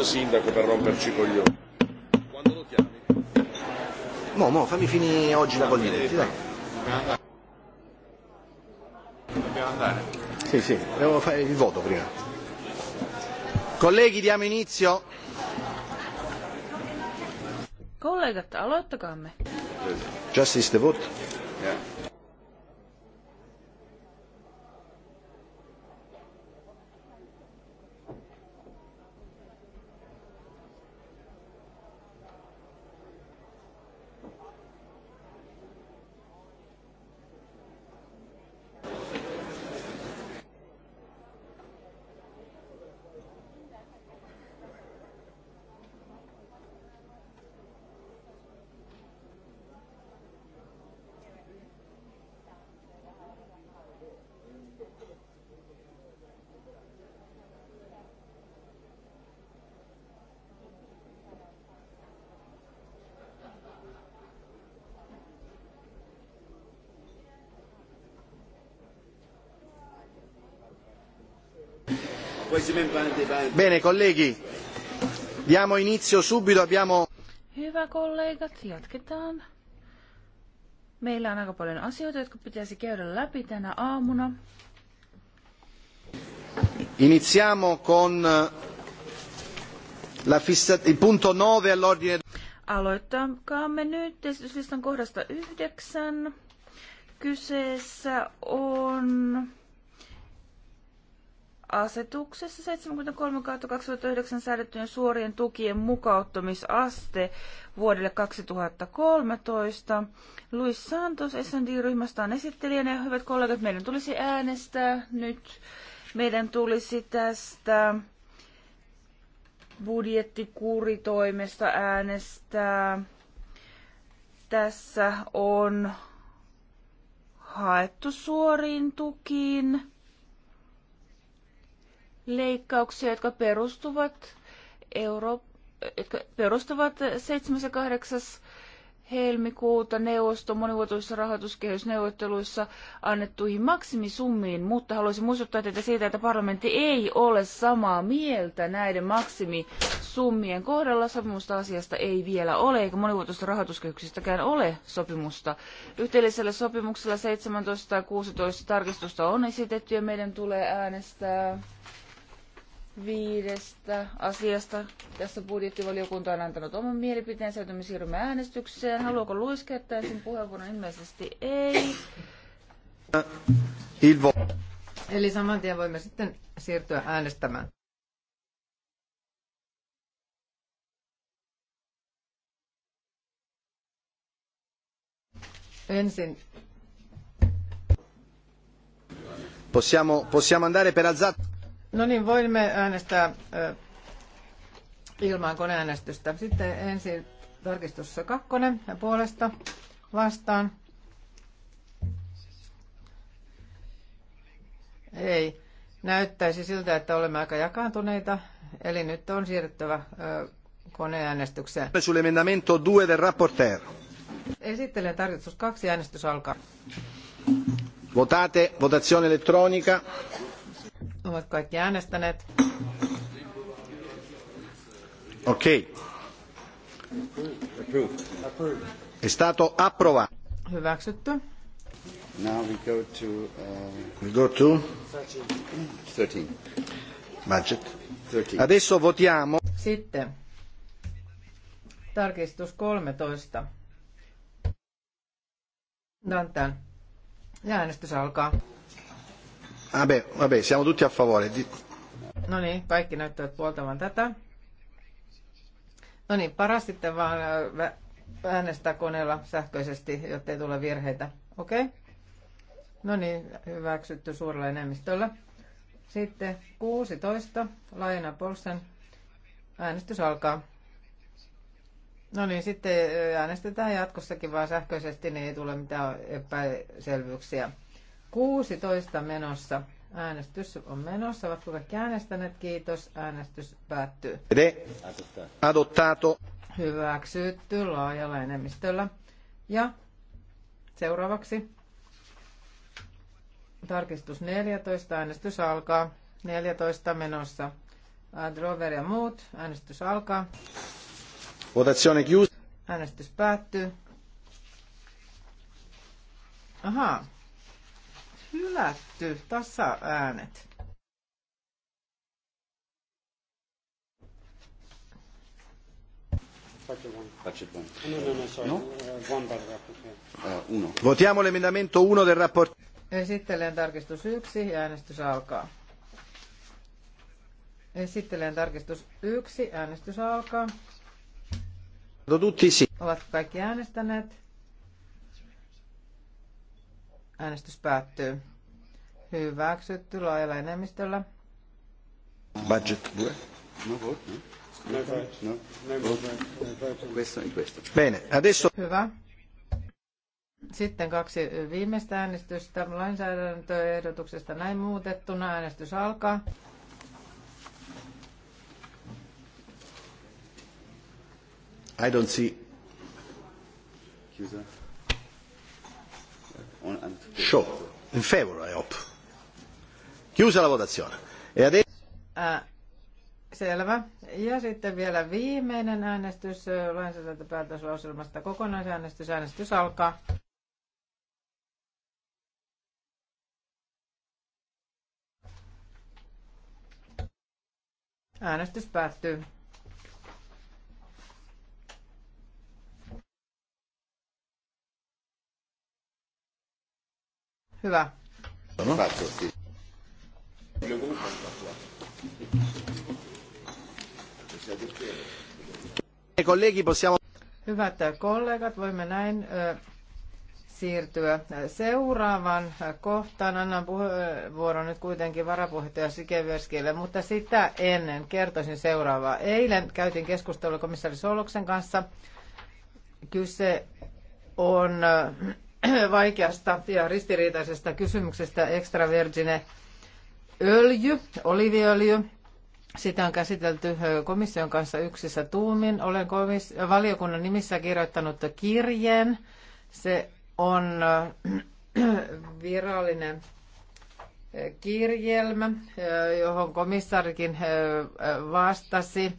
ex sindaco per romperci i coglioni. Quando lo chiami? Mo, mo, fammi finire oggi la coglione. Dobbiamo andare. Sì, sì, devo fare il voto prima. Colleghi, diamo inizio. Kollegat, aloittakaamme. Just is the vote. Yeah. Bene, colleghi, diamo inizio subito, abbiamo... Hyvä kollegat, jatketaan. Meillä on aika paljon asioita, jotka pitäisi käydä läpi tänä aamuna. Iniziamo con eh, la fissa... il punto 9 all'ordine... Aloittakaamme nyt esityslistan kohdasta yhdeksän. Kyseessä on Asetuksessa 73-2009 säädettyjen suorien tukien mukauttamisaste vuodelle 2013. Luis Santos sd ryhmästä on esittelijänä hyvät kollegat, meidän tulisi äänestää nyt. Meidän tulisi tästä budjettikuritoimesta äänestää. Tässä on haettu suoriin tukiin leikkauksia, jotka perustuvat, Euro- jotka perustuvat 7. ja 8. helmikuuta neuvoston monivuotoisissa rahoituskehysneuvotteluissa annettuihin maksimisummiin, mutta haluaisin muistuttaa teitä siitä, että parlamentti ei ole samaa mieltä näiden maksimisummien kohdalla. Sopimusta asiasta ei vielä ole, eikä monivuotoisista rahoituskehyksistäkään ole sopimusta. Yhteisellä sopimuksella 17 ja 16 tarkistusta on esitetty ja meidän tulee äänestää viidestä asiasta. Tässä budjettivaliokunta on antanut oman mielipiteensä, joten me siirrymme äänestykseen. Haluaako Luis käyttää sen puheenvuoron? Ilmeisesti ei. Ilvo. Eli saman tien voimme sitten siirtyä äänestämään. Ensin. Possiamo, possiamo andare per alzata. No niin, voimme äänestää ilman koneäänestystä. Sitten ensin tarkistus kakkonen ja puolesta vastaan. Ei. Näyttäisi siltä, että olemme aika jakaantuneita, eli nyt on siirryttävä koneäänestykseen. Sull'emendamento 2 del rapporteur. Esittelen tarkistus kaksi äänestys alkaa. Votate, votazione elettronica. Ovat kaikki äänestäneet. Okei. Okay. stato approvato. Hyväksytty. Now we go to, uh, we go to 13. Budget. 13. Adesso votiamo. Sitten. Tarkistus 13. Dantan. Ja äänestys alkaa. Vabbè, ah, vabbè, siamo tutti a favore. No niin, kaikki näyttävät puoltavan tätä. No niin, paras sitten vaan äänestää koneella sähköisesti, jotta ei tule virheitä. Okei? Okay? No niin, hyväksytty suurella enemmistöllä. Sitten 16, Laina Polsen. Äänestys alkaa. No niin, sitten äänestetään jatkossakin vaan sähköisesti, niin ei tule mitään epäselvyyksiä. 16 menossa. Äänestys on menossa. Ovatko kaikki äänestäneet? Kiitos. Äänestys päättyy. De. Adottato. Hyväksytty laajalla enemmistöllä. Ja seuraavaksi tarkistus 14. Äänestys alkaa. 14 menossa. Drover ja muut. Äänestys alkaa. Votazione chiusa. Äänestys päättyy. Ahaa hylätty tässä äänet no, no, no, uh, uh, Votiamo l'emendamento 1 del rapporto. Esittelen tarkistus 1 ja äänestys alkaa. Esittelen tarkistus 1, äänestys alkaa. Tutti Ovatko kaikki äänestäneet? Äänestys päättyy. Hyväksytty laajalla enemmistöllä. Budget No vote, no? No vote, no? no. no. no questo Bene, adesso... Hyvä. Sitten kaksi viimeistä äänestystä lainsäädäntöehdotuksesta näin muutettuna. Äänestys alkaa. I don't see. Kiitos. Show. In favor, I hope. Chiusa la votazione. E adesso... selvä. Ja sitten vielä viimeinen äänestys lainsäädäntöpäätöslauselmasta kokonaisäänestys. Äänestys alkaa. Äänestys päättyy. Hyvä. No. Hyvät kollegat, voimme näin siirtyä seuraavan kohtaan. Annan puheenvuoron nyt kuitenkin varapuheenjohtaja Sikeverskille, mutta sitä ennen kertoisin seuraavaa. Eilen käytiin keskustelua komissaari Soloksen kanssa. Kyse on vaikeasta ja ristiriitaisesta kysymyksestä extra vergine öljy, oliviöljy. Sitä on käsitelty komission kanssa yksissä tuumin. Olen komis- valiokunnan nimissä kirjoittanut kirjeen. Se on virallinen kirjelmä, johon komissaarikin vastasi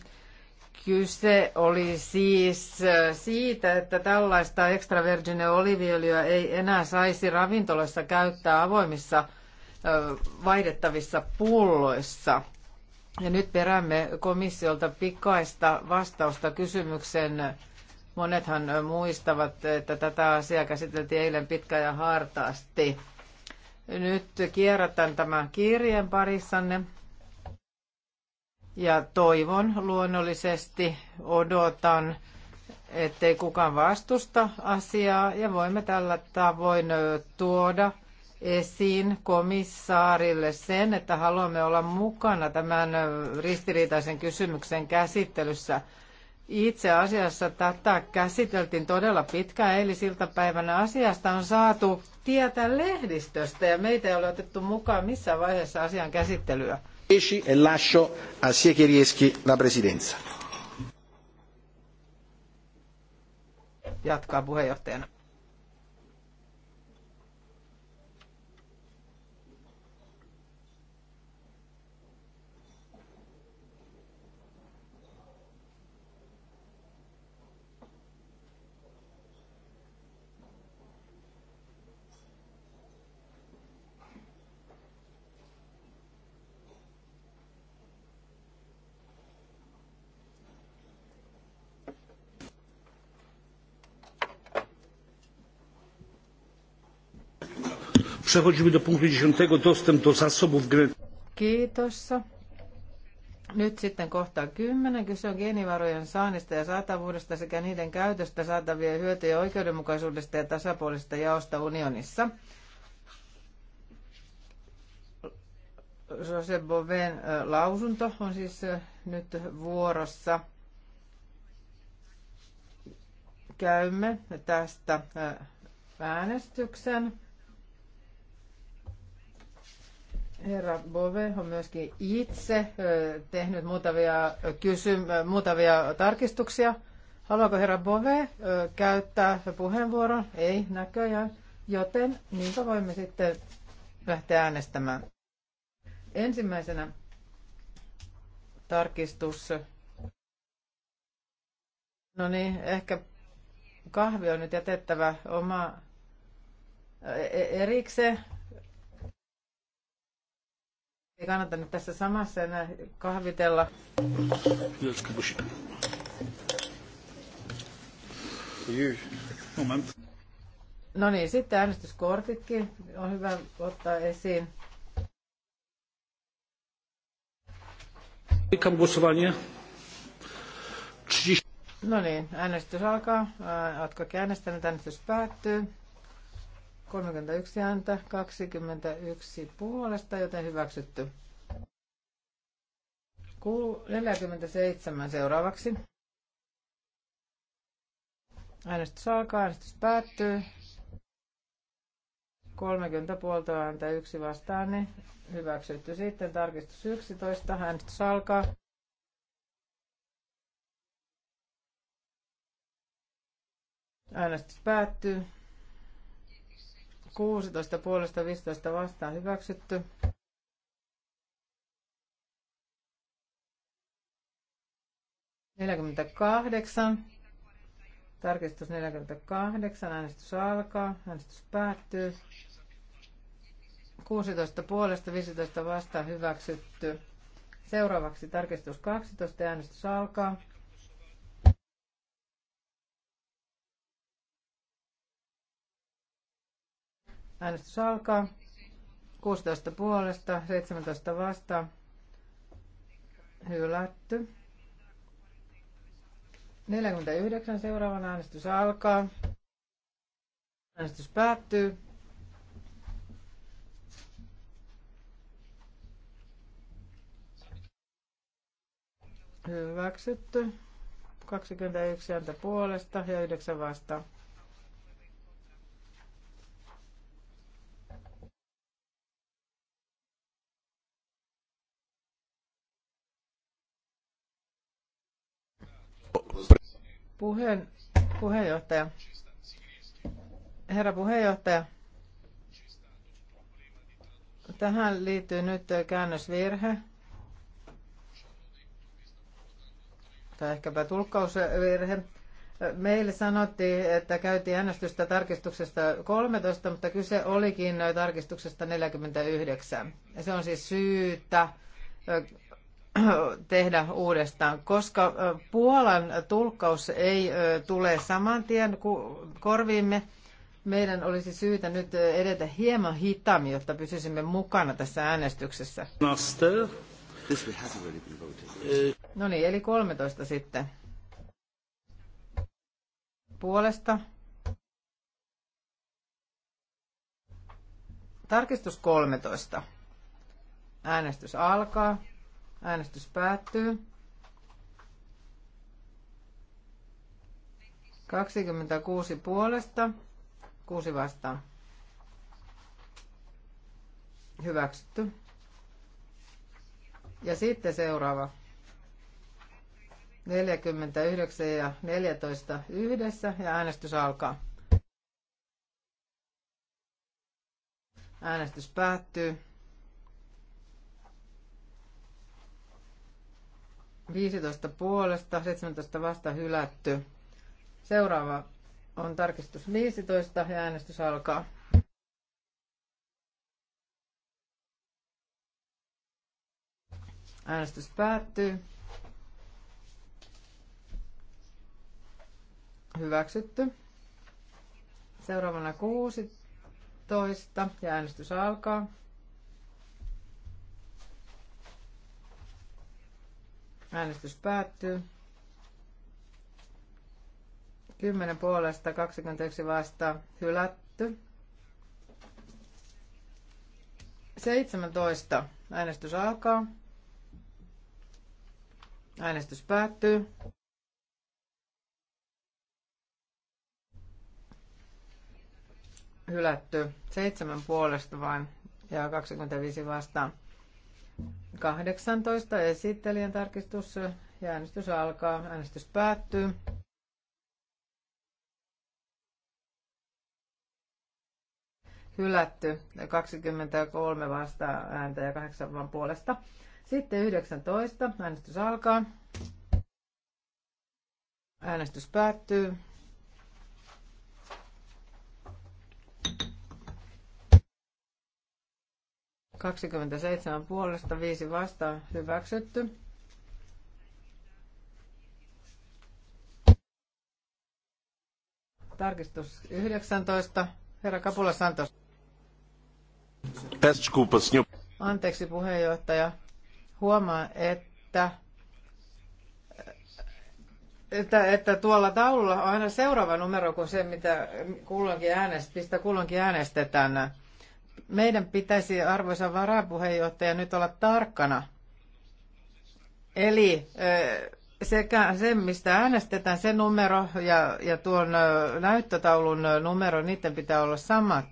Kyse oli siis äh, siitä, että tällaista extra virgin oliviöljyä ei enää saisi ravintolassa käyttää avoimissa äh, vaihdettavissa pulloissa. Ja nyt peräämme komissiolta pikaista vastausta kysymykseen. Monethan muistavat, että tätä asiaa käsiteltiin eilen pitkä ja hartaasti. Nyt kierrätän tämän kirjeen parissanne ja toivon luonnollisesti, odotan, ettei kukaan vastusta asiaa ja voimme tällä tavoin tuoda esiin komissaarille sen, että haluamme olla mukana tämän ristiriitaisen kysymyksen käsittelyssä. Itse asiassa tätä käsiteltiin todella pitkään eilisiltapäivänä. Asiasta on saatu tietää lehdistöstä ja meitä ei ole otettu mukaan missään vaiheessa asian käsittelyä. 10 e lascio a Siekerieschi la presidenza. Jatkaa puheenjohtajana. Przechodzimy do punktu 10. Dostęp do zasobów genetycznych. Kiitos. Nyt sitten kohta 10. Kyse on geenivarojen saannista ja saatavuudesta sekä niiden käytöstä saatavien hyötyjen oikeudenmukaisuudesta ja tasapuolisesta jaosta unionissa. Jose Boven lausunto on siis nyt vuorossa. Käymme tästä äänestyksen. Herra Bove on myöskin itse tehnyt muutamia, kysym- muutamia tarkistuksia. Haluaako herra Bove käyttää puheenvuoron? Ei näköjään. Joten niinpä voimme sitten lähteä äänestämään. Ensimmäisenä tarkistus. No niin, ehkä kahvi on nyt jätettävä oma e-, erikseen. Ei kannata nyt tässä samassa enää kahvitella. No niin, sitten äänestyskortitkin on hyvä ottaa esiin. Zamykam głosowanie. No niin, äänestys alkaa. Oletko äänestänyt? Äänestys päättyy. 31 ääntä, 21 puolesta, joten hyväksytty. 47 seuraavaksi. Äänestys alkaa, äänestys päättyy. 30 puolta ääntä, yksi vastaan, niin hyväksytty. Sitten tarkistus 11, äänestys alkaa. Äänestys päättyy. 16 puolesta 15 vastaan hyväksytty. Neljäkymmentäkahdeksan. Tarkistus 48. Äänestys alkaa. Äänestys päättyy. 16 puolesta 15 vastaan hyväksytty. Seuraavaksi tarkistus 12. Äänestys alkaa. Äänestys alkaa. 16 puolesta, 17 vastaan. Hylätty. 49 seuraavan äänestys alkaa. Äänestys päättyy. Hyväksytty. 21 ääntä puolesta ja 9 vastaan. Puheen, puheenjohtaja. Herra puheenjohtaja. Tähän liittyy nyt käännösvirhe. Tai ehkäpä tulkkausvirhe. Meille sanottiin, että käytiin äänestystä tarkistuksesta 13, mutta kyse olikin tarkistuksesta 49. Se on siis syytä tehdä uudestaan, koska Puolan tulkkaus ei tule saman tien korviimme. Meidän olisi syytä nyt edetä hieman hitaammin, jotta pysyisimme mukana tässä äänestyksessä. No niin, eli 13 sitten. Puolesta. Tarkistus 13. Äänestys alkaa. Äänestys päättyy. 26 puolesta, 6 vastaan. Hyväksytty. Ja sitten seuraava. 49 ja 14 yhdessä ja äänestys alkaa. Äänestys päättyy. 15 puolesta, 17 vasta hylätty. Seuraava on tarkistus 15 ja äänestys alkaa. Äänestys päättyy. Hyväksytty. Seuraavana 16 ja äänestys alkaa. Äänestys päättyy. 10 puolesta 21 vastaan hylätty. 17. Äänestys alkaa. Äänestys päättyy. Hylätty. Seitsemän puolesta vain ja 25 vastaan. 18 esittelijän tarkistus ja äänestys alkaa. Äänestys päättyy. Hylätty 23 vasta ääntä ja 8 vaan puolesta. Sitten 19. Äänestys alkaa. Äänestys päättyy. 27 puolesta, 5 vastaan, hyväksytty. Tarkistus 19. Herra Kapula Santos. Anteeksi puheenjohtaja. Huomaa, että, että, että tuolla taululla on aina seuraava numero kuin se, mitä kulloinkin, äänest, mistä kulloinkin äänestetään meidän pitäisi, arvoisa varapuheenjohtaja, nyt olla tarkkana. Eli sekä se, mistä äänestetään, se numero ja, ja tuon näyttötaulun numero, niiden pitää olla samat.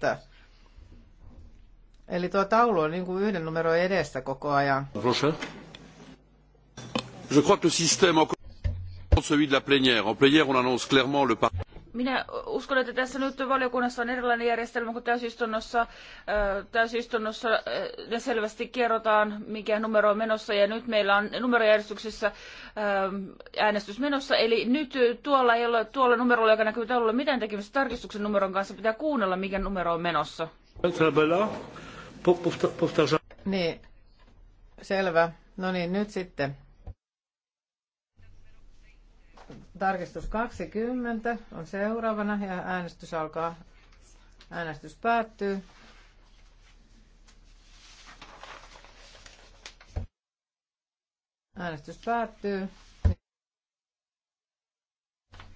Eli tuo taulu on niin kuin yhden numero edessä koko ajan. Je crois que le système encore celui de la plénière. En plénière, on annonce clairement le parti. Minä uskon, että tässä nyt valiokunnassa on erilainen järjestelmä kuin täysistunnossa. Täysistunnossa ne selvästi kerrotaan, mikä numero on menossa, ja nyt meillä on numerojärjestyksessä äänestys menossa. Eli nyt tuolla, ei ole, tuolla numerolla, joka näkyy taululla, mitään tekemistä tarkistuksen numeron kanssa, pitää kuunnella, mikä numero on menossa. Niin, selvä. No niin, nyt sitten Tarkistus 20 on seuraavana ja äänestys alkaa. Äänestys päättyy. Äänestys päättyy.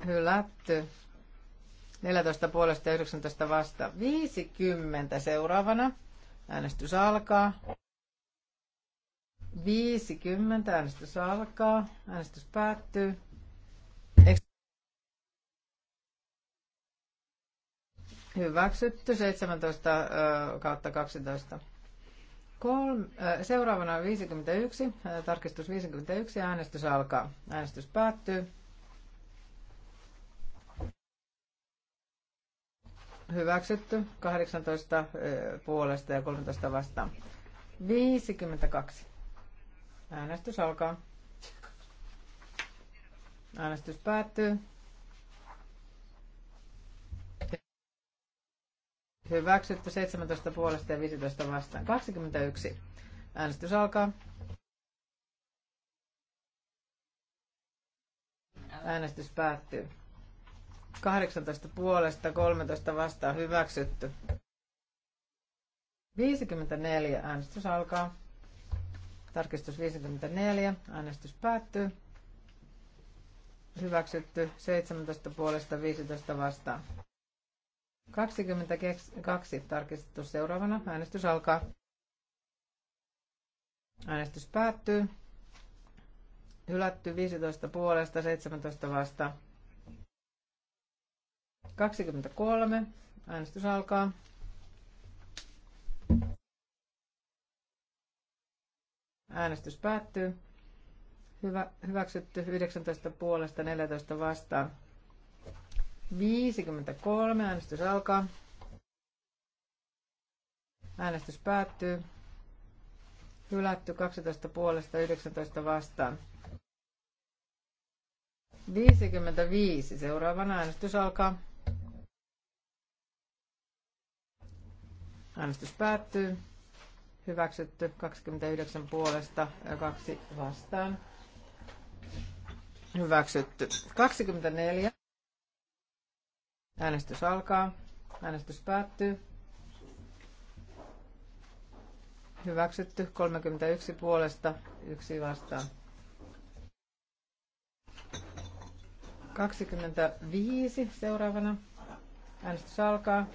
Hylätty. 14 puolesta ja 19 vasta. 50 seuraavana. Äänestys alkaa. 50 äänestys alkaa. Äänestys päättyy. Hyväksytty 17 äh, kautta 12. Kolm, äh, seuraavana 51, äh, tarkistus 51, äänestys alkaa. Äänestys päättyy. Hyväksytty 18 äh, puolesta ja 13 vastaan. 52. Äänestys alkaa. Äänestys päättyy. Hyväksytty 17 puolesta ja 15 vastaan. 21. Äänestys alkaa. Äänestys päättyy. 18 puolesta, 13 vastaan hyväksytty. 54. Äänestys alkaa. Tarkistus 54. Äänestys päättyy. Hyväksytty 17 puolesta 15 vastaan. 22 tarkistettu seuraavana. Äänestys alkaa. Äänestys päättyy. Hylätty 15 puolesta, 17 vasta. 23. Äänestys alkaa. Äänestys päättyy. Hyvä, hyväksytty 19 puolesta, 14 vastaan. 53. Äänestys alkaa. Äänestys päättyy. Hylätty 12 puolesta 19 vastaan. 55. seuraava äänestys alkaa. Äänestys päättyy. Hyväksytty 29 puolesta ja 2 vastaan. Hyväksytty 24. Äänestys alkaa. Äänestys päättyy. Hyväksytty 31 puolesta, yksi vastaan. 25 seuraavana. Äänestys alkaa.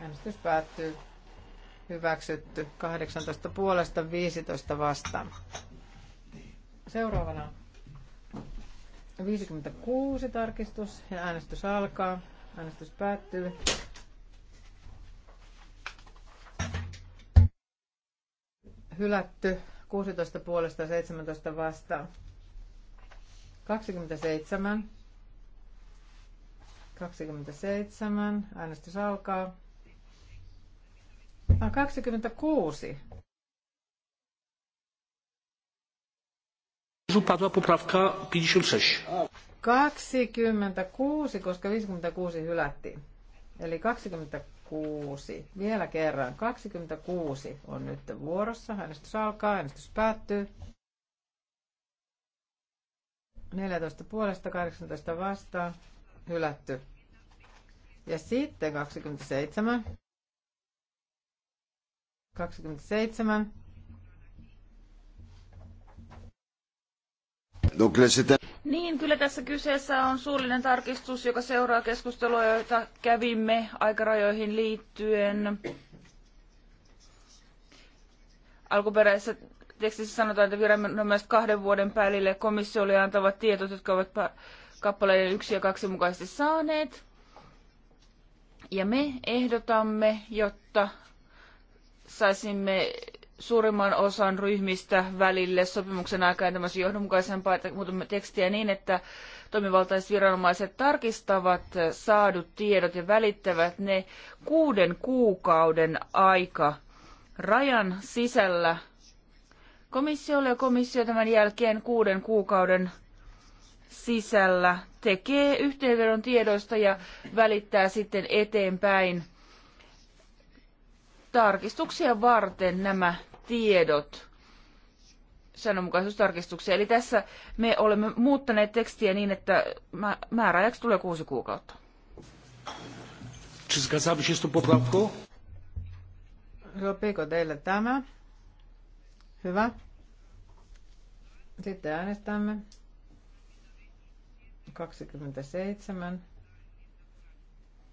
Äänestys päättyy. Hyväksytty 18 puolesta, 15 vastaan. Seuraavana 56 tarkistus ja äänestys alkaa. Äänestys päättyy. Hylätty 16 puolesta 17 vastaan. 27. 27. Äänestys alkaa. 26. Ah, Padła poprawka 56. 26, koska 56 hylättiin. Eli 26. Vielä kerran. 26 on nyt vuorossa. Äänestys alkaa, äänestys päättyy. 14 puolesta, 18 vastaan. Hylätty. Ja sitten 27. 27 Niin, kyllä tässä kyseessä on suullinen tarkistus, joka seuraa keskustelua, jota kävimme aikarajoihin liittyen. Alkuperäisessä tekstissä sanotaan, että viranomaiset kahden vuoden päälle komissiolle antavat tiedot, jotka ovat kappaleiden yksi ja kaksi mukaisesti saaneet. Ja me ehdotamme, jotta saisimme suurimman osan ryhmistä välille sopimuksen aikana tämmöisen johdonmukaisempaa muutamme tekstiä niin, että toimivaltaiset viranomaiset tarkistavat saadut tiedot ja välittävät ne kuuden kuukauden aika rajan sisällä komissiolle ja komissio tämän jälkeen kuuden kuukauden sisällä tekee yhteenvedon tiedoista ja välittää sitten eteenpäin tarkistuksia varten nämä tiedot säännönmukaisuustarkistuksia. Eli tässä me olemme muuttaneet tekstiä niin, että määräajaksi tulee kuusi kuukautta. Sopiiko teille tämä? Hyvä. Sitten äänestämme. 27.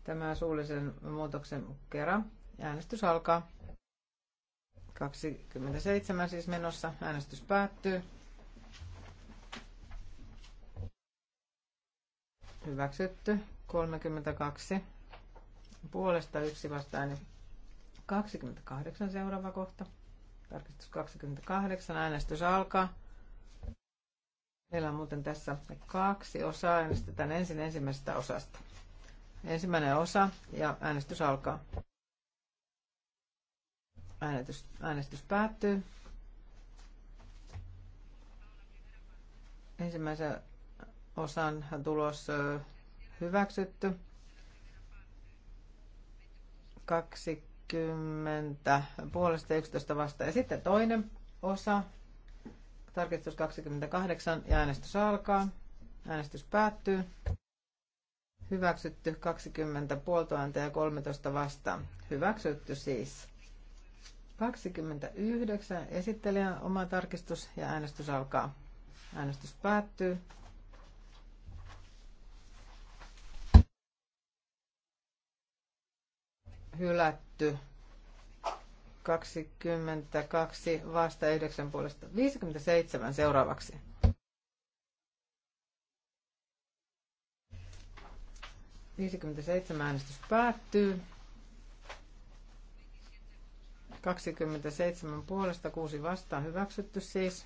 Tämä suullisen muutoksen kerran. Äänestys alkaa. 27 siis menossa. Äänestys päättyy. Hyväksytty. 32 puolesta yksi vastainen. 28 seuraava kohta. Tarkistus 28. Äänestys alkaa. Meillä on muuten tässä kaksi osaa. Äänestetään ensin ensimmäisestä osasta. Ensimmäinen osa ja äänestys alkaa. Äänestys, äänestys päättyy. Ensimmäisen osan tulos hyväksytty. 20 puolesta 11 vasta. Ja sitten toinen osa, tarkistus 28 ja äänestys alkaa. Äänestys päättyy. Hyväksytty 20 puoltoääntä ja 13 vastaan. Hyväksytty siis. 29. Esittelijän oma tarkistus ja äänestys alkaa. Äänestys päättyy. Hylätty. 22 vasta 9 puolesta. 57 seuraavaksi. Viisikymmentäseitsemän äänestys päättyy. 27 puolesta, 6 vastaan hyväksytty siis.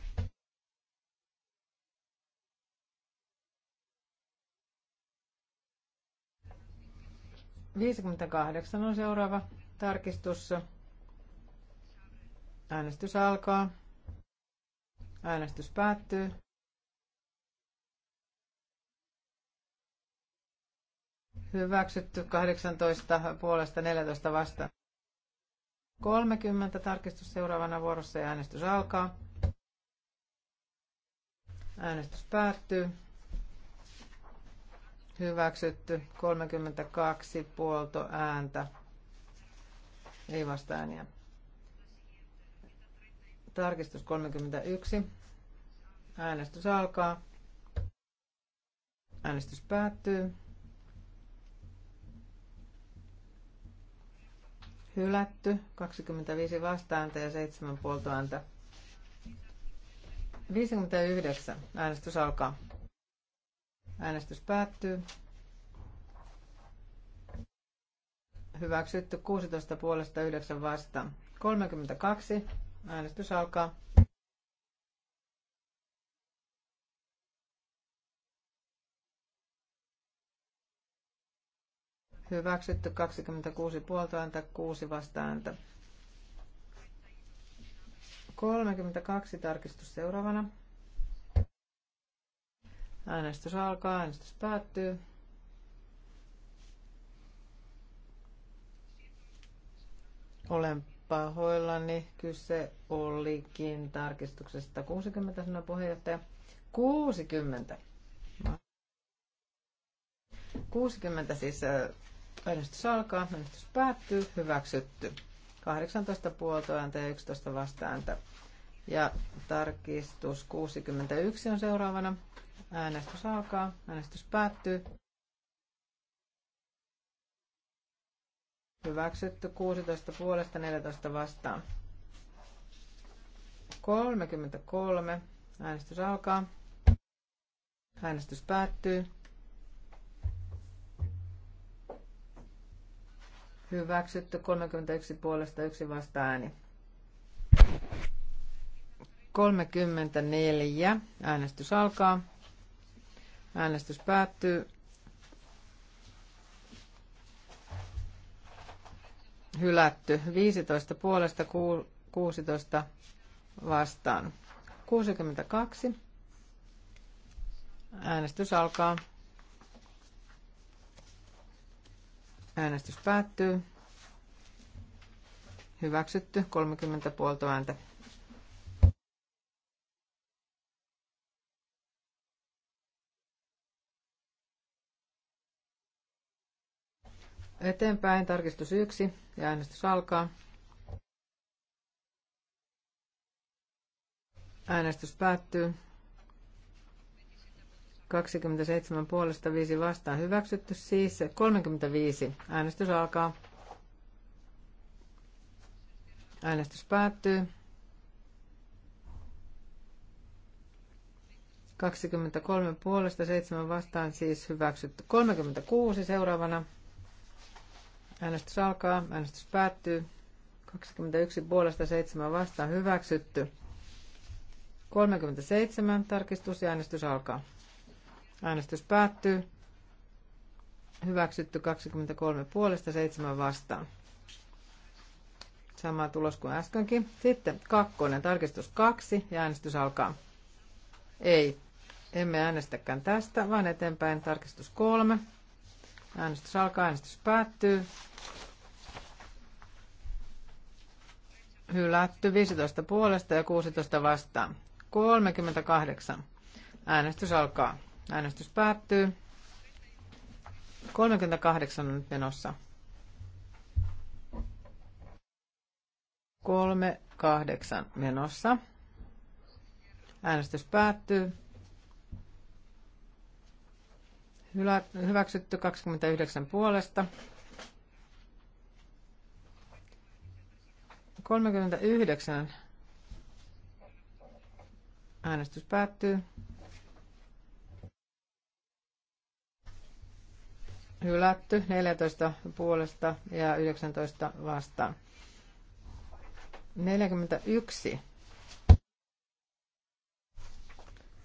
Viisikymmentäkahdeksan on seuraava tarkistus. Äänestys alkaa. Äänestys päättyy. Hyväksytty 18 puolesta 14 vastaan. 30 tarkistus seuraavana vuorossa ja äänestys alkaa. Äänestys päättyy. Hyväksytty 32 puolto ääntä. Ei vasta ääniä. Tarkistus 31. Äänestys alkaa. Äänestys päättyy. hylätty, 25 vastaanta ja 7 puoltoanta. 59. Äänestys alkaa. Äänestys päättyy. Hyväksytty 16 puolesta 9 vastaan. 32. Äänestys alkaa. Hyväksytty 26 puolta ääntä, 6 vasta ääntä. 32 tarkistus seuraavana. Äänestys alkaa, äänestys päättyy. Olen pahoillani. Kyse olikin tarkistuksesta 60, sanoi puheenjohtaja. 60. 60 siis äh, Äänestys alkaa, äänestys päättyy, hyväksytty. 18 puolta ääntä ja 11 vastaääntä. Ja tarkistus 61 on seuraavana. Äänestys alkaa, äänestys päättyy. Hyväksytty 16 puolesta 14 vastaan. 33. Äänestys alkaa. Äänestys päättyy. Hyväksytty 31 puolesta yksi vasta ääni. 34. Äänestys alkaa. Äänestys päättyy. Hylätty 15 puolesta 16 vastaan. 62. Äänestys alkaa. Äänestys päättyy. Hyväksytty 30 puolta ääntä. Eteenpäin tarkistus 1 ja äänestys alkaa. Äänestys päättyy. 27 puolesta 5 vastaan hyväksytty, siis 35. Äänestys alkaa. Äänestys päättyy. 23 puolesta 7 vastaan siis hyväksytty. 36 seuraavana. Äänestys alkaa. Äänestys päättyy. 21 puolesta 7 vastaan hyväksytty. 37 tarkistus ja äänestys alkaa. Äänestys päättyy. Hyväksytty 23 puolesta, 7 vastaan. Sama tulos kuin äskenkin. Sitten kakkonen, tarkistus kaksi ja äänestys alkaa. Ei, emme äänestäkään tästä, vaan eteenpäin tarkistus kolme. Äänestys alkaa, äänestys päättyy. Hylätty 15 puolesta ja 16 vastaan. 38. Äänestys alkaa. Äänestys päättyy. 38 on nyt menossa. 38 menossa. Äänestys päättyy. Hyväksytty 29 puolesta. 39. Äänestys päättyy. hylätty 14 puolesta ja 19 vastaan. 41.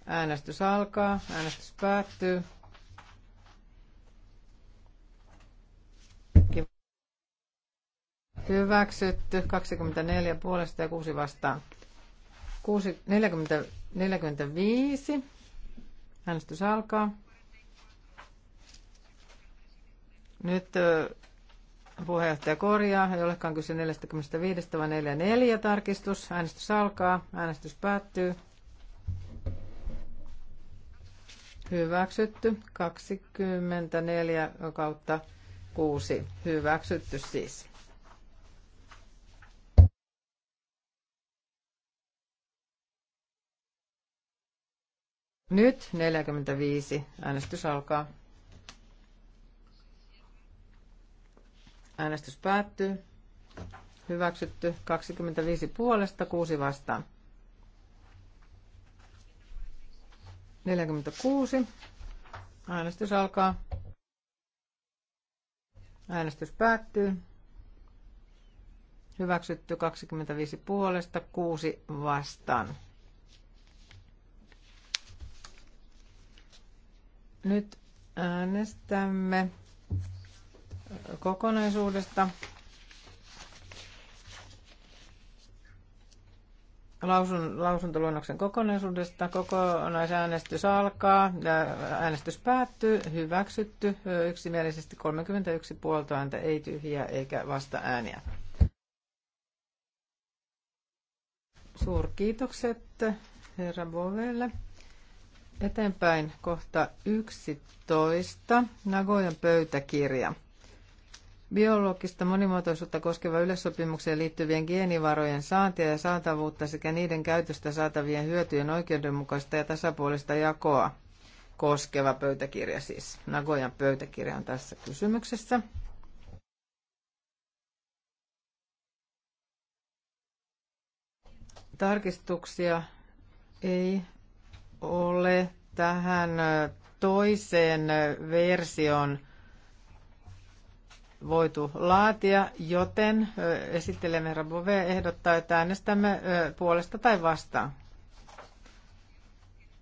Äänestys alkaa, äänestys päättyy. Hyväksytty 24 puolesta ja 6 vastaan. 6, 40, 45. Äänestys alkaa. Nyt puheenjohtaja korjaa, ei olekaan kyse 45, vaan 44 tarkistus. Äänestys alkaa, äänestys päättyy. Hyväksytty. 24 kautta 6. Hyväksytty siis. Nyt 45. Äänestys alkaa. Äänestys päättyy. Hyväksytty 25 puolesta, 6 vastaan. 46. Äänestys alkaa. Äänestys päättyy. Hyväksytty 25 puolesta, 6 vastaan. Nyt äänestämme kokonaisuudesta. Lausun, lausuntoluonnoksen kokonaisuudesta. Kokonaisäänestys alkaa ja äänestys päättyy. Hyväksytty yksimielisesti 31 puoltoääntä, ei tyhjiä eikä vasta ääniä. Suurkiitokset herra Bovelle. Eteenpäin kohta 11. Nagojan pöytäkirja. Biologista monimuotoisuutta koskeva yleissopimukseen liittyvien geenivarojen saantia ja saatavuutta sekä niiden käytöstä saatavien hyötyjen oikeudenmukaista ja tasapuolista jakoa koskeva pöytäkirja siis. Nagojan pöytäkirja on tässä kysymyksessä. Tarkistuksia ei ole tähän toiseen versioon voitu laatia, joten esittelemme herra Bove ehdottaa, että äänestämme puolesta tai vastaan.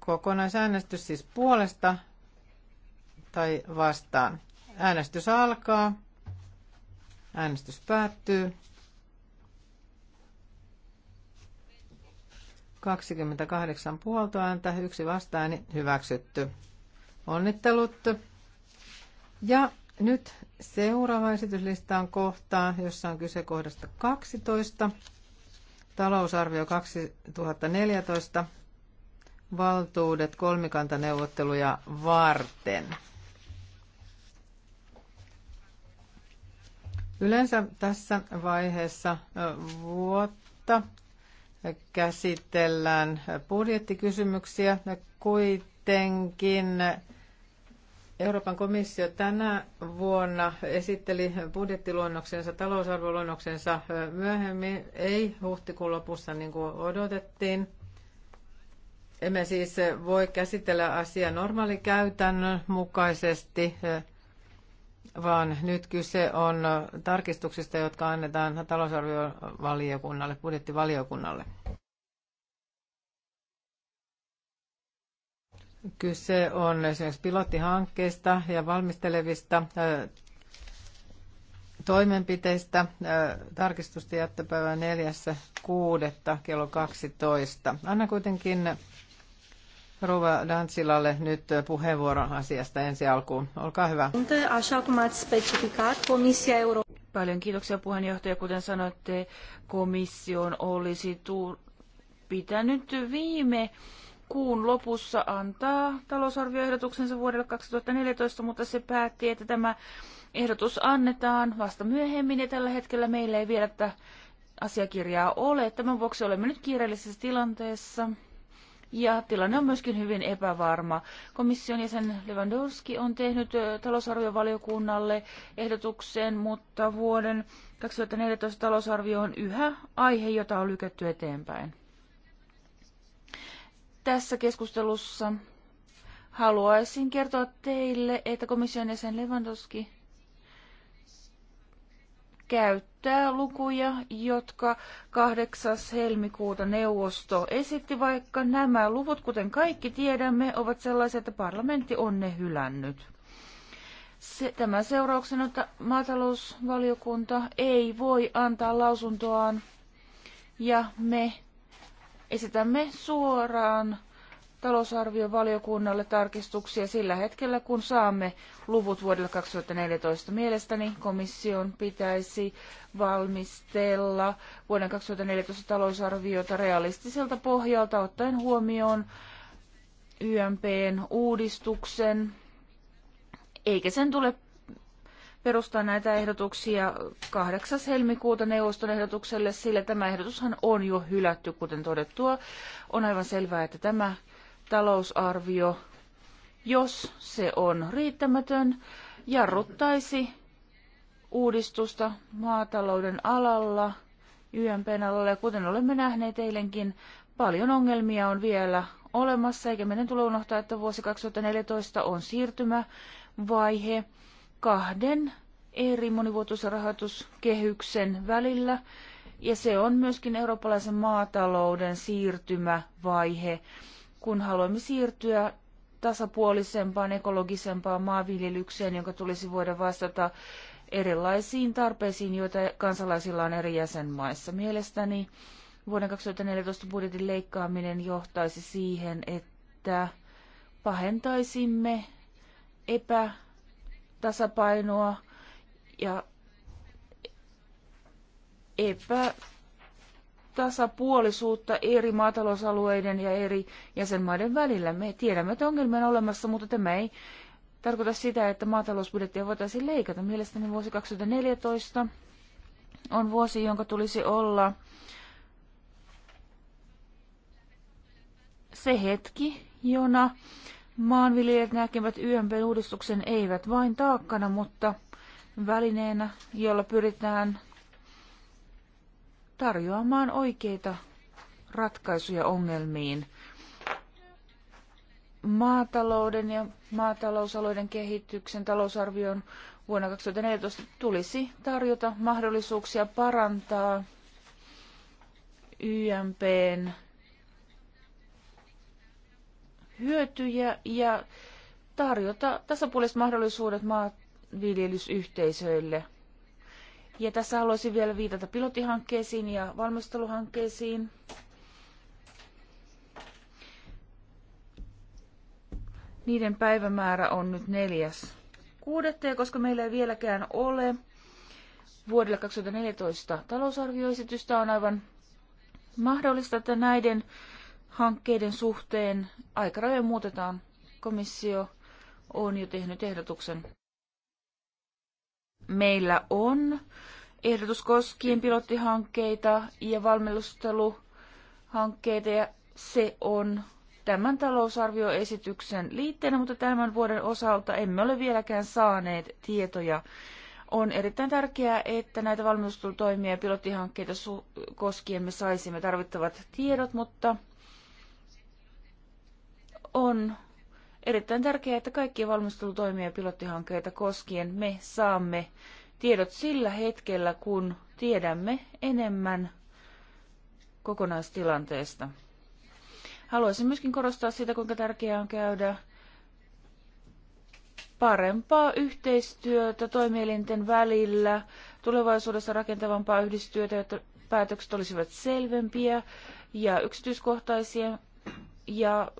Kokonaisäänestys siis puolesta tai vastaan. Äänestys alkaa. Äänestys päättyy. 28 puoltoääntä, yksi vastaääni hyväksytty. Onnittelut. Ja nyt seuraava esityslistaan kohtaa, jossa on kyse kohdasta 12. Talousarvio 2014, valtuudet kolmikantaneuvotteluja varten. Yleensä tässä vaiheessa vuotta käsitellään budjettikysymyksiä, kuitenkin Euroopan komissio tänä vuonna esitteli budjettiluonnoksensa, talousarvoluonnoksensa myöhemmin, ei huhtikuun lopussa niin kuin odotettiin. Emme siis voi käsitellä asiaa normaalikäytännön mukaisesti, vaan nyt kyse on tarkistuksista, jotka annetaan talousarviovaliokunnalle, budjettivaliokunnalle. Kyse on esimerkiksi pilottihankkeista ja valmistelevista toimenpiteistä jättöpäivän neljässä kuudetta kello 12. Anna kuitenkin Rova Dantsilalle nyt puheenvuoron asiasta ensi alkuun. Olkaa hyvä. Paljon kiitoksia puheenjohtaja. Kuten sanoitte, komission olisi tu- pitänyt viime kuun lopussa antaa talousarvioehdotuksensa vuodelle 2014, mutta se päätti, että tämä ehdotus annetaan vasta myöhemmin ja tällä hetkellä meillä ei vielä tätä asiakirjaa ole. Tämän vuoksi olemme nyt kiireellisessä tilanteessa. Ja tilanne on myöskin hyvin epävarma. Komission jäsen Lewandowski on tehnyt talousarviovaliokunnalle ehdotuksen, mutta vuoden 2014 talousarvio on yhä aihe, jota on lykätty eteenpäin tässä keskustelussa haluaisin kertoa teille, että komission jäsen Lewandowski käyttää lukuja, jotka 8. helmikuuta neuvosto esitti, vaikka nämä luvut, kuten kaikki tiedämme, ovat sellaisia, että parlamentti on ne hylännyt. Se, tämän seurauksena että maatalousvaliokunta ei voi antaa lausuntoaan ja me esitämme suoraan talousarviovaliokunnalle tarkistuksia sillä hetkellä, kun saamme luvut vuodelle 2014. Mielestäni komission pitäisi valmistella vuoden 2014 talousarviota realistiselta pohjalta ottaen huomioon YMPn uudistuksen, eikä sen tule perustaa näitä ehdotuksia 8. helmikuuta neuvoston ehdotukselle, sillä tämä ehdotushan on jo hylätty, kuten todettua. On aivan selvää, että tämä talousarvio, jos se on riittämätön, jarruttaisi uudistusta maatalouden alalla, YMPn alalla, ja kuten olemme nähneet eilenkin, paljon ongelmia on vielä olemassa, eikä meidän tule unohtaa, että vuosi 2014 on siirtymävaihe kahden eri monivuotoisen välillä. Ja se on myöskin eurooppalaisen maatalouden siirtymävaihe, kun haluamme siirtyä tasapuolisempaan, ekologisempaan maanviljelykseen, jonka tulisi voida vastata erilaisiin tarpeisiin, joita kansalaisilla on eri jäsenmaissa. Mielestäni vuoden 2014 budjetin leikkaaminen johtaisi siihen, että pahentaisimme epä tasapainoa ja epätasapuolisuutta eri maatalousalueiden ja eri jäsenmaiden välillä. Me tiedämme, että ongelmia on olemassa, mutta tämä ei tarkoita sitä, että maatalousbudjettia voitaisiin leikata. Mielestäni vuosi 2014 on vuosi, jonka tulisi olla se hetki, jona Maanviljelijät näkevät ymp uudistuksen eivät vain taakkana, mutta välineenä, jolla pyritään tarjoamaan oikeita ratkaisuja ongelmiin. Maatalouden ja maatalousalueiden kehityksen talousarvion vuonna 2014 tulisi tarjota mahdollisuuksia parantaa YMPn hyötyjä ja tarjota tasapuoliset mahdollisuudet maanviljelysyhteisöille. Ja tässä haluaisin vielä viitata pilotihankkeisiin ja valmisteluhankkeisiin. Niiden päivämäärä on nyt neljäs kuudetta, ja koska meillä ei vieläkään ole vuodelle 2014 talousarvioesitystä, on aivan mahdollista, että näiden hankkeiden suhteen aikarajoja muutetaan. Komissio on jo tehnyt ehdotuksen. Meillä on ehdotus koskien pilottihankkeita ja valmisteluhankkeita ja se on tämän talousarvioesityksen liitteenä, mutta tämän vuoden osalta emme ole vieläkään saaneet tietoja. On erittäin tärkeää, että näitä valmistelutoimia ja pilottihankkeita koskien me saisimme tarvittavat tiedot, mutta on erittäin tärkeää, että kaikkia valmistelutoimia ja pilottihankkeita koskien me saamme tiedot sillä hetkellä, kun tiedämme enemmän kokonaistilanteesta. Haluaisin myöskin korostaa sitä, kuinka tärkeää on käydä parempaa yhteistyötä toimielinten välillä, tulevaisuudessa rakentavampaa yhdistyötä, jotta päätökset olisivat selvempiä ja yksityiskohtaisia ja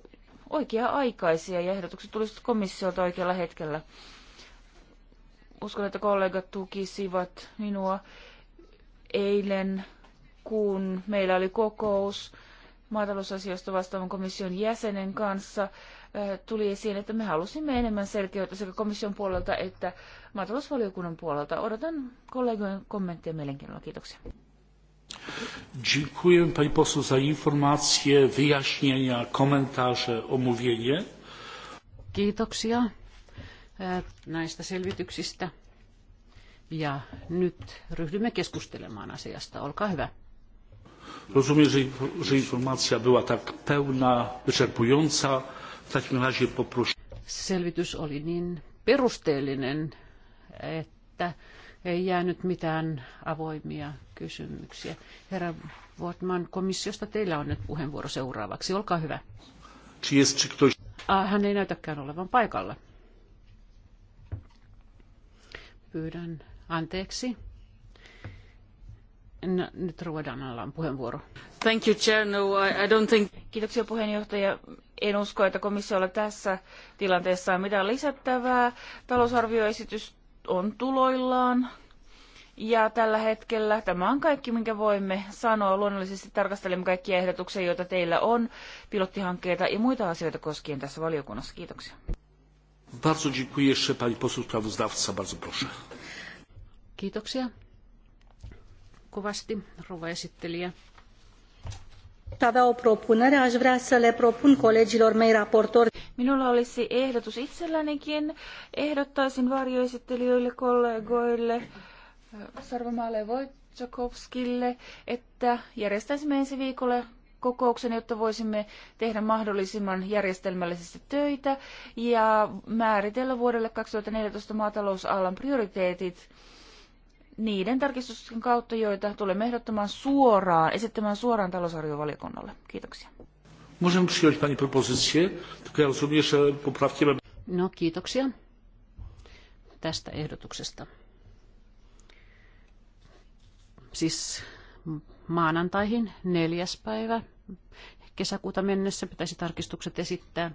oikea-aikaisia ja ehdotukset tulisivat komissiolta oikealla hetkellä. Uskon, että kollegat tukisivat minua eilen, kun meillä oli kokous maatalousasioista vastaavan komission jäsenen kanssa eh, tuli esiin, että me halusimme enemmän selkeyttä sekä komission puolelta että maatalousvaliokunnan puolelta. Odotan kollegojen kommentteja mielenkiinnolla. Kiitoksia. Dziękuję pani poseł za informacje, wyjaśnienia, komentarze, omówienie. Kiitoksia e, näistä selvityksistä. Ja nyt ryhdymme keskustelemaan asiasta. Olkaa hyvä. Rozumiem, że, że informacja była tak pełna, wyczerpująca. W takim razie poproszę. Selvitys oli niin perusteellinen, että ei jäänyt mitään avoimia kysymyksiä. Herra Wortman, komissiosta teillä on nyt puheenvuoro seuraavaksi. Olkaa hyvä. Ah, hän ei näytäkään olevan paikalla. Pyydän anteeksi. No, nyt ruvetaan alan puheenvuoro. Thank you, Chair. No, I, I don't think... Kiitoksia puheenjohtaja. En usko, että komissiolla tässä tilanteessa on mitään lisättävää. Talousarvioesitys on tuloillaan. Ja tällä hetkellä tämä on kaikki, minkä voimme sanoa. Luonnollisesti tarkastelemme kaikkia ehdotuksia, joita teillä on, pilottihankkeita ja muita asioita koskien tässä valiokunnassa. Kiitoksia. Bardzo dziękuję jeszcze pani Bardzo proszę. Kiitoksia kovasti, rouva esittelijä. o propunere, aș vrea să le propun colegilor mei raportori. Minulla olisi ehdotus itsellänikin. Ehdottaisin varjoesittelijöille, kollegoille, Sarvamaalle Wojciechowskille, että järjestäisimme ensi viikolle kokouksen, jotta voisimme tehdä mahdollisimman järjestelmällisesti töitä ja määritellä vuodelle 2014 maatalousalan prioriteetit niiden tarkistusten kautta, joita tulemme ehdottamaan suoraan, esittämään suoraan talousarviovaliokunnalle. Kiitoksia. No kiitoksia tästä ehdotuksesta siis maanantaihin neljäs päivä kesäkuuta mennessä pitäisi tarkistukset esittää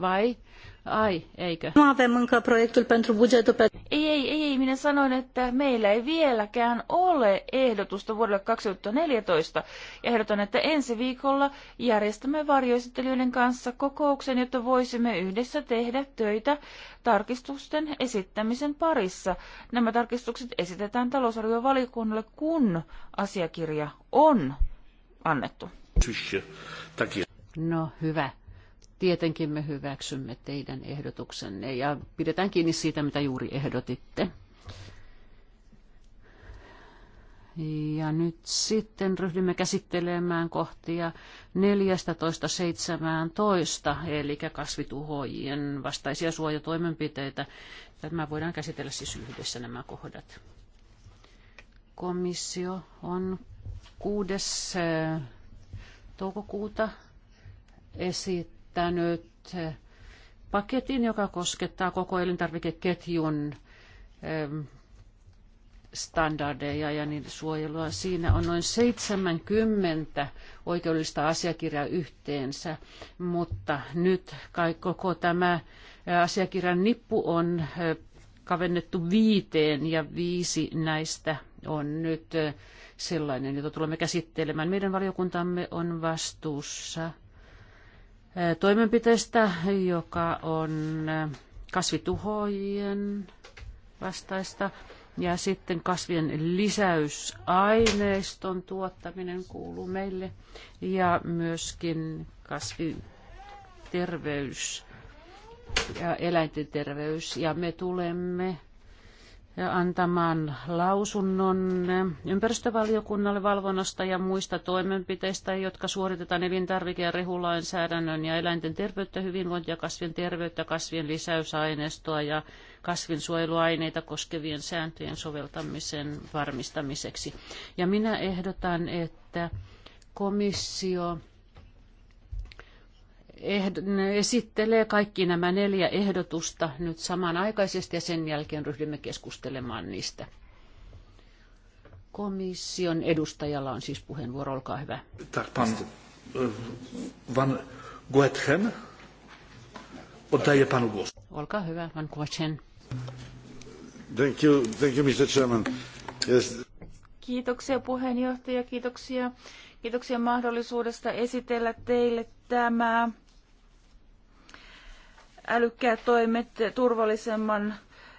vai? Ai, eikö? Nu avem încă proiectul pentru bugetul pe... Ei, ei, ei, minä sanoin, että meillä ei vieläkään ole ehdotusta vuodelle 2014. Ja ehdotan, että ensi viikolla järjestämme varjoesittelijöiden kanssa kokouksen, jotta voisimme yhdessä tehdä töitä tarkistusten esittämisen parissa. Nämä tarkistukset esitetään talousarviovaliokunnalle, kun asiakirja on annettu. No, hyvä. Tietenkin me hyväksymme teidän ehdotuksenne ja pidetään kiinni siitä, mitä juuri ehdotitte. Ja nyt sitten ryhdymme käsittelemään kohtia 14.17, eli kasvituhojien vastaisia suojatoimenpiteitä. Tämä voidaan käsitellä siis yhdessä nämä kohdat. Komissio on 6. Eh, toukokuuta esittänyt esittänyt paketin, joka koskettaa koko elintarvikeketjun ähm, standardeja ja niiden suojelua. Siinä on noin 70 oikeudellista asiakirjaa yhteensä, mutta nyt koko tämä äh, asiakirjan nippu on äh, kavennettu viiteen ja viisi näistä on nyt äh, sellainen, jota tulemme käsittelemään. Meidän valiokuntamme on vastuussa toimenpiteestä, joka on kasvituhojen vastaista. Ja sitten kasvien lisäysaineiston tuottaminen kuuluu meille ja myöskin kasviterveys ja eläinten terveys. Ja me tulemme antamaan lausunnon ympäristövaliokunnalle valvonnasta ja muista toimenpiteistä, jotka suoritetaan elintarvike- ja rehulainsäädännön ja eläinten terveyttä, hyvinvointia, kasvien terveyttä, kasvien lisäysaineistoa ja kasvinsuojeluaineita koskevien sääntöjen soveltamisen varmistamiseksi. Ja minä ehdotan, että komissio esittelee kaikki nämä neljä ehdotusta nyt samanaikaisesti ja sen jälkeen ryhdymme keskustelemaan niistä. Komission edustajalla on siis puheenvuoro, olkaa hyvä. Tak, pan e, Van Goethen. Oddaję panu Olkaa hyvä, Van Goethen. Thank you, thank you, Mr. Chairman. Yes. Kiitoksia puheenjohtaja, kiitoksia, kiitoksia mahdollisuudesta esitellä teille tämä älykkäät toimet turvallisemman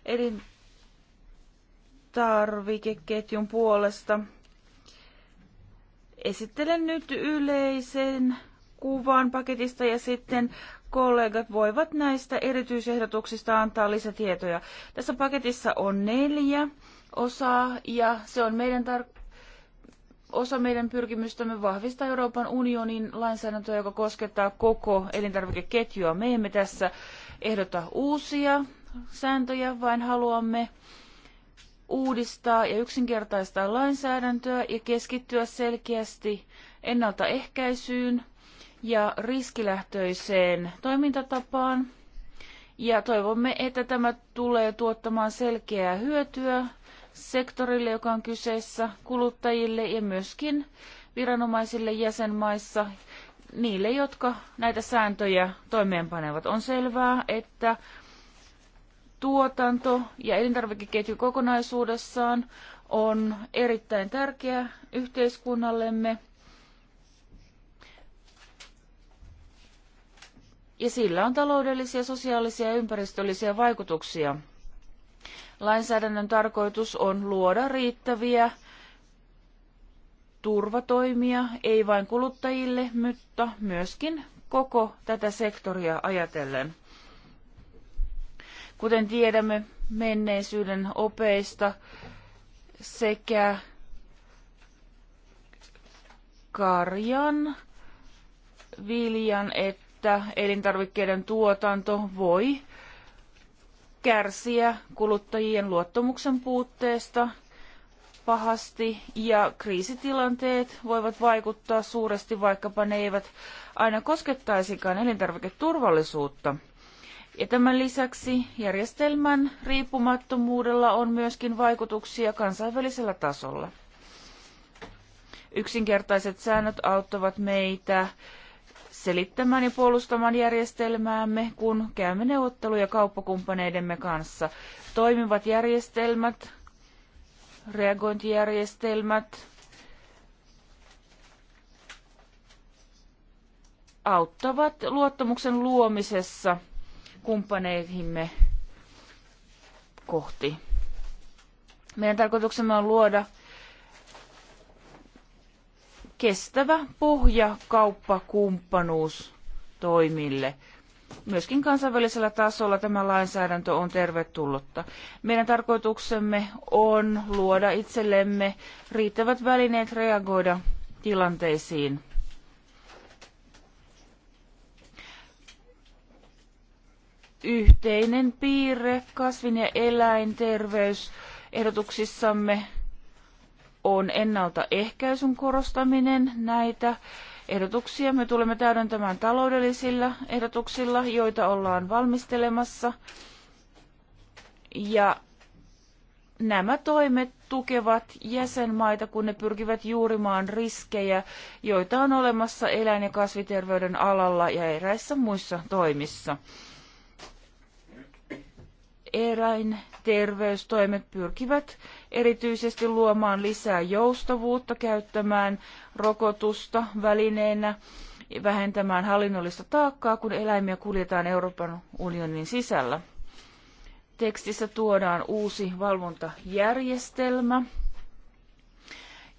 elintarvikeketjun puolesta. Esittelen nyt yleisen kuvan paketista ja sitten kollegat voivat näistä erityisehdotuksista antaa lisätietoja. Tässä paketissa on neljä osaa ja se on meidän tar- osa meidän pyrkimystämme vahvistaa Euroopan unionin lainsäädäntöä, joka koskettaa koko elintarvikeketjua. Me emme tässä ehdota uusia sääntöjä, vaan haluamme uudistaa ja yksinkertaistaa lainsäädäntöä ja keskittyä selkeästi ennaltaehkäisyyn ja riskilähtöiseen toimintatapaan. Ja toivomme, että tämä tulee tuottamaan selkeää hyötyä sektorille, joka on kyseessä, kuluttajille ja myöskin viranomaisille jäsenmaissa, niille, jotka näitä sääntöjä toimeenpanevat. On selvää, että tuotanto ja elintarvikeketju kokonaisuudessaan on erittäin tärkeä yhteiskunnallemme. Ja sillä on taloudellisia, sosiaalisia ja ympäristöllisiä vaikutuksia Lainsäädännön tarkoitus on luoda riittäviä turvatoimia, ei vain kuluttajille, mutta myöskin koko tätä sektoria ajatellen. Kuten tiedämme menneisyyden opeista sekä karjan, viljan että elintarvikkeiden tuotanto voi kärsiä kuluttajien luottamuksen puutteesta pahasti ja kriisitilanteet voivat vaikuttaa suuresti, vaikkapa ne eivät aina koskettaisikaan elintarviketurvallisuutta. Ja tämän lisäksi järjestelmän riippumattomuudella on myöskin vaikutuksia kansainvälisellä tasolla. Yksinkertaiset säännöt auttavat meitä selittämään ja puolustamaan järjestelmäämme, kun käymme neuvotteluja kauppakumppaneidemme kanssa. Toimivat järjestelmät, reagointijärjestelmät auttavat luottamuksen luomisessa kumppaneihimme kohti. Meidän tarkoituksemme on luoda kestävä pohja kauppakumppanuus toimille. Myöskin kansainvälisellä tasolla tämä lainsäädäntö on tervetullutta. Meidän tarkoituksemme on luoda itsellemme riittävät välineet reagoida tilanteisiin. Yhteinen piirre kasvin- ja eläinterveysehdotuksissamme on ennaltaehkäisyn korostaminen näitä ehdotuksia. Me tulemme täydentämään taloudellisilla ehdotuksilla, joita ollaan valmistelemassa. Ja nämä toimet tukevat jäsenmaita, kun ne pyrkivät juurimaan riskejä, joita on olemassa eläin- ja kasviterveyden alalla ja eräissä muissa toimissa. Eräin terveystoimet pyrkivät erityisesti luomaan lisää joustavuutta, käyttämään rokotusta välineenä, vähentämään hallinnollista taakkaa, kun eläimiä kuljetaan Euroopan unionin sisällä. Tekstissä tuodaan uusi valvontajärjestelmä,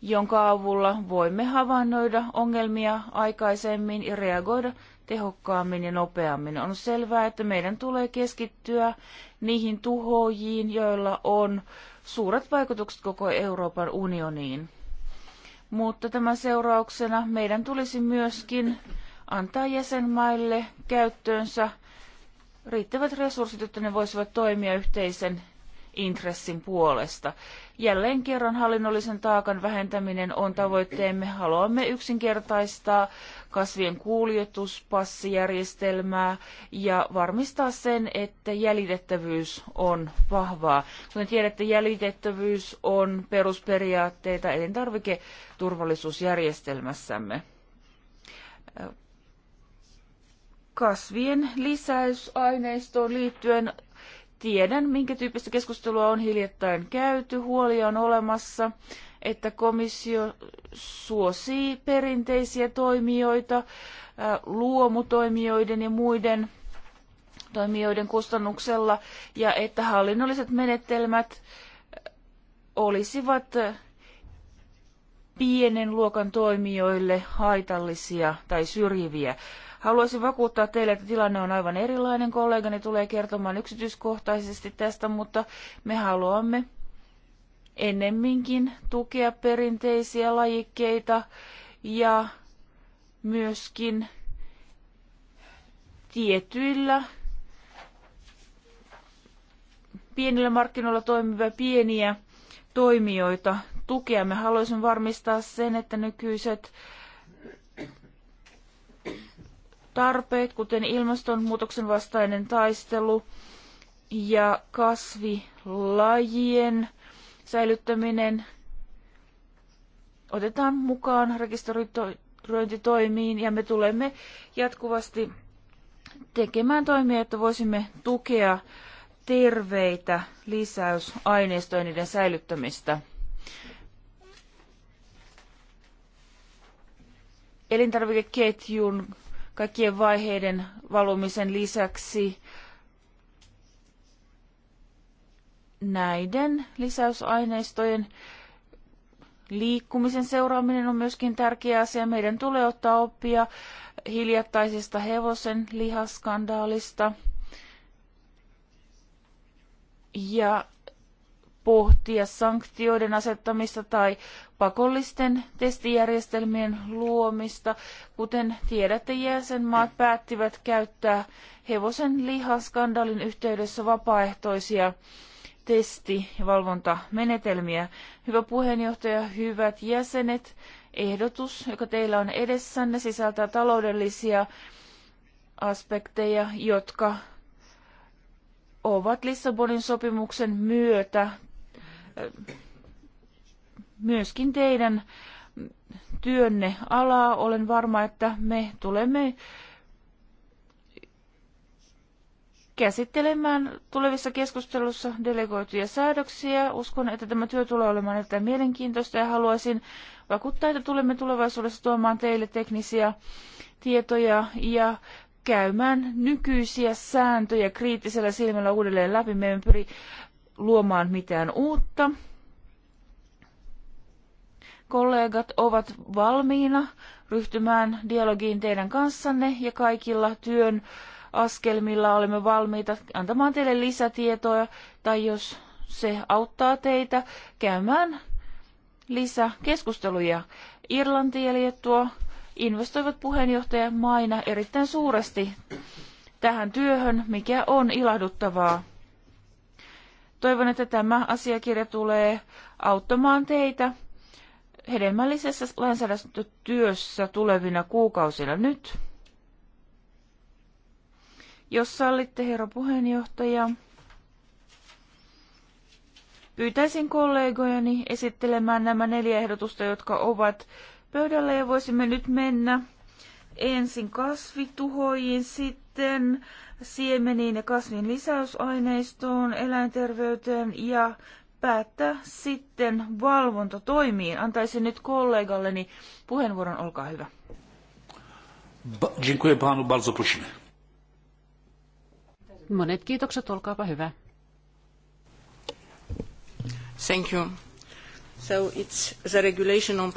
jonka avulla voimme havainnoida ongelmia aikaisemmin ja reagoida tehokkaammin ja nopeammin. On selvää, että meidän tulee keskittyä niihin tuhojiin, joilla on suuret vaikutukset koko Euroopan unioniin. Mutta tämän seurauksena meidän tulisi myöskin antaa jäsenmaille käyttöönsä riittävät resurssit, jotta ne voisivat toimia yhteisen intressin puolesta. Jälleen kerran hallinnollisen taakan vähentäminen on tavoitteemme. Haluamme yksinkertaistaa kasvien kuljetuspassijärjestelmää ja varmistaa sen, että jäljitettävyys on vahvaa. Kuten tiedätte, jäljitettävyys on perusperiaatteita elintarviketurvallisuusjärjestelmässämme kasvien lisäysaineistoon liittyen Tiedän, minkä tyyppistä keskustelua on hiljattain käyty. Huoli on olemassa, että komissio suosii perinteisiä toimijoita äh, luomutoimijoiden ja muiden toimijoiden kustannuksella ja että hallinnolliset menetelmät äh, olisivat äh, pienen luokan toimijoille haitallisia tai syrjiviä. Haluaisin vakuuttaa teille, että tilanne on aivan erilainen. Kollegani tulee kertomaan yksityiskohtaisesti tästä, mutta me haluamme ennemminkin tukea perinteisiä lajikkeita ja myöskin tietyillä pienillä markkinoilla toimivia pieniä toimijoita tukea. Me haluaisin varmistaa sen, että nykyiset äh, tarpeet, kuten ilmastonmuutoksen vastainen taistelu ja kasvilajien säilyttäminen, otetaan mukaan rekisteröintitoimiin ja me tulemme jatkuvasti tekemään toimia, että voisimme tukea terveitä lisäysaineistoja niiden säilyttämistä. Elintarvikeketjun kaikkien vaiheiden valumisen lisäksi näiden lisäysaineistojen liikkumisen seuraaminen on myöskin tärkeä asia. Meidän tulee ottaa oppia hiljattaisesta hevosen lihaskandaalista. Ja pohtia sanktioiden asettamista tai pakollisten testijärjestelmien luomista. Kuten tiedätte, jäsenmaat päättivät käyttää hevosen lihaskandalin yhteydessä vapaaehtoisia testi- ja valvontamenetelmiä. Hyvä puheenjohtaja, hyvät jäsenet, ehdotus, joka teillä on edessänne, sisältää taloudellisia aspekteja, jotka ovat Lissabonin sopimuksen myötä myöskin teidän työnne alaa. Olen varma, että me tulemme käsittelemään tulevissa keskustelussa delegoituja säädöksiä. Uskon, että tämä työ tulee olemaan erittäin mielenkiintoista ja haluaisin vakuuttaa, että tulemme tulevaisuudessa tuomaan teille teknisiä tietoja ja käymään nykyisiä sääntöjä kriittisellä silmällä uudelleen läpi. Me emme pyri luomaan mitään uutta. Kollegat ovat valmiina ryhtymään dialogiin teidän kanssanne ja kaikilla työn askelmilla olemme valmiita antamaan teille lisätietoja tai jos se auttaa teitä käymään lisäkeskusteluja. Irlanti ja Liettua investoivat puheenjohtaja Maina erittäin suuresti tähän työhön, mikä on ilahduttavaa. Toivon, että tämä asiakirja tulee auttamaan teitä hedelmällisessä lainsäädäntötyössä tulevina kuukausina nyt. Jos sallitte, herra puheenjohtaja, pyytäisin kollegojani esittelemään nämä neljä ehdotusta, jotka ovat pöydällä ja voisimme nyt mennä ensin kasvituhoihin, sitten sitten siemeniin ja kasvin lisäysaineistoon, eläinterveyteen ja päättää sitten valvontatoimiin. Antaisin nyt kollegalleni puheenvuoron, olkaa hyvä. Monet kiitokset, olkaapa hyvä. Thank you. So it's the regulation on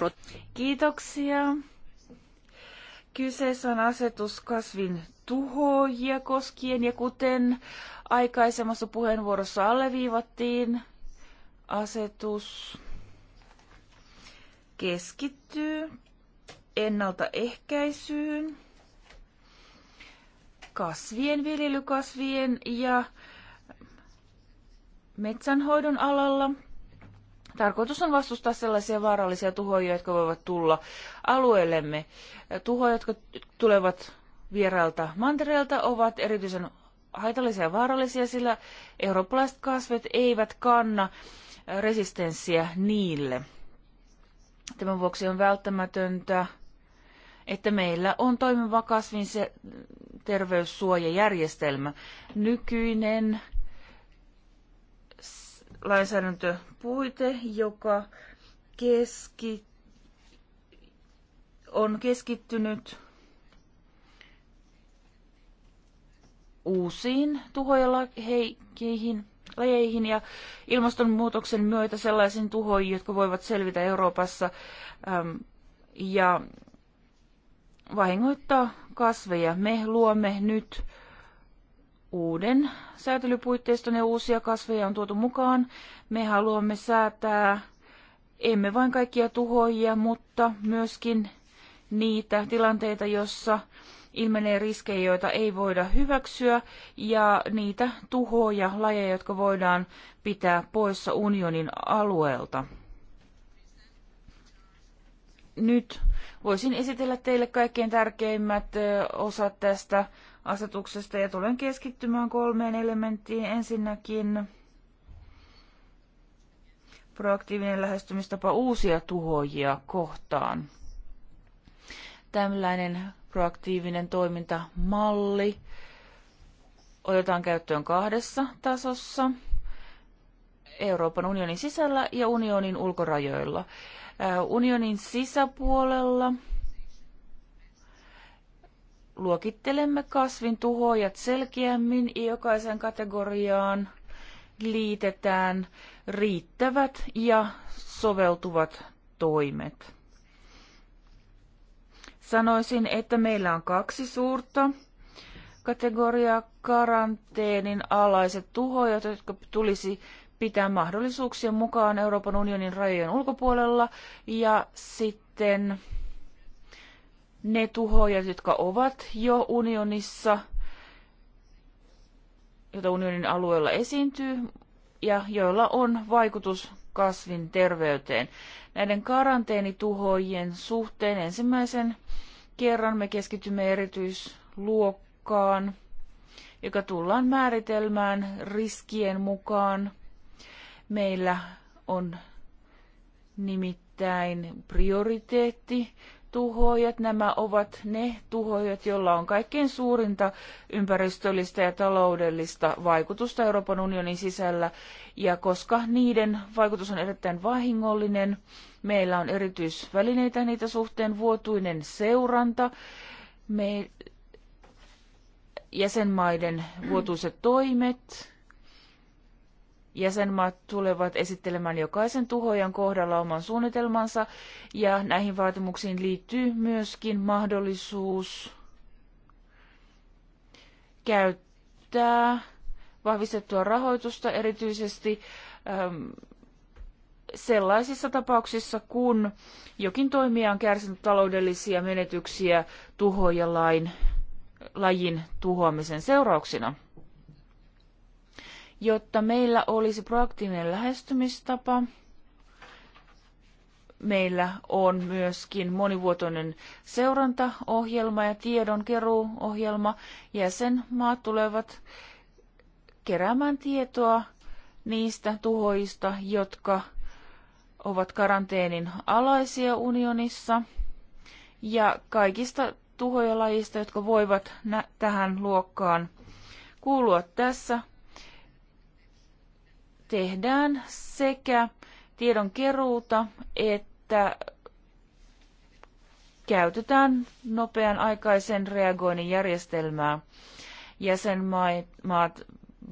Kiitoksia. Kyseessä on asetus kasvin tuhoajia koskien ja kuten aikaisemmassa puheenvuorossa alleviivattiin, asetus keskittyy ennaltaehkäisyyn, kasvien, viljelykasvien ja metsänhoidon alalla – Tarkoitus on vastustaa sellaisia vaarallisia tuhoja, jotka voivat tulla alueellemme. Tuhoja, jotka tulevat vierailta mantereelta, ovat erityisen haitallisia ja vaarallisia, sillä eurooppalaiset kasvet eivät kanna resistenssiä niille. Tämän vuoksi on välttämätöntä, että meillä on toimiva kasvin se terveyssuojajärjestelmä. Nykyinen lainsäädäntöpuite, joka keski, on keskittynyt uusiin tuhojalajeihin lajeihin ja ilmastonmuutoksen myötä sellaisiin tuhoihin, jotka voivat selvitä Euroopassa äm, ja vahingoittaa kasveja. Me luomme nyt uuden säätelypuitteiston ja uusia kasveja on tuotu mukaan. Me haluamme säätää emme vain kaikkia tuhoajia, mutta myöskin niitä tilanteita, jossa ilmenee riskejä, joita ei voida hyväksyä, ja niitä tuhoja, lajeja, jotka voidaan pitää poissa unionin alueelta. Nyt voisin esitellä teille kaikkein tärkeimmät osat tästä asetuksesta ja tulen keskittymään kolmeen elementtiin. Ensinnäkin proaktiivinen lähestymistapa uusia tuhoajia kohtaan. Tällainen proaktiivinen toimintamalli otetaan käyttöön kahdessa tasossa. Euroopan unionin sisällä ja unionin ulkorajoilla. Äh, unionin sisäpuolella luokittelemme kasvin tuhoajat selkeämmin jokaiseen kategoriaan liitetään riittävät ja soveltuvat toimet. Sanoisin, että meillä on kaksi suurta kategoriaa karanteenin alaiset tuhojat, jotka tulisi pitää mahdollisuuksien mukaan Euroopan unionin rajojen ulkopuolella ja sitten ne tuhoajat, jotka ovat jo unionissa, joita unionin alueella esiintyy ja joilla on vaikutus kasvin terveyteen. Näiden karanteenituhojen suhteen ensimmäisen kerran me keskitymme erityisluokkaan, joka tullaan määritelmään riskien mukaan. Meillä on nimittäin prioriteetti tuhoajat, Nämä ovat ne tuhoajat, joilla on kaikkein suurinta ympäristöllistä ja taloudellista vaikutusta Euroopan unionin sisällä. Ja koska niiden vaikutus on erittäin vahingollinen, meillä on erityisvälineitä niitä suhteen vuotuinen seuranta. Me jäsenmaiden vuotuiset toimet, jäsenmaat tulevat esittelemään jokaisen tuhojan kohdalla oman suunnitelmansa ja näihin vaatimuksiin liittyy myöskin mahdollisuus käyttää vahvistettua rahoitusta erityisesti ähm, sellaisissa tapauksissa, kun jokin toimija on kärsinyt taloudellisia menetyksiä tuhoja lain, lajin tuhoamisen seurauksina jotta meillä olisi proaktiivinen lähestymistapa. Meillä on myöskin monivuotoinen seurantaohjelma ja tiedonkeruuohjelma. Jäsenmaat tulevat keräämään tietoa niistä tuhoista, jotka ovat karanteenin alaisia unionissa ja kaikista tuhojalajista, jotka voivat tähän luokkaan kuulua tässä tehdään sekä tiedon keruuta että käytetään nopean aikaisen reagoinnin järjestelmää. Jäsenmaat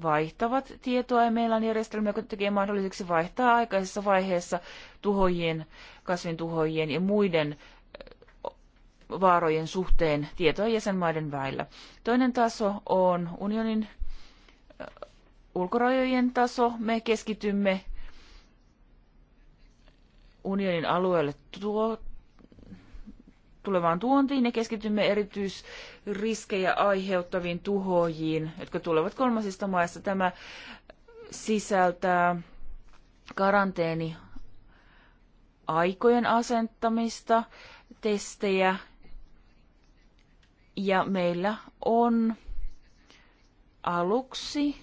vaihtavat tietoa ja meillä on järjestelmä, joka tekee mahdolliseksi vaihtaa aikaisessa vaiheessa tuhojien, kasvintuhojien ja muiden vaarojen suhteen tietoa jäsenmaiden väillä. Toinen taso on unionin ulkorajojen taso. Me keskitymme unionin alueelle tuo, tulevaan tuontiin ja keskitymme erityisriskejä aiheuttaviin tuhojiin, jotka tulevat kolmasista maista. Tämä sisältää karanteeni aikojen asentamista, testejä ja meillä on aluksi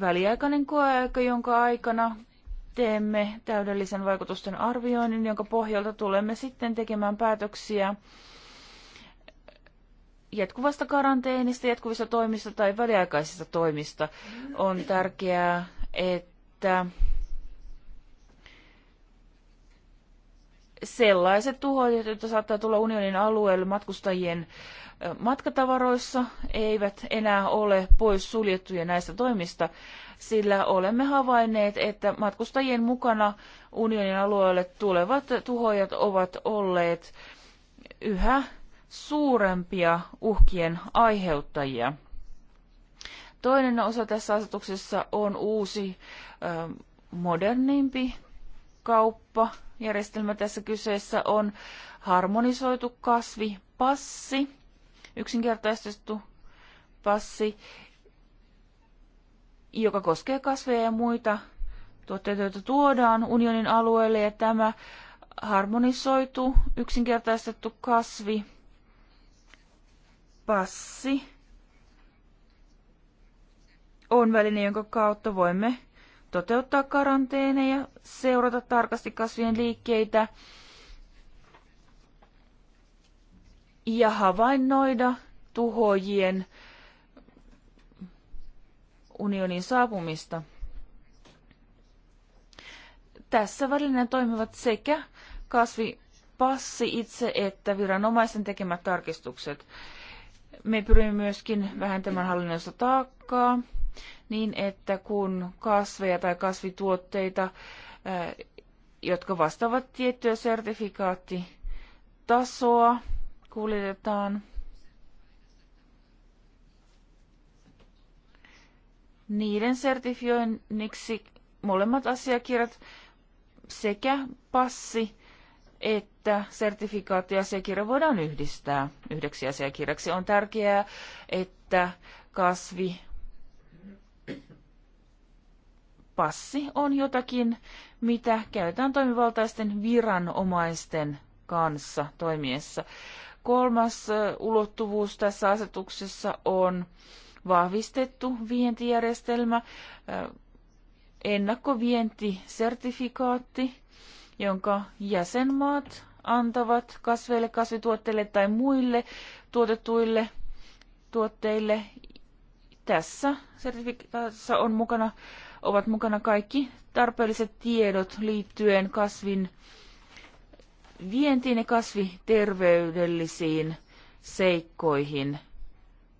väliaikainen koeaika, jonka aikana teemme täydellisen vaikutusten arvioinnin, jonka pohjalta tulemme sitten tekemään päätöksiä jatkuvasta karanteenista, jatkuvista toimista tai väliaikaisista toimista. On tärkeää, että sellaiset tuhoajat, joita saattaa tulla unionin alueelle matkustajien matkatavaroissa, eivät enää ole pois suljettuja näistä toimista, sillä olemme havainneet, että matkustajien mukana unionin alueelle tulevat tuhoajat ovat olleet yhä suurempia uhkien aiheuttajia. Toinen osa tässä asetuksessa on uusi modernimpi kauppajärjestelmä tässä kyseessä on harmonisoitu passi, yksinkertaistettu passi, joka koskee kasveja ja muita tuotteita, joita tuodaan unionin alueelle, ja tämä harmonisoitu yksinkertaistettu kasvi, passi, on väline, jonka kautta voimme toteuttaa karanteeneja, seurata tarkasti kasvien liikkeitä ja havainnoida tuhojien unionin saapumista. Tässä välineen toimivat sekä kasvipassi itse että viranomaisten tekemät tarkistukset. Me pyrimme myöskin vähentämään hallinnollista taakkaa niin, että kun kasveja tai kasvituotteita, äh, jotka vastaavat tiettyä sertifikaattitasoa, kuljetetaan, niiden sertifioinniksi molemmat asiakirjat sekä passi että sertifikaatti ja asiakirja voidaan yhdistää yhdeksi asiakirjaksi. On tärkeää, että kasvi passi on jotakin, mitä käytetään toimivaltaisten viranomaisten kanssa toimiessa. Kolmas ulottuvuus tässä asetuksessa on vahvistettu vientijärjestelmä, ennakkovientisertifikaatti, jonka jäsenmaat antavat kasveille, kasvituotteille tai muille tuotetuille tuotteille. Tässä sertifikaatissa on mukana ovat mukana kaikki tarpeelliset tiedot liittyen kasvin vientiin ja kasviterveydellisiin seikkoihin,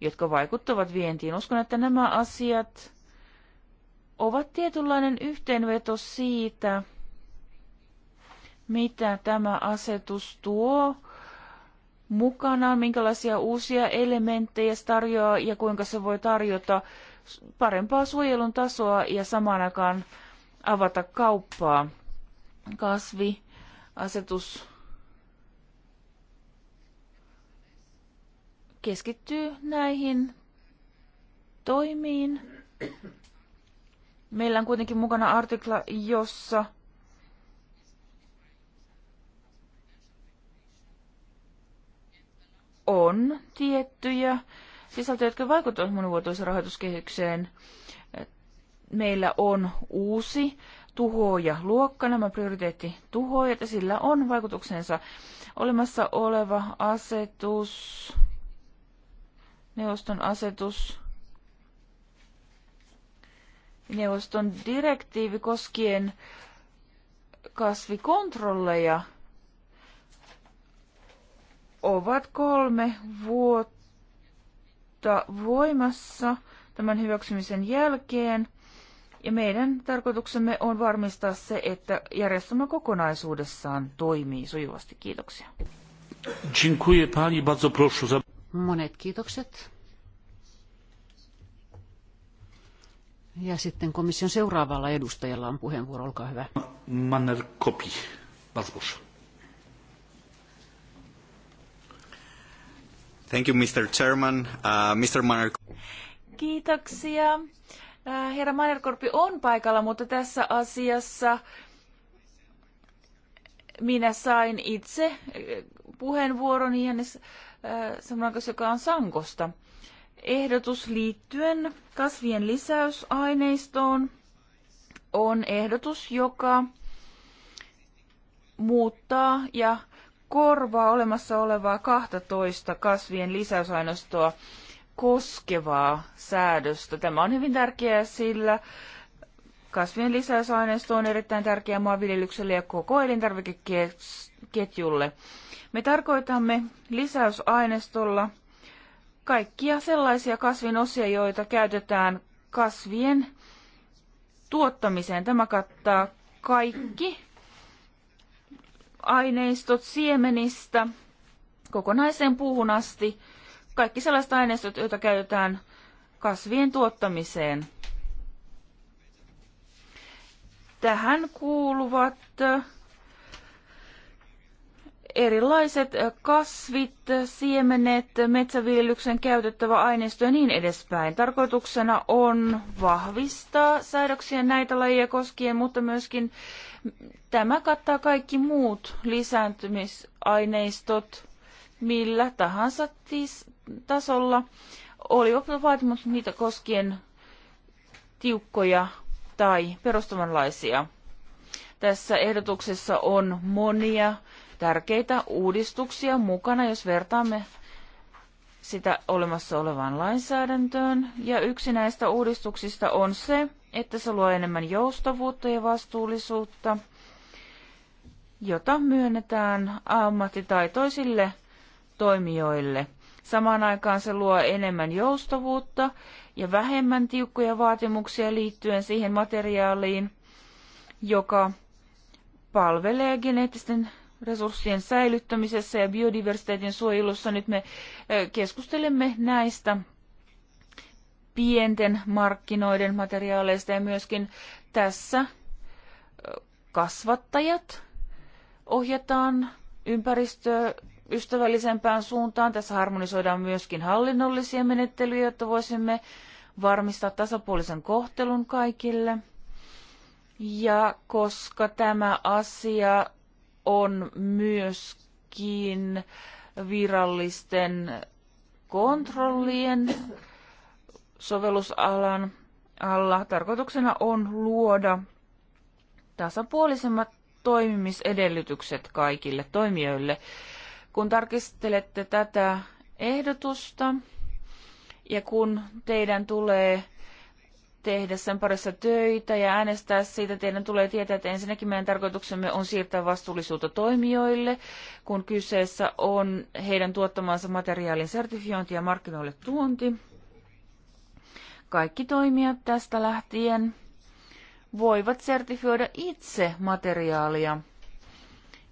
jotka vaikuttavat vientiin. Uskon, että nämä asiat ovat tietynlainen yhteenveto siitä, mitä tämä asetus tuo mukanaan, minkälaisia uusia elementtejä se tarjoaa ja kuinka se voi tarjota parempaa suojelun tasoa ja samaan aikaan avata kauppaa. Kasvi, asetus keskittyy näihin toimiin. Meillä on kuitenkin mukana artikla, jossa on tiettyjä sisältöjä, jotka vaikuttavat monivuotoisen rahoituskehykseen. Meillä on uusi tuhoja luokka, nämä prioriteetti tuhoja, ja sillä on vaikutuksensa olemassa oleva asetus, neuvoston asetus, neuvoston direktiivi koskien kasvikontrolleja ovat kolme vuotta vuotta voimassa tämän hyväksymisen jälkeen. Ja meidän tarkoituksemme on varmistaa se, että järjestelmä kokonaisuudessaan toimii sujuvasti. Kiitoksia. Dziękuję pani, bardzo proszę. Za... Monet kiitokset. Ja sitten komission seuraavalla edustajalla on puheenvuoro, olkaa hyvä. Manner Kopi, bardzo proszę. Thank you, Mr. Chairman. Uh, Mr. Manner... Kiitoksia. Uh, herra Mannerkorpi on paikalla, mutta tässä asiassa minä sain itse uh, puheenvuoroni Hannes uh, Samrankas, joka on Sankosta. Ehdotus liittyen kasvien lisäysaineistoon on ehdotus, joka muuttaa ja korvaa olemassa olevaa 12 kasvien lisäysainostoa koskevaa säädöstä. Tämä on hyvin tärkeää, sillä kasvien lisäysaineisto on erittäin tärkeä maanviljelykselle ja koko elintarvikeketjulle. Me tarkoitamme lisäysaineistolla kaikkia sellaisia kasvin osia, joita käytetään kasvien tuottamiseen. Tämä kattaa kaikki aineistot siemenistä kokonaiseen puuhun asti, kaikki sellaiset aineistot, joita käytetään kasvien tuottamiseen. Tähän kuuluvat erilaiset kasvit, siemenet, metsäviljelyksen käytettävä aineisto ja niin edespäin. Tarkoituksena on vahvistaa säädöksiä näitä lajeja koskien, mutta myöskin Tämä kattaa kaikki muut lisääntymisaineistot millä tahansa tis- tasolla. Oli vaatimus niitä koskien tiukkoja tai perustavanlaisia. Tässä ehdotuksessa on monia tärkeitä uudistuksia mukana, jos vertaamme sitä olemassa olevaan lainsäädäntöön. Ja yksi näistä uudistuksista on se, että se luo enemmän joustavuutta ja vastuullisuutta, jota myönnetään ammattitaitoisille toimijoille. Samaan aikaan se luo enemmän joustavuutta ja vähemmän tiukkoja vaatimuksia liittyen siihen materiaaliin, joka palvelee geneettisten resurssien säilyttämisessä ja biodiversiteetin suojelussa. Nyt me eh, keskustelemme näistä pienten markkinoiden materiaaleista ja myöskin tässä kasvattajat ohjataan ympäristöystävällisempään suuntaan. Tässä harmonisoidaan myöskin hallinnollisia menettelyjä, jotta voisimme varmistaa tasapuolisen kohtelun kaikille. Ja koska tämä asia on myöskin virallisten kontrollien sovellusalan alla tarkoituksena on luoda tasapuolisemmat toimimisedellytykset kaikille toimijoille. Kun tarkistelette tätä ehdotusta ja kun teidän tulee tehdä sen parissa töitä ja äänestää siitä, teidän tulee tietää, että ensinnäkin meidän tarkoituksemme on siirtää vastuullisuutta toimijoille, kun kyseessä on heidän tuottamansa materiaalin sertifiointi ja markkinoille tuonti. Kaikki toimijat tästä lähtien voivat sertifioida itse materiaalia,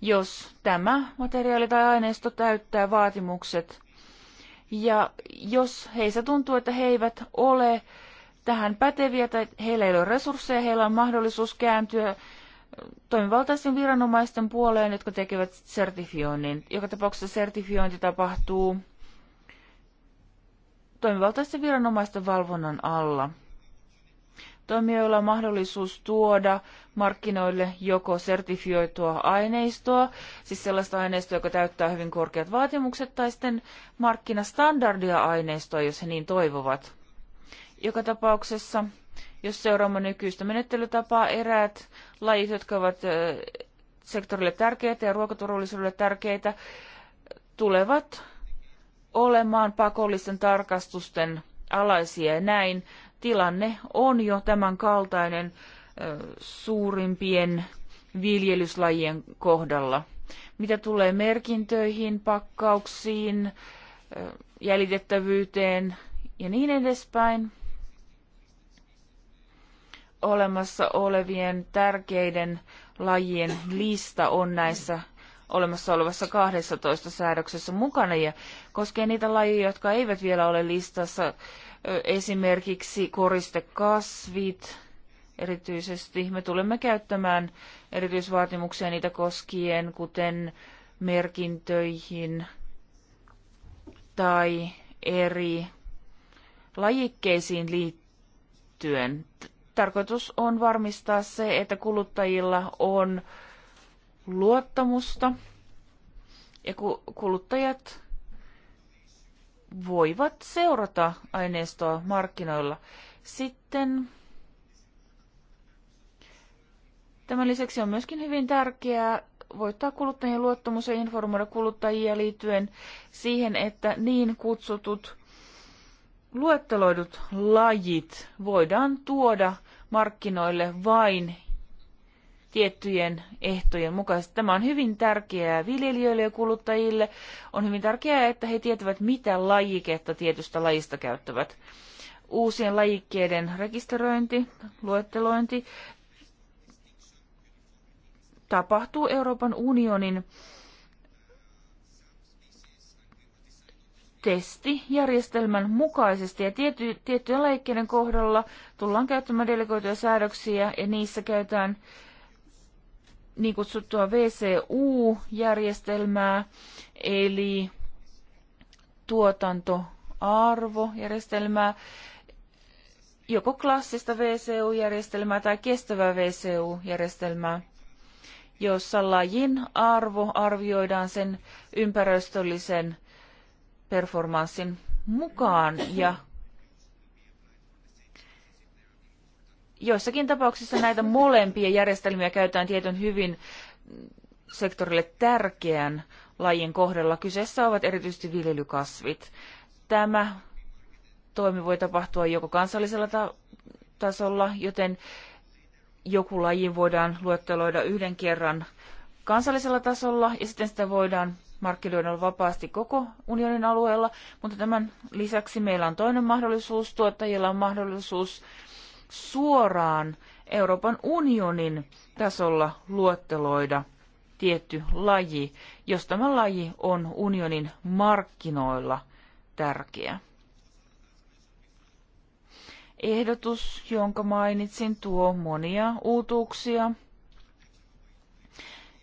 jos tämä materiaali tai aineisto täyttää vaatimukset. Ja jos heissä tuntuu, että he eivät ole tähän päteviä tai heillä ei ole resursseja, heillä on mahdollisuus kääntyä toimivaltaisten viranomaisten puoleen, jotka tekevät sertifioinnin. Joka tapauksessa sertifiointi tapahtuu toimivaltaisten viranomaisten valvonnan alla. Toimijoilla on mahdollisuus tuoda markkinoille joko sertifioitua aineistoa, siis sellaista aineistoa, joka täyttää hyvin korkeat vaatimukset, tai sitten markkinastandardia aineistoa, jos he niin toivovat. Joka tapauksessa, jos seuraamme nykyistä menettelytapaa, eräät lajit, jotka ovat sektorille tärkeitä ja ruokaturvallisuudelle tärkeitä, tulevat olemaan pakollisten tarkastusten alaisia ja näin. Tilanne on jo tämän kaltainen suurimpien viljelyslajien kohdalla. Mitä tulee merkintöihin, pakkauksiin, jäljitettävyyteen ja niin edespäin, olemassa olevien tärkeiden lajien lista on näissä olemassa olevassa 12 säädöksessä mukana ja koskee niitä lajeja, jotka eivät vielä ole listassa, esimerkiksi koristekasvit erityisesti. Me tulemme käyttämään erityisvaatimuksia niitä koskien, kuten merkintöihin tai eri lajikkeisiin liittyen. Tarkoitus on varmistaa se, että kuluttajilla on luottamusta ja kuluttajat voivat seurata aineistoa markkinoilla. Sitten tämän lisäksi on myöskin hyvin tärkeää voittaa kuluttajien luottamus ja informoida kuluttajia liittyen siihen, että niin kutsutut luetteloidut lajit voidaan tuoda markkinoille vain, tiettyjen ehtojen mukaisesti. Tämä on hyvin tärkeää viljelijöille ja kuluttajille. On hyvin tärkeää, että he tietävät, mitä lajiketta tietystä lajista käyttävät. Uusien lajikkeiden rekisteröinti, luettelointi tapahtuu Euroopan unionin testijärjestelmän mukaisesti ja tiety, tiettyjen lajikkeiden kohdalla tullaan käyttämään delegoituja säädöksiä ja niissä käytetään niin kutsuttua VCU-järjestelmää, eli tuotantoarvojärjestelmää, joko klassista VCU-järjestelmää tai kestävää VCU-järjestelmää, jossa lajin arvo arvioidaan sen ympäristöllisen performanssin mukaan ja joissakin tapauksissa näitä molempia järjestelmiä käytetään tietyn hyvin sektorille tärkeän lajin kohdalla. Kyseessä ovat erityisesti viljelykasvit. Tämä toimi voi tapahtua joko kansallisella ta- tasolla, joten joku laji voidaan luetteloida yhden kerran kansallisella tasolla ja sitten sitä voidaan markkinoida vapaasti koko unionin alueella, mutta tämän lisäksi meillä on toinen mahdollisuus, tuottajilla on mahdollisuus suoraan Euroopan unionin tasolla luetteloida tietty laji, jos tämä laji on unionin markkinoilla tärkeä. Ehdotus, jonka mainitsin, tuo monia uutuuksia,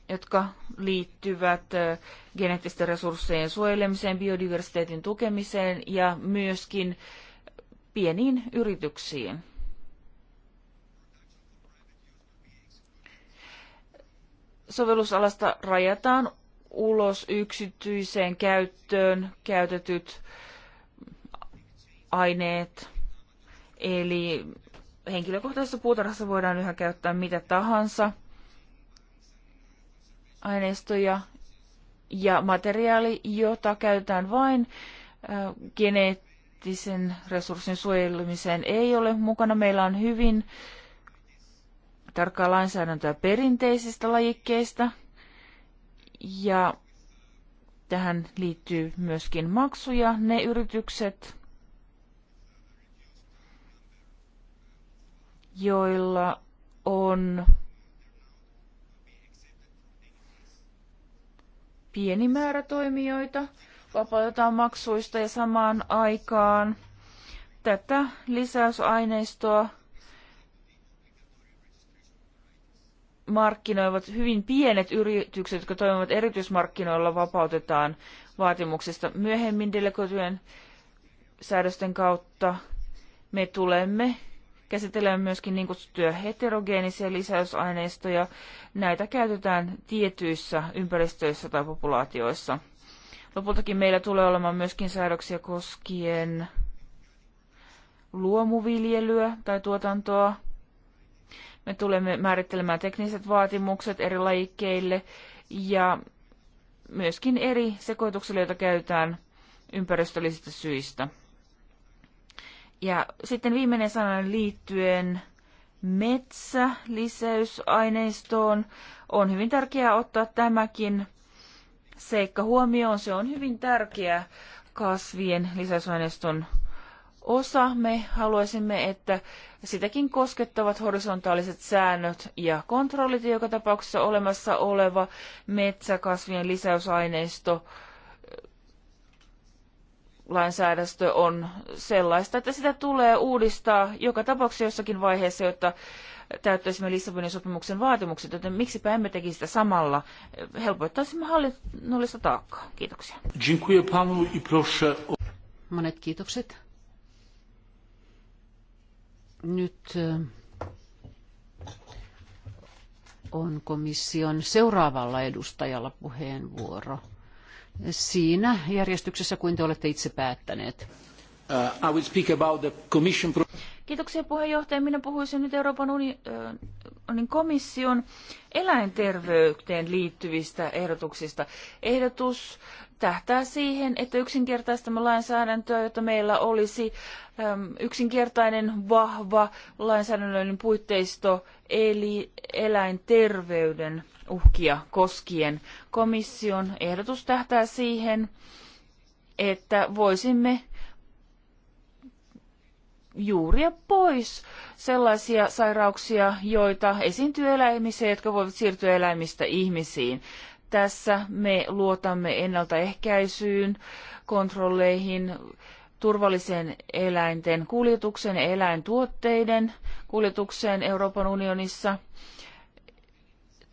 jotka liittyvät geneettisten resurssien suojelemiseen, biodiversiteetin tukemiseen ja myöskin pieniin yrityksiin. sovellusalasta rajataan ulos yksityiseen käyttöön käytetyt aineet. Eli henkilökohtaisessa puutarhassa voidaan yhä käyttää mitä tahansa aineistoja ja materiaali, jota käytetään vain geneettisen resurssin suojelumiseen, ei ole mukana. Meillä on hyvin äh, tarkkaa lainsäädäntöä perinteisistä lajikkeista. Ja tähän liittyy myöskin maksuja. Ne yritykset, joilla on pieni määrä toimijoita, vapautetaan maksuista ja samaan aikaan tätä lisäysaineistoa – markkinoivat hyvin pienet yritykset, jotka toimivat erityismarkkinoilla, vapautetaan vaatimuksesta myöhemmin delegoitujen säädösten kautta. Me tulemme käsittelemään myöskin niin kutsuttuja heterogeenisia lisäysaineistoja. Näitä käytetään tietyissä ympäristöissä tai populaatioissa. Lopultakin meillä tulee olemaan myöskin säädöksiä koskien luomuviljelyä tai tuotantoa, me tulemme määrittelemään tekniset vaatimukset eri lajikkeille ja myöskin eri sekoituksille, joita käytetään ympäristöllisistä syistä. Ja sitten viimeinen sana liittyen metsälisäysaineistoon on hyvin tärkeää ottaa tämäkin seikka huomioon. Se on hyvin tärkeä kasvien lisäysaineiston osa. Me haluaisimme, että sitäkin koskettavat horisontaaliset säännöt ja kontrollit, joka tapauksessa olemassa oleva metsäkasvien lisäysaineisto, lainsäädäntö on sellaista, että sitä tulee uudistaa joka tapauksessa jossakin vaiheessa, jotta täyttäisimme Lissabonin sopimuksen vaatimukset, joten miksipä emme tekisi sitä samalla. Helpoittaisimme hallinnollista taakkaa. Kiitoksia. Monet kiitokset. Nyt on komission seuraavalla edustajalla puheenvuoro. Siinä järjestyksessä kuin te olette itse päättäneet. Uh, I will speak about the commission... Kiitoksia puheenjohtaja. Minä puhuisin nyt Euroopan unionin komission eläinterveyteen liittyvistä ehdotuksista. Ehdotus tähtää siihen, että yksinkertaistamme lainsäädäntöä, jotta meillä olisi yksinkertainen, vahva lainsäädännöllinen puitteisto eli eläinterveyden uhkia koskien. Komission ehdotus tähtää siihen, että voisimme juuria pois sellaisia sairauksia, joita esiintyy eläimissä, jotka voivat siirtyä eläimistä ihmisiin. Tässä me luotamme ennaltaehkäisyyn, kontrolleihin, turvallisen eläinten kuljetuksen ja eläintuotteiden kuljetukseen Euroopan unionissa,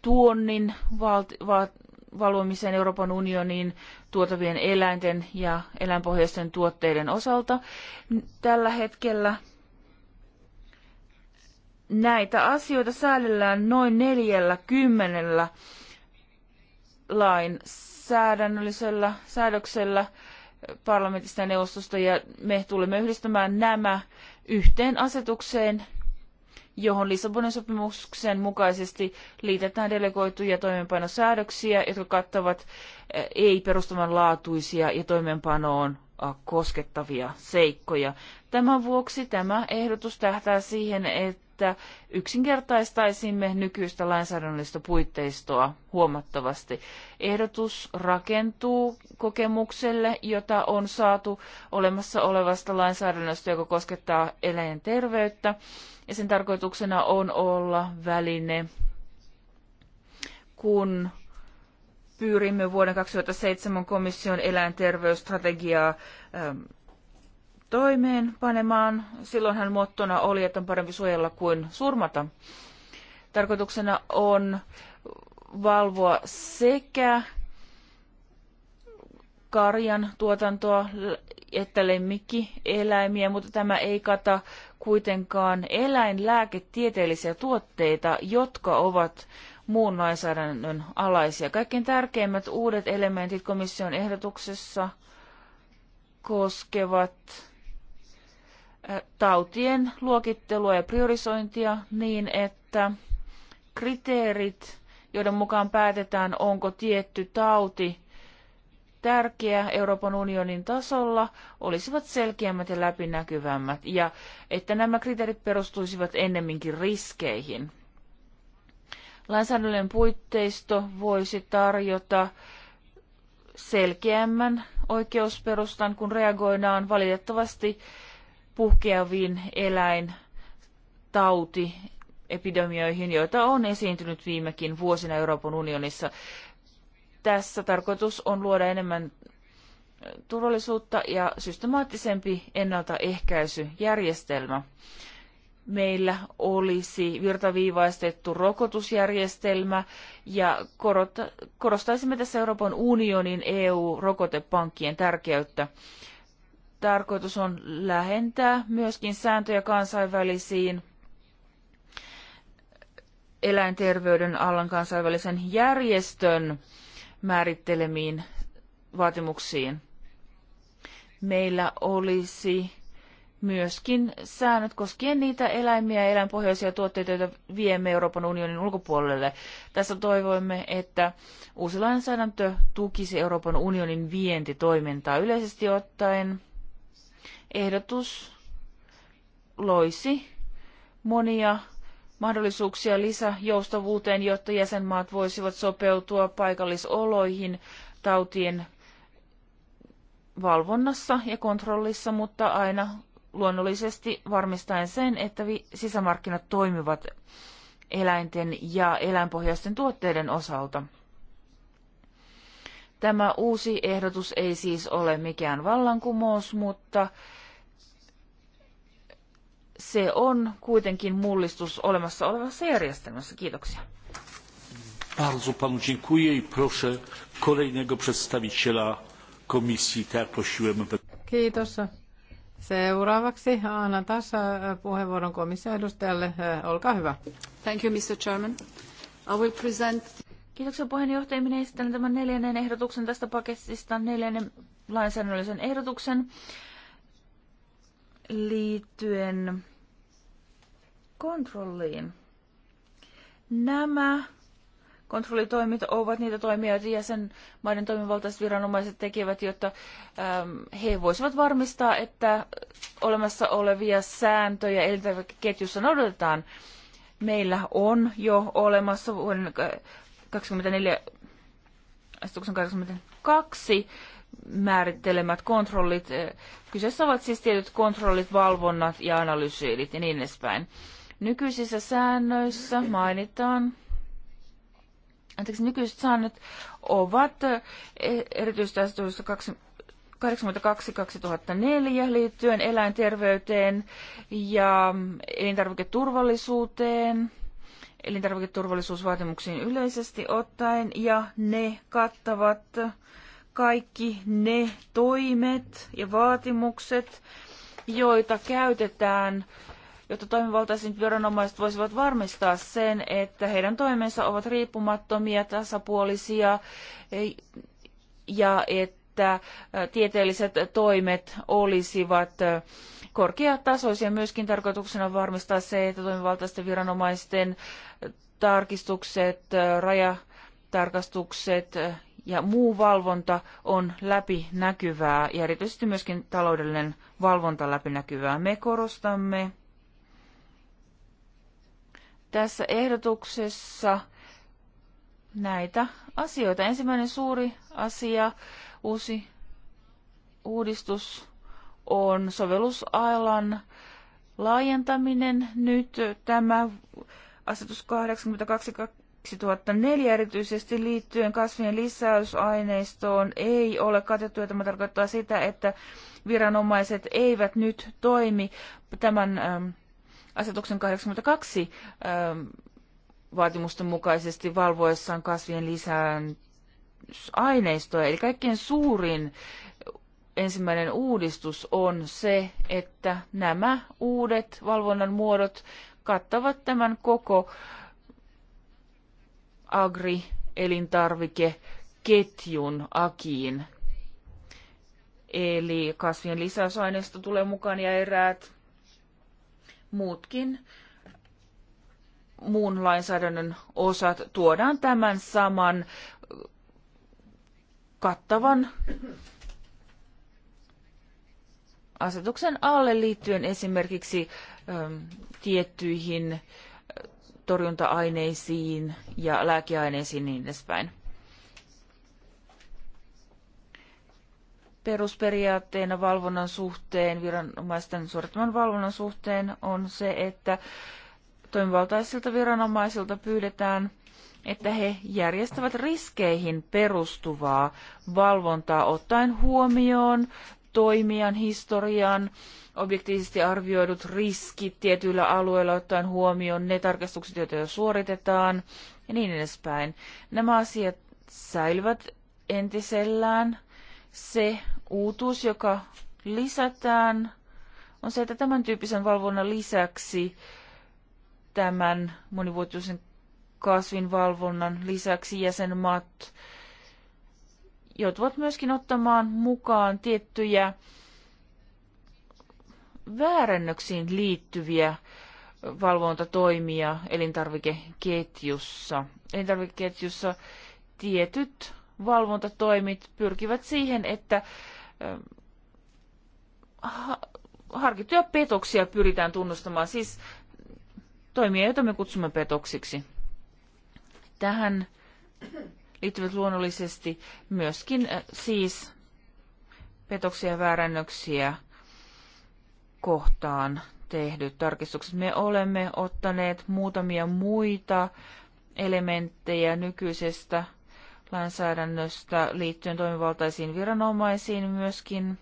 tuonnin vaat- vaat- valvomiseen Euroopan unioniin tuotavien eläinten ja eläinpohjaisten tuotteiden osalta. Tällä hetkellä näitä asioita säädellään noin 40 lain säädännöllisellä säädöksellä parlamentista ja neuvostosta ja me tulemme yhdistämään nämä yhteen asetukseen johon Lissabonin sopimuksen mukaisesti liitetään delegoituja toimeenpanosäädöksiä, jotka kattavat eh, ei-perustavanlaatuisia ja toimeenpanoon eh, koskettavia seikkoja. Tämän vuoksi tämä ehdotus tähtää siihen, että että yksinkertaistaisimme nykyistä lainsäädännöllistä puitteistoa huomattavasti. Ehdotus rakentuu kokemukselle, jota on saatu olemassa olevasta lainsäädännöstä, joka koskettaa terveyttä. ja sen tarkoituksena on olla väline, kun pyrimme vuoden 2007 komission eläinterveysstrategiaa ähm, toimeen panemaan. silloin hän muottona oli, että on parempi suojella kuin surmata. Tarkoituksena on valvoa sekä karjan tuotantoa että lemmikkieläimiä, mutta tämä ei kata kuitenkaan eläinlääketieteellisiä tuotteita, jotka ovat muun lainsäädännön alaisia. Kaikkein tärkeimmät uudet elementit komission ehdotuksessa koskevat tautien luokittelua ja priorisointia niin, että kriteerit, joiden mukaan päätetään, onko tietty tauti tärkeä Euroopan unionin tasolla, olisivat selkeämmät ja läpinäkyvämmät, ja että nämä kriteerit perustuisivat ennemminkin riskeihin. Lainsäädännöllinen puitteisto voisi tarjota selkeämmän oikeusperustan, kun reagoidaan valitettavasti puhkeaviin tauti epidemioihin, joita on esiintynyt viimekin vuosina Euroopan unionissa. Tässä tarkoitus on luoda enemmän turvallisuutta ja systemaattisempi ennaltaehkäisyjärjestelmä. Meillä olisi virtaviivaistettu rokotusjärjestelmä ja korostaisimme tässä Euroopan unionin EU-rokotepankkien tärkeyttä tarkoitus on lähentää myöskin sääntöjä kansainvälisiin eläinterveyden alan kansainvälisen järjestön määrittelemiin vaatimuksiin. Meillä olisi myöskin säännöt koskien niitä eläimiä ja eläinpohjaisia tuotteita, joita viemme Euroopan unionin ulkopuolelle. Tässä toivoimme, että uusi lainsäädäntö tukisi Euroopan unionin vientitoimintaa yleisesti ottaen ehdotus loisi monia mahdollisuuksia lisäjoustavuuteen, jotta jäsenmaat voisivat sopeutua paikallisoloihin tautien valvonnassa ja kontrollissa, mutta aina luonnollisesti varmistaen sen, että sisämarkkinat toimivat eläinten ja eläinpohjaisten tuotteiden osalta. Tämä uusi ehdotus ei siis ole mikään vallankumous, mutta se on kuitenkin mullistus olemassa olevassa järjestelmässä. Kiitoksia. Bardzo panu dziękuję i proszę kolejnego przedstawiciela komisji, tak jak prosiłem. Kiitos. Seuraavaksi annan taas e, puheenvuoron komission edustajalle. E, olkaa hyvä. Thank you, Mr. Chairman. I will present... Kiitoksia puheenjohtaja. Minä esittelen tämän neljännen ehdotuksen tästä paketista, neljännen lainsäädännöllisen ehdotuksen liittyen kontrolliin. Nämä kontrollitoimit ovat niitä toimia, joita jäsenmaiden toimivaltaiset viranomaiset tekevät, jotta ähm, he voisivat varmistaa, että olemassa olevia sääntöjä elintarvikeketjussa noudatetaan. Meillä on jo olemassa vuoden 24 82 määrittelemät kontrollit. Eh, Kyseessä ovat siis tietyt kontrollit, valvonnat ja analysoidit ja niin edespäin. Nykyisissä säännöissä mainitaan, anteeksi, nykyiset säännöt ovat eh, erityisesti 82-2004 liittyen eläinterveyteen ja elintarviketurvallisuuteen, elintarviketurvallisuusvaatimuksiin yleisesti ottaen, ja ne kattavat kaikki ne toimet ja vaatimukset, joita käytetään, jotta toimivaltaiset viranomaiset voisivat varmistaa sen, että heidän toimensa ovat riippumattomia, tasapuolisia e, ja että e, tieteelliset toimet olisivat e, korkeatasoisia. Myöskin tarkoituksena on varmistaa se, että toimivaltaisten viranomaisten tarkistukset, rajatarkastukset ja muu valvonta on läpinäkyvää ja erityisesti myöskin taloudellinen valvonta läpinäkyvää. Me korostamme tässä ehdotuksessa näitä asioita. Ensimmäinen suuri asia, uusi uudistus on sovellusalan laajentaminen nyt tämä asetus 82 2004 erityisesti liittyen kasvien lisäysaineistoon ei ole katettu ja tämä tarkoittaa sitä, että viranomaiset eivät nyt toimi tämän ähm, asetuksen 82 ähm, vaatimusten mukaisesti valvoessaan kasvien lisäysaineistoa. Eli kaikkein suurin ensimmäinen uudistus on se, että nämä uudet valvonnan muodot kattavat tämän koko agri-elintarvikeketjun akiin. Eli kasvien lisäysaineisto tulee mukaan ja eräät muutkin muun lainsäädännön osat tuodaan tämän saman kattavan asetuksen alle liittyen esimerkiksi äm, tiettyihin äh, torjunta-aineisiin ja lääkeaineisiin niin edespäin. Perusperiaatteena valvonnan suhteen, viranomaisten suorittaman valvonnan suhteen on se, että toimivaltaisilta viranomaisilta pyydetään, että he järjestävät riskeihin perustuvaa valvontaa ottaen huomioon toimijan historian, objektiivisesti arvioidut riskit tietyillä alueilla ottaen huomioon ne tarkastukset, joita jo suoritetaan ja niin edespäin. Nämä asiat säilyvät entisellään. Se uutuus, joka lisätään, on se, että tämän tyyppisen valvonnan lisäksi tämän monivuotisen kasvinvalvonnan lisäksi jäsenmaat joutuvat myöskin ottamaan mukaan tiettyjä väärännöksiin liittyviä valvontatoimia elintarvikeketjussa. Elintarvikeketjussa tietyt valvontatoimit pyrkivät siihen, että ähm, harkittuja petoksia pyritään tunnustamaan, siis toimia, joita me kutsumme petoksiksi. Tähän liittyvät luonnollisesti myöskin äh, siis petoksia ja väärännöksiä kohtaan tehdyt tarkistukset. Me olemme ottaneet muutamia muita elementtejä nykyisestä lainsäädännöstä liittyen toimivaltaisiin viranomaisiin myöskin.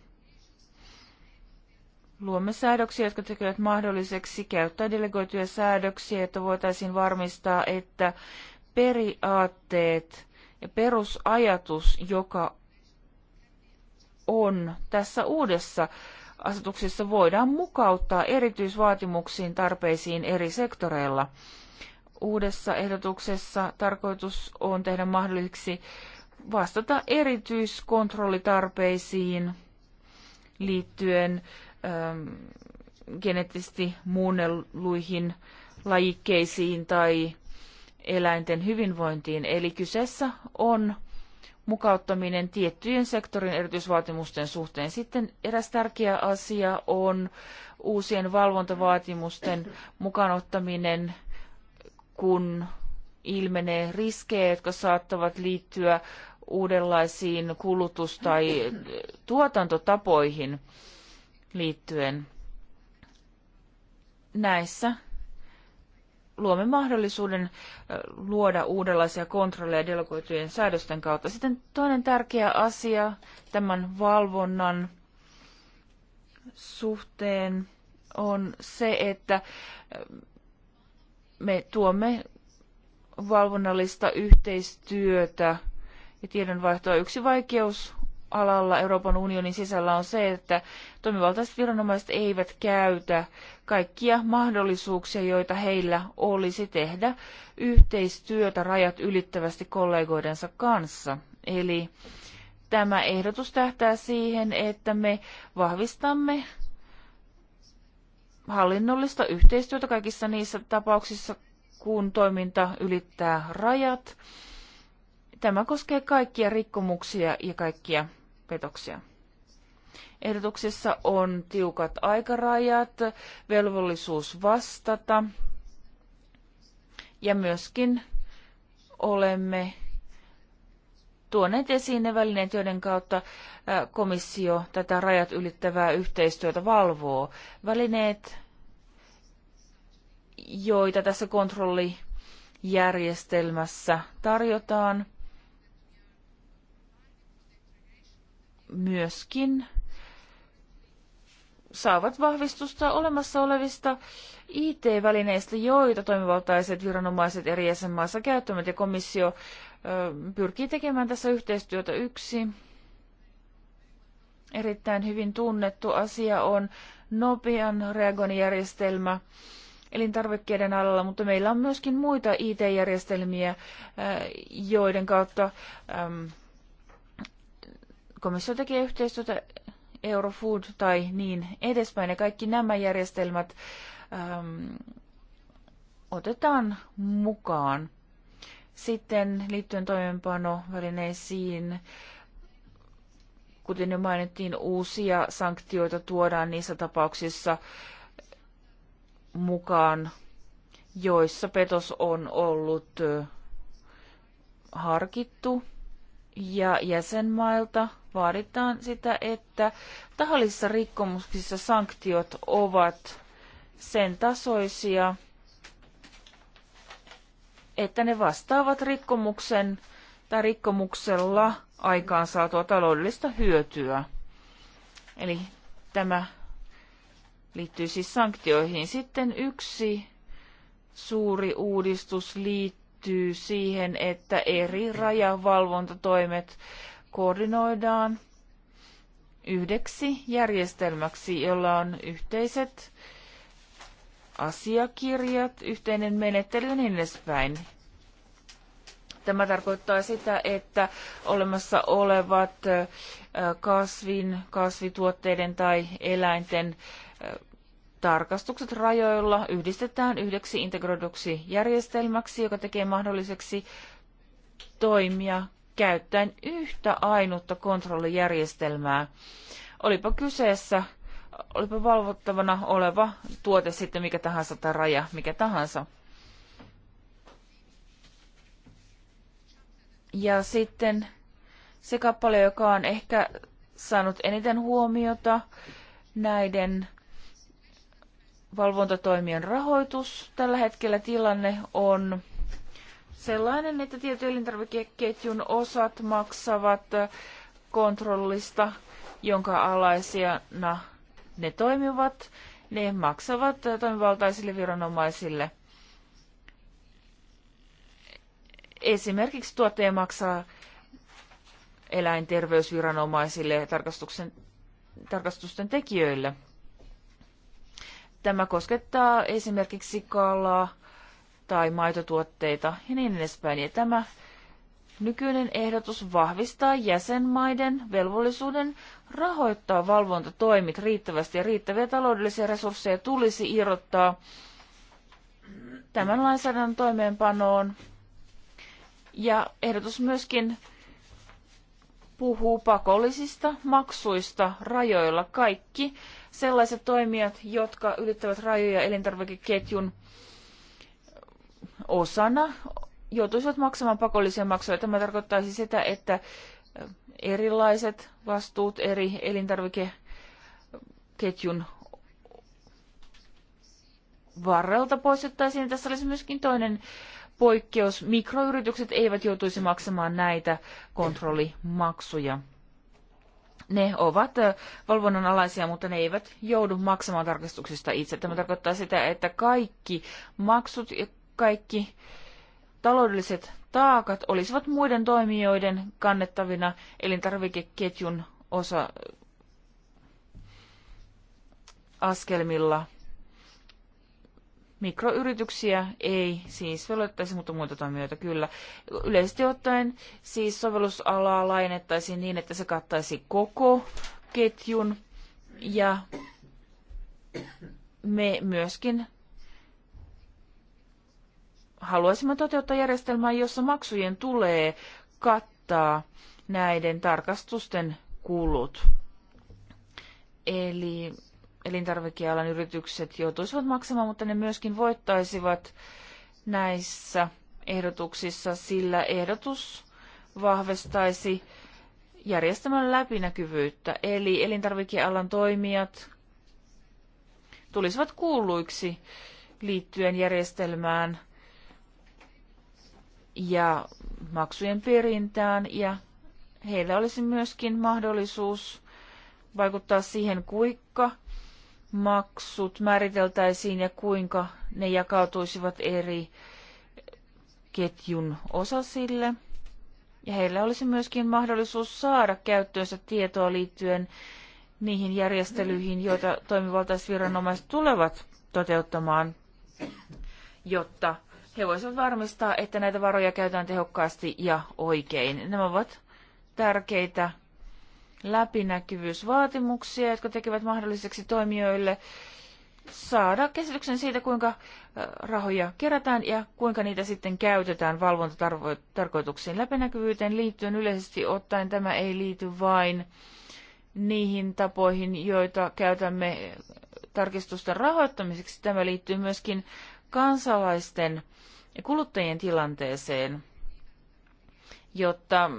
Luomme säädöksiä, jotka tekevät mahdolliseksi käyttää delegoituja säädöksiä, että voitaisiin varmistaa, että periaatteet ja perusajatus, joka on tässä uudessa asetuksessa, voidaan mukauttaa erityisvaatimuksiin tarpeisiin eri sektoreilla. Uudessa ehdotuksessa tarkoitus on tehdä mahdolliseksi vastata erityiskontrollitarpeisiin liittyen ähm, geneettisesti muunnelluihin lajikkeisiin tai eläinten hyvinvointiin. Eli kyseessä on mukauttaminen tiettyjen sektorin erityisvaatimusten suhteen. Sitten eräs tärkeä asia on uusien valvontavaatimusten mukaanottaminen, kun ilmenee riskejä, jotka saattavat liittyä uudenlaisiin kulutus- tai tuotantotapoihin liittyen. Näissä luomme mahdollisuuden luoda uudenlaisia kontrolleja delegoitujen säädösten kautta. Sitten toinen tärkeä asia tämän valvonnan suhteen on se, että me tuomme valvonnallista yhteistyötä ja tiedonvaihtoa. Yksi vaikeus alalla Euroopan unionin sisällä on se, että toimivaltaiset viranomaiset eivät käytä kaikkia mahdollisuuksia, joita heillä olisi tehdä yhteistyötä rajat ylittävästi kollegoidensa kanssa. Eli tämä ehdotus tähtää siihen, että me vahvistamme hallinnollista yhteistyötä kaikissa niissä tapauksissa, kun toiminta ylittää rajat. Tämä koskee kaikkia rikkomuksia ja kaikkia petoksia. Ehdotuksessa on tiukat aikarajat, velvollisuus vastata ja myöskin olemme tuoneet esiin ne välineet, joiden kautta komissio tätä rajat ylittävää yhteistyötä valvoo. Välineet, joita tässä kontrollijärjestelmässä tarjotaan, myöskin saavat vahvistusta olemassa olevista IT-välineistä, joita toimivaltaiset viranomaiset eri jäsenmaissa käyttävät, ja komissio pyrkii tekemään tässä yhteistyötä yksi. Erittäin hyvin tunnettu asia on nopean reagoinnin elintarvikkeiden alalla, mutta meillä on myöskin muita IT-järjestelmiä, joiden kautta komissio tekee yhteistyötä Eurofood tai niin edespäin. Ja kaikki nämä järjestelmät äm, otetaan mukaan. Sitten liittyen toimeenpanovälineisiin, kuten jo mainittiin, uusia sanktioita tuodaan niissä tapauksissa mukaan, joissa petos on ollut äh, harkittu ja jäsenmailta vaaditaan sitä, että tahallisissa rikkomuksissa sanktiot ovat sen tasoisia, että ne vastaavat rikkomuksen tai rikkomuksella saatua taloudellista hyötyä. Eli tämä liittyy siis sanktioihin. Sitten yksi suuri uudistus liittyy liittyy siihen, että eri rajavalvontatoimet koordinoidaan yhdeksi järjestelmäksi, jolla on yhteiset asiakirjat, yhteinen menettely ja niin edespäin. Tämä tarkoittaa sitä, että olemassa olevat kasvin, kasvituotteiden tai eläinten tarkastukset rajoilla yhdistetään yhdeksi integroiduksi järjestelmäksi, joka tekee mahdolliseksi toimia käyttäen yhtä ainutta kontrollijärjestelmää. Olipa kyseessä, olipa valvottavana oleva tuote sitten mikä tahansa tai raja mikä tahansa. Ja sitten se kappale, joka on ehkä saanut eniten huomiota näiden valvontatoimien rahoitus. Tällä hetkellä tilanne on sellainen, että tietyn elintarvikeketjun osat maksavat kontrollista, jonka alaisena ne toimivat. Ne maksavat toimivaltaisille viranomaisille. Esimerkiksi tuottaja maksaa eläinterveysviranomaisille ja tarkastusten tekijöille – Tämä koskettaa esimerkiksi kalaa tai maitotuotteita ja niin edespäin. Ja tämä nykyinen ehdotus vahvistaa jäsenmaiden velvollisuuden rahoittaa valvontatoimit riittävästi ja riittäviä taloudellisia resursseja tulisi irrottaa tämän lainsäädännön toimeenpanoon. Ja ehdotus myöskin puhuu pakollisista maksuista rajoilla. Kaikki sellaiset toimijat, jotka ylittävät rajoja elintarvikeketjun osana, joutuisivat maksamaan pakollisia maksuja. Tämä tarkoittaisi sitä, että erilaiset vastuut eri elintarvikeketjun varrelta poistettaisiin. Tässä olisi myöskin toinen poikkeus. Mikroyritykset eivät joutuisi maksamaan näitä kontrollimaksuja ne ovat valvonnan alaisia, mutta ne eivät joudu maksamaan tarkastuksista itse. Tämä tarkoittaa sitä, että kaikki maksut ja kaikki taloudelliset taakat olisivat muiden toimijoiden kannettavina elintarvikeketjun osa askelmilla. Mikroyrityksiä ei siis velvoittaisi, mutta muita toimijoita kyllä. Yleisesti ottaen siis sovellusalaa laajennettaisiin niin, että se kattaisi koko ketjun ja me myöskin haluaisimme toteuttaa järjestelmää, jossa maksujen tulee kattaa näiden tarkastusten kulut. Eli elintarvikealan yritykset joutuisivat maksamaan, mutta ne myöskin voittaisivat näissä ehdotuksissa, sillä ehdotus vahvistaisi järjestelmän läpinäkyvyyttä, eli elintarvikealan toimijat tulisivat kuulluiksi liittyen järjestelmään ja maksujen perintään ja heillä olisi myöskin mahdollisuus vaikuttaa siihen, kuinka maksut määriteltäisiin ja kuinka ne jakautuisivat eri ketjun osasille. Ja heillä olisi myöskin mahdollisuus saada käyttöönsä tietoa liittyen niihin järjestelyihin, joita toimivaltaisviranomaiset tulevat toteuttamaan, jotta he voisivat varmistaa, että näitä varoja käytetään tehokkaasti ja oikein. Nämä ovat tärkeitä läpinäkyvyysvaatimuksia, jotka tekevät mahdolliseksi toimijoille saada käsityksen siitä, kuinka rahoja kerätään ja kuinka niitä sitten käytetään valvontatarkoituksiin. Läpinäkyvyyteen liittyen yleisesti ottaen tämä ei liity vain niihin tapoihin, joita käytämme tarkistusten rahoittamiseksi. Tämä liittyy myöskin kansalaisten ja kuluttajien tilanteeseen, jotta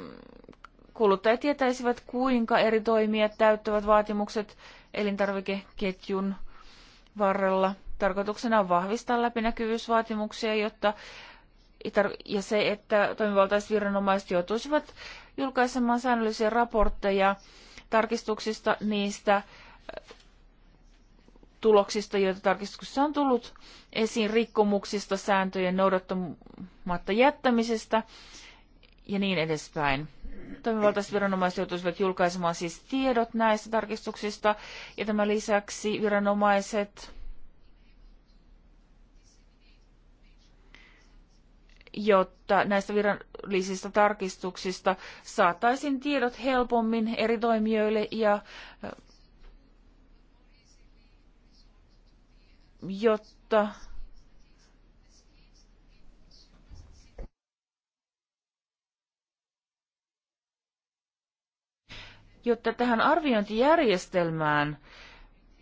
kuluttajat tietäisivät, kuinka eri toimijat täyttävät vaatimukset elintarvikeketjun varrella. Tarkoituksena on vahvistaa läpinäkyvyysvaatimuksia, jotta ja se, että toimivaltaiset viranomaiset joutuisivat julkaisemaan säännöllisiä raportteja tarkistuksista niistä äh, tuloksista, joita tarkistuksessa on tullut esiin rikkomuksista, sääntöjen noudattamatta jättämisestä ja niin edespäin toimivaltaiset viranomaiset joutuisivat julkaisemaan siis tiedot näistä tarkistuksista, ja tämän lisäksi viranomaiset jotta näistä virallisista tarkistuksista saataisiin tiedot helpommin eri toimijoille ja jotta jotta tähän arviointijärjestelmään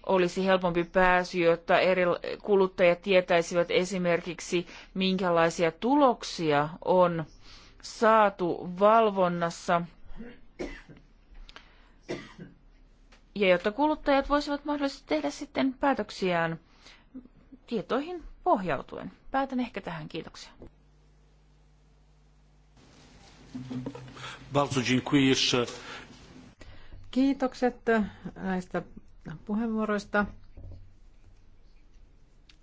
olisi helpompi pääsy, jotta eri kuluttajat tietäisivät esimerkiksi, minkälaisia tuloksia on saatu valvonnassa. Ja jotta kuluttajat voisivat mahdollisesti tehdä sitten päätöksiään tietoihin pohjautuen. Päätän ehkä tähän. Kiitoksia. Bardzo dziękuję jeszcze kiitokset äh, näistä puheenvuoroista.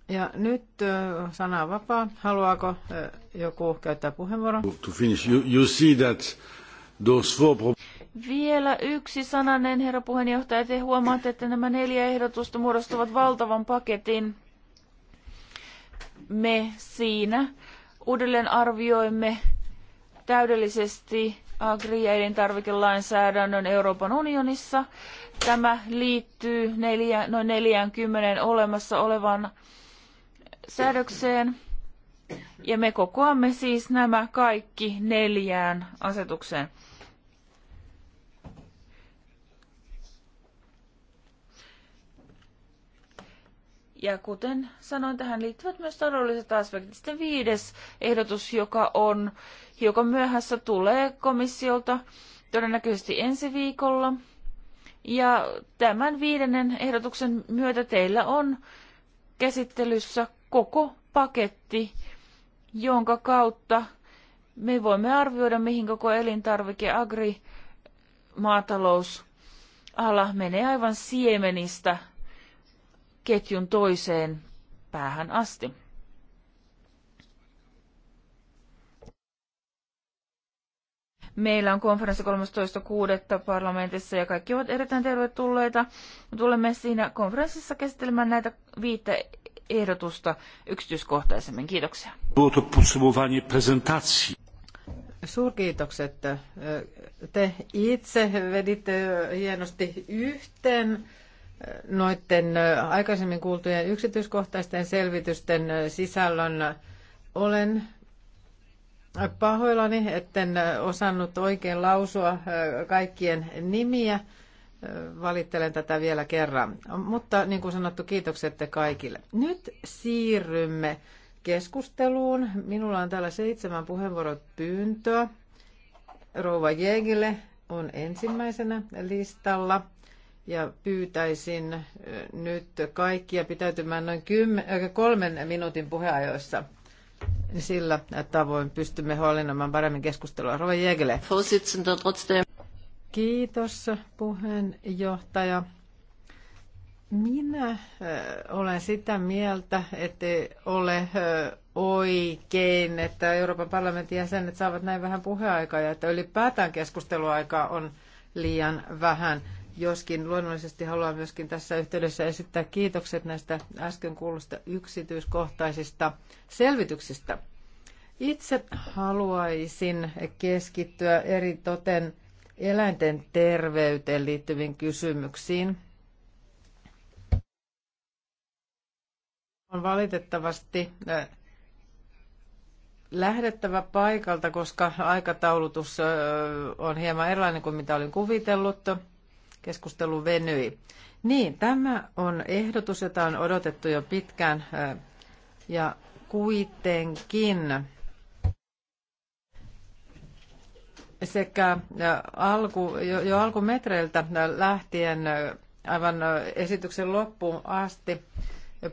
Ja nyt äh, sana on vapaa. Haluaako äh, joku käyttää puheenvuoron? To finish, you, you see that those four... Vielä yksi sananen, herra puheenjohtaja. Te huomaatte, että nämä neljä ehdotusta muodostavat valtavan paketin. Me siinä uudelleen arvioimme täydellisesti agri- ja elintarvikelainsäädännön Euroopan unionissa. Tämä liittyy neljä, noin 40 olemassa olevan säädökseen. Ja me kokoamme siis nämä kaikki neljään asetukseen. Ja kuten sanoin, tähän liittyvät myös taloudelliset aspektit. Sitten viides ehdotus, joka on hiukan myöhässä tulee komissiolta todennäköisesti ensi viikolla. Ja tämän viidennen ehdotuksen myötä teillä on käsittelyssä koko paketti, jonka kautta me voimme arvioida, mihin koko elintarvike, agri, maatalous, ala menee aivan siemenistä ketjun toiseen päähän asti. Meillä on konferenssi 13.6. parlamentissa ja kaikki ovat erittäin tervetulleita. Tulemme siinä konferenssissa käsittelemään näitä viittä ehdotusta yksityiskohtaisemmin. Kiitoksia. Suurkiitokset. Te itse veditte hienosti yhteen noiden aikaisemmin kuultujen yksityiskohtaisten selvitysten sisällön. Olen pahoillani, etten osannut oikein lausua kaikkien nimiä. Valittelen tätä vielä kerran. Mutta niin kuin sanottu, kiitokset te kaikille. Nyt siirrymme keskusteluun. Minulla on täällä seitsemän puheenvuorot pyyntöä. Rouva Jegille on ensimmäisenä listalla. Ja pyytäisin nyt kaikkia pitäytymään noin kymmen, kolmen minuutin puheajoissa. Sillä tavoin pystymme hallinnoimaan paremmin keskustelua. Rova Jägele. Kiitos puheenjohtaja. Minä eh, olen sitä mieltä, että ole eh, oikein, että Euroopan parlamentin jäsenet saavat näin vähän puheaikaa ja että ylipäätään keskusteluaikaa on liian vähän joskin luonnollisesti haluan myöskin tässä yhteydessä esittää kiitokset näistä äsken kuulusta yksityiskohtaisista selvityksistä. Itse haluaisin keskittyä eri toten eläinten terveyteen liittyviin kysymyksiin. On valitettavasti äh, lähdettävä paikalta, koska aikataulutus äh, on hieman erilainen kuin mitä olin kuvitellut keskustelu venyi. Niin, tämä on ehdotus, jota on odotettu jo pitkään ja kuitenkin sekä alku, jo, jo alkumetreiltä lähtien aivan esityksen loppuun asti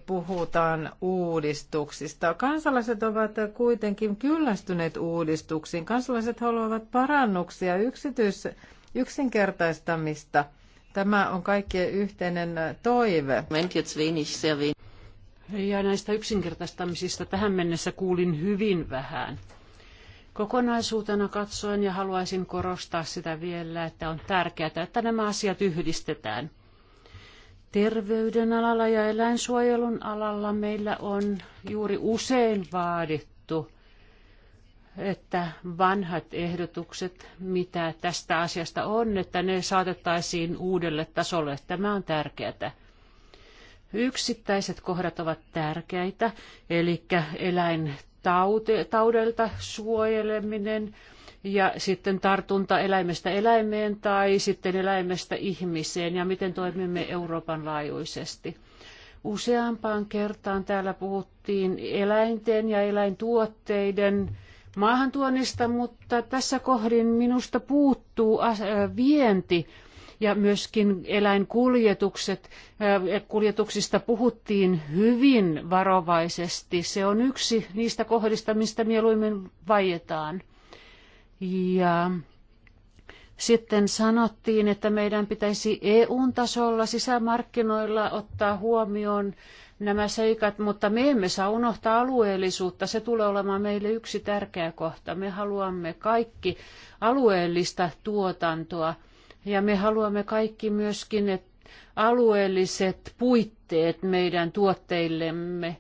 puhutaan uudistuksista. Kansalaiset ovat kuitenkin kyllästyneet uudistuksiin. Kansalaiset haluavat parannuksia, yksityis, yksinkertaistamista – Tämä on kaikkien yhteinen toive. Ja näistä yksinkertaistamisista tähän mennessä kuulin hyvin vähän. Kokonaisuutena katsoen ja haluaisin korostaa sitä vielä, että on tärkeää, että nämä asiat yhdistetään. Terveyden alalla ja eläinsuojelun alalla meillä on juuri usein vaadittu että vanhat ehdotukset, mitä tästä asiasta on, että ne saatettaisiin uudelle tasolle. Tämä on tärkeää. Yksittäiset kohdat ovat tärkeitä, eli eläintaudelta suojeleminen ja sitten tartunta eläimestä eläimeen tai sitten eläimestä ihmiseen ja miten toimimme Euroopan laajuisesti. Useampaan kertaan täällä puhuttiin eläinten ja eläintuotteiden maahantuonnista, mutta tässä kohdin minusta puuttuu vienti ja myöskin eläinkuljetukset. Kuljetuksista puhuttiin hyvin varovaisesti. Se on yksi niistä kohdista, mistä mieluummin vaietaan. Ja sitten sanottiin, että meidän pitäisi EU-tasolla sisämarkkinoilla ottaa huomioon nämä seikat, mutta me emme saa unohtaa alueellisuutta. Se tulee olemaan meille yksi tärkeä kohta. Me haluamme kaikki alueellista tuotantoa ja me haluamme kaikki myöskin ne alueelliset puitteet meidän tuotteillemme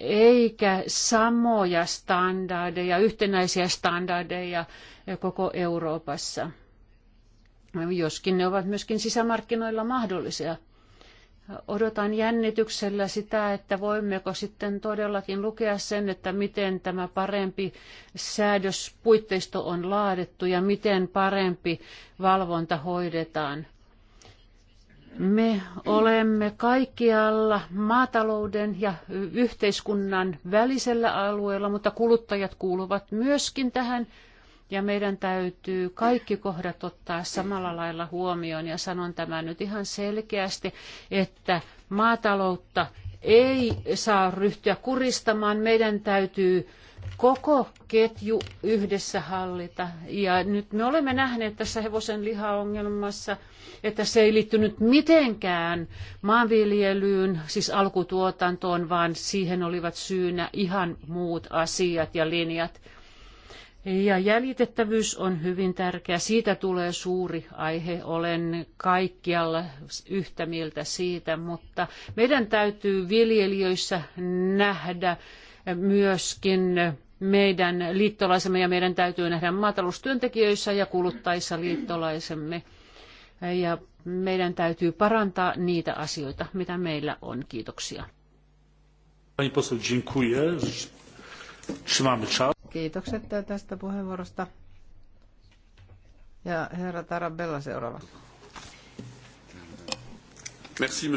eikä samoja standardeja, yhtenäisiä standardeja koko Euroopassa. Joskin ne ovat myöskin sisämarkkinoilla mahdollisia Odotan jännityksellä sitä, että voimmeko sitten todellakin lukea sen, että miten tämä parempi säädöspuitteisto on laadittu ja miten parempi valvonta hoidetaan. Me olemme kaikkialla maatalouden ja yhteiskunnan välisellä alueella, mutta kuluttajat kuuluvat myöskin tähän ja meidän täytyy kaikki kohdat ottaa samalla lailla huomioon. Ja sanon tämän nyt ihan selkeästi, että maataloutta ei saa ryhtyä kuristamaan. Meidän täytyy koko ketju yhdessä hallita. Ja nyt me olemme nähneet tässä hevosen lihaongelmassa, että se ei liittynyt mitenkään maanviljelyyn, siis alkutuotantoon, vaan siihen olivat syynä ihan muut asiat ja linjat. Ja jäljitettävyys on hyvin tärkeä. Siitä tulee suuri aihe. Olen kaikkialla yhtä mieltä siitä, mutta meidän täytyy viljelijöissä nähdä myöskin meidän liittolaisemme ja meidän täytyy nähdä maataloustyöntekijöissä ja kuluttajissa liittolaisemme. Ja meidän täytyy parantaa niitä asioita, mitä meillä on. Kiitoksia. Pani poseł, dziękuję. Kiitokset tästä puheenvuorosta. Ja herra Tarabella seuraava. Merci,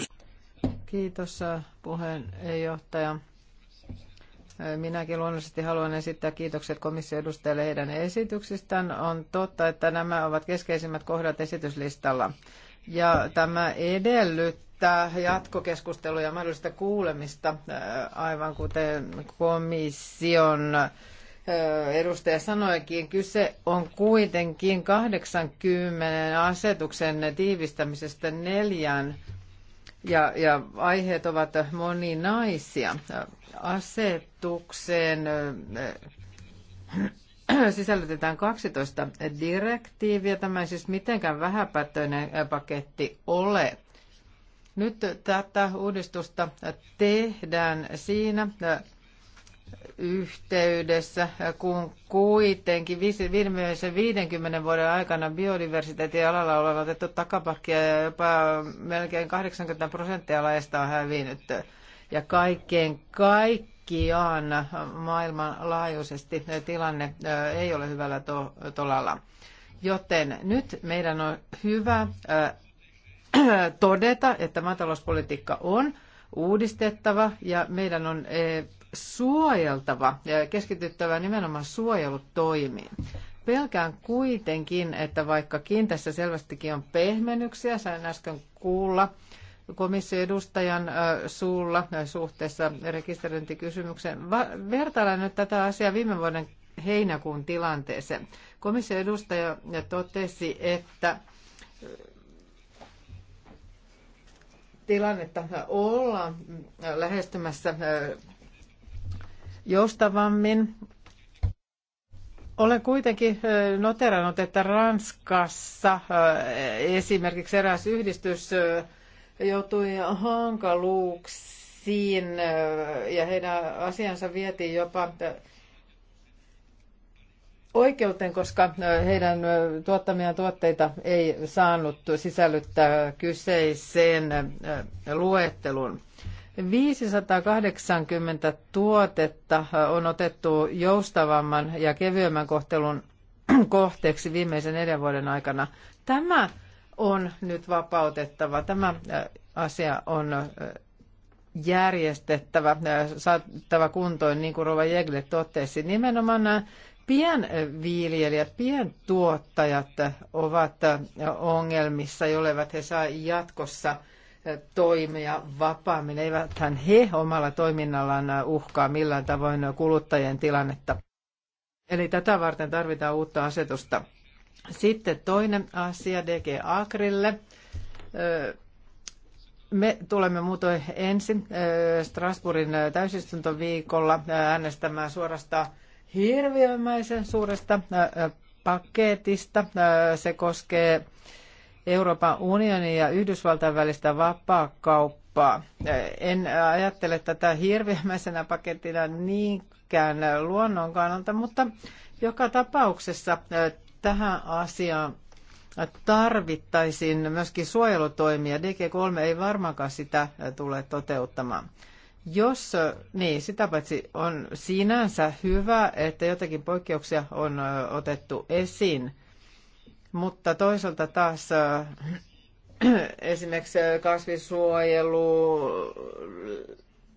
Kiitos äh, puheenjohtaja. Äh, minäkin luonnollisesti haluan esittää kiitokset komission edustajille heidän esityksistään. On totta, että nämä ovat keskeisimmät kohdat esityslistalla. Ja tämä edellyttää selvittää jatkokeskusteluja ja mahdollista kuulemista, äh, aivan kuten komission äh, edustaja sanoikin, kyse on kuitenkin 80 asetuksen tiivistämisestä neljään ja, ja aiheet ovat moninaisia. Asetukseen äh, sisällytetään 12 direktiiviä. Tämä ei siis mitenkään vähäpätöinen paketti ole. Nyt tätä uudistusta tehdään siinä äh, yhteydessä, äh, kun kuitenkin viimeisen 50 vuoden aikana biodiversiteetin alalla on otettu takapakkia ja jopa melkein 80 prosenttia laista on hävinnyt. Ja kaikkein kaikkiaan maailmanlaajuisesti tilanne äh, ei ole hyvällä tolalla. Joten nyt meidän on hyvä todeta, että maatalouspolitiikka on uudistettava ja meidän on eh, suojeltava ja keskityttävä nimenomaan suojelutoimiin. Pelkään kuitenkin, että vaikkakin tässä selvästikin on pehmennyksiä, sain äsken kuulla edustajan eh, suulla eh, suhteessa rekisteröintikysymykseen. Vertailen nyt tätä asiaa viime vuoden heinäkuun tilanteeseen. Komission edustaja totesi, että tilannetta ollaan äh, lähestymässä äh, joustavammin. Olen kuitenkin äh, noterannut, että Ranskassa esimerkiksi eräs yhdistys joutui hankaluuksiin ja heidän asiansa vietiin jopa oikeuteen, koska heidän tuottamiaan tuotteita ei saanut sisällyttää kyseiseen luetteluun. 580 tuotetta on otettu joustavamman ja kevyemmän kohtelun kohteeksi viimeisen neljän vuoden aikana. Tämä on nyt vapautettava. Tämä asia on järjestettävä, saattava kuntoon, niin kuin Rova Jegle totesi. Nimenomaan nämä Pienviljelijät, pientuottajat ovat ongelmissa, jolleivät he saa jatkossa toimia vapaammin. Eiväthän he omalla toiminnallaan uhkaa millään tavoin kuluttajien tilannetta. Eli tätä varten tarvitaan uutta asetusta. Sitten toinen asia DG Agrille. Me tulemme muutoin ensin Strasbourgin täysistuntoviikolla äänestämään suorasta hirviömäisen suuresta paketista. Se koskee Euroopan unionin ja Yhdysvaltain välistä vapaakauppaa. En ajattele tätä hirviömäisenä paketina niinkään luonnon kannalta, mutta joka tapauksessa tähän asiaan tarvittaisiin myöskin suojelutoimia. DG3 ei varmaankaan sitä tule toteuttamaan. Jos, niin sitä paitsi on sinänsä hyvä, että jotakin poikkeuksia on otettu esiin, mutta toisaalta taas esimerkiksi kasvisuojelu,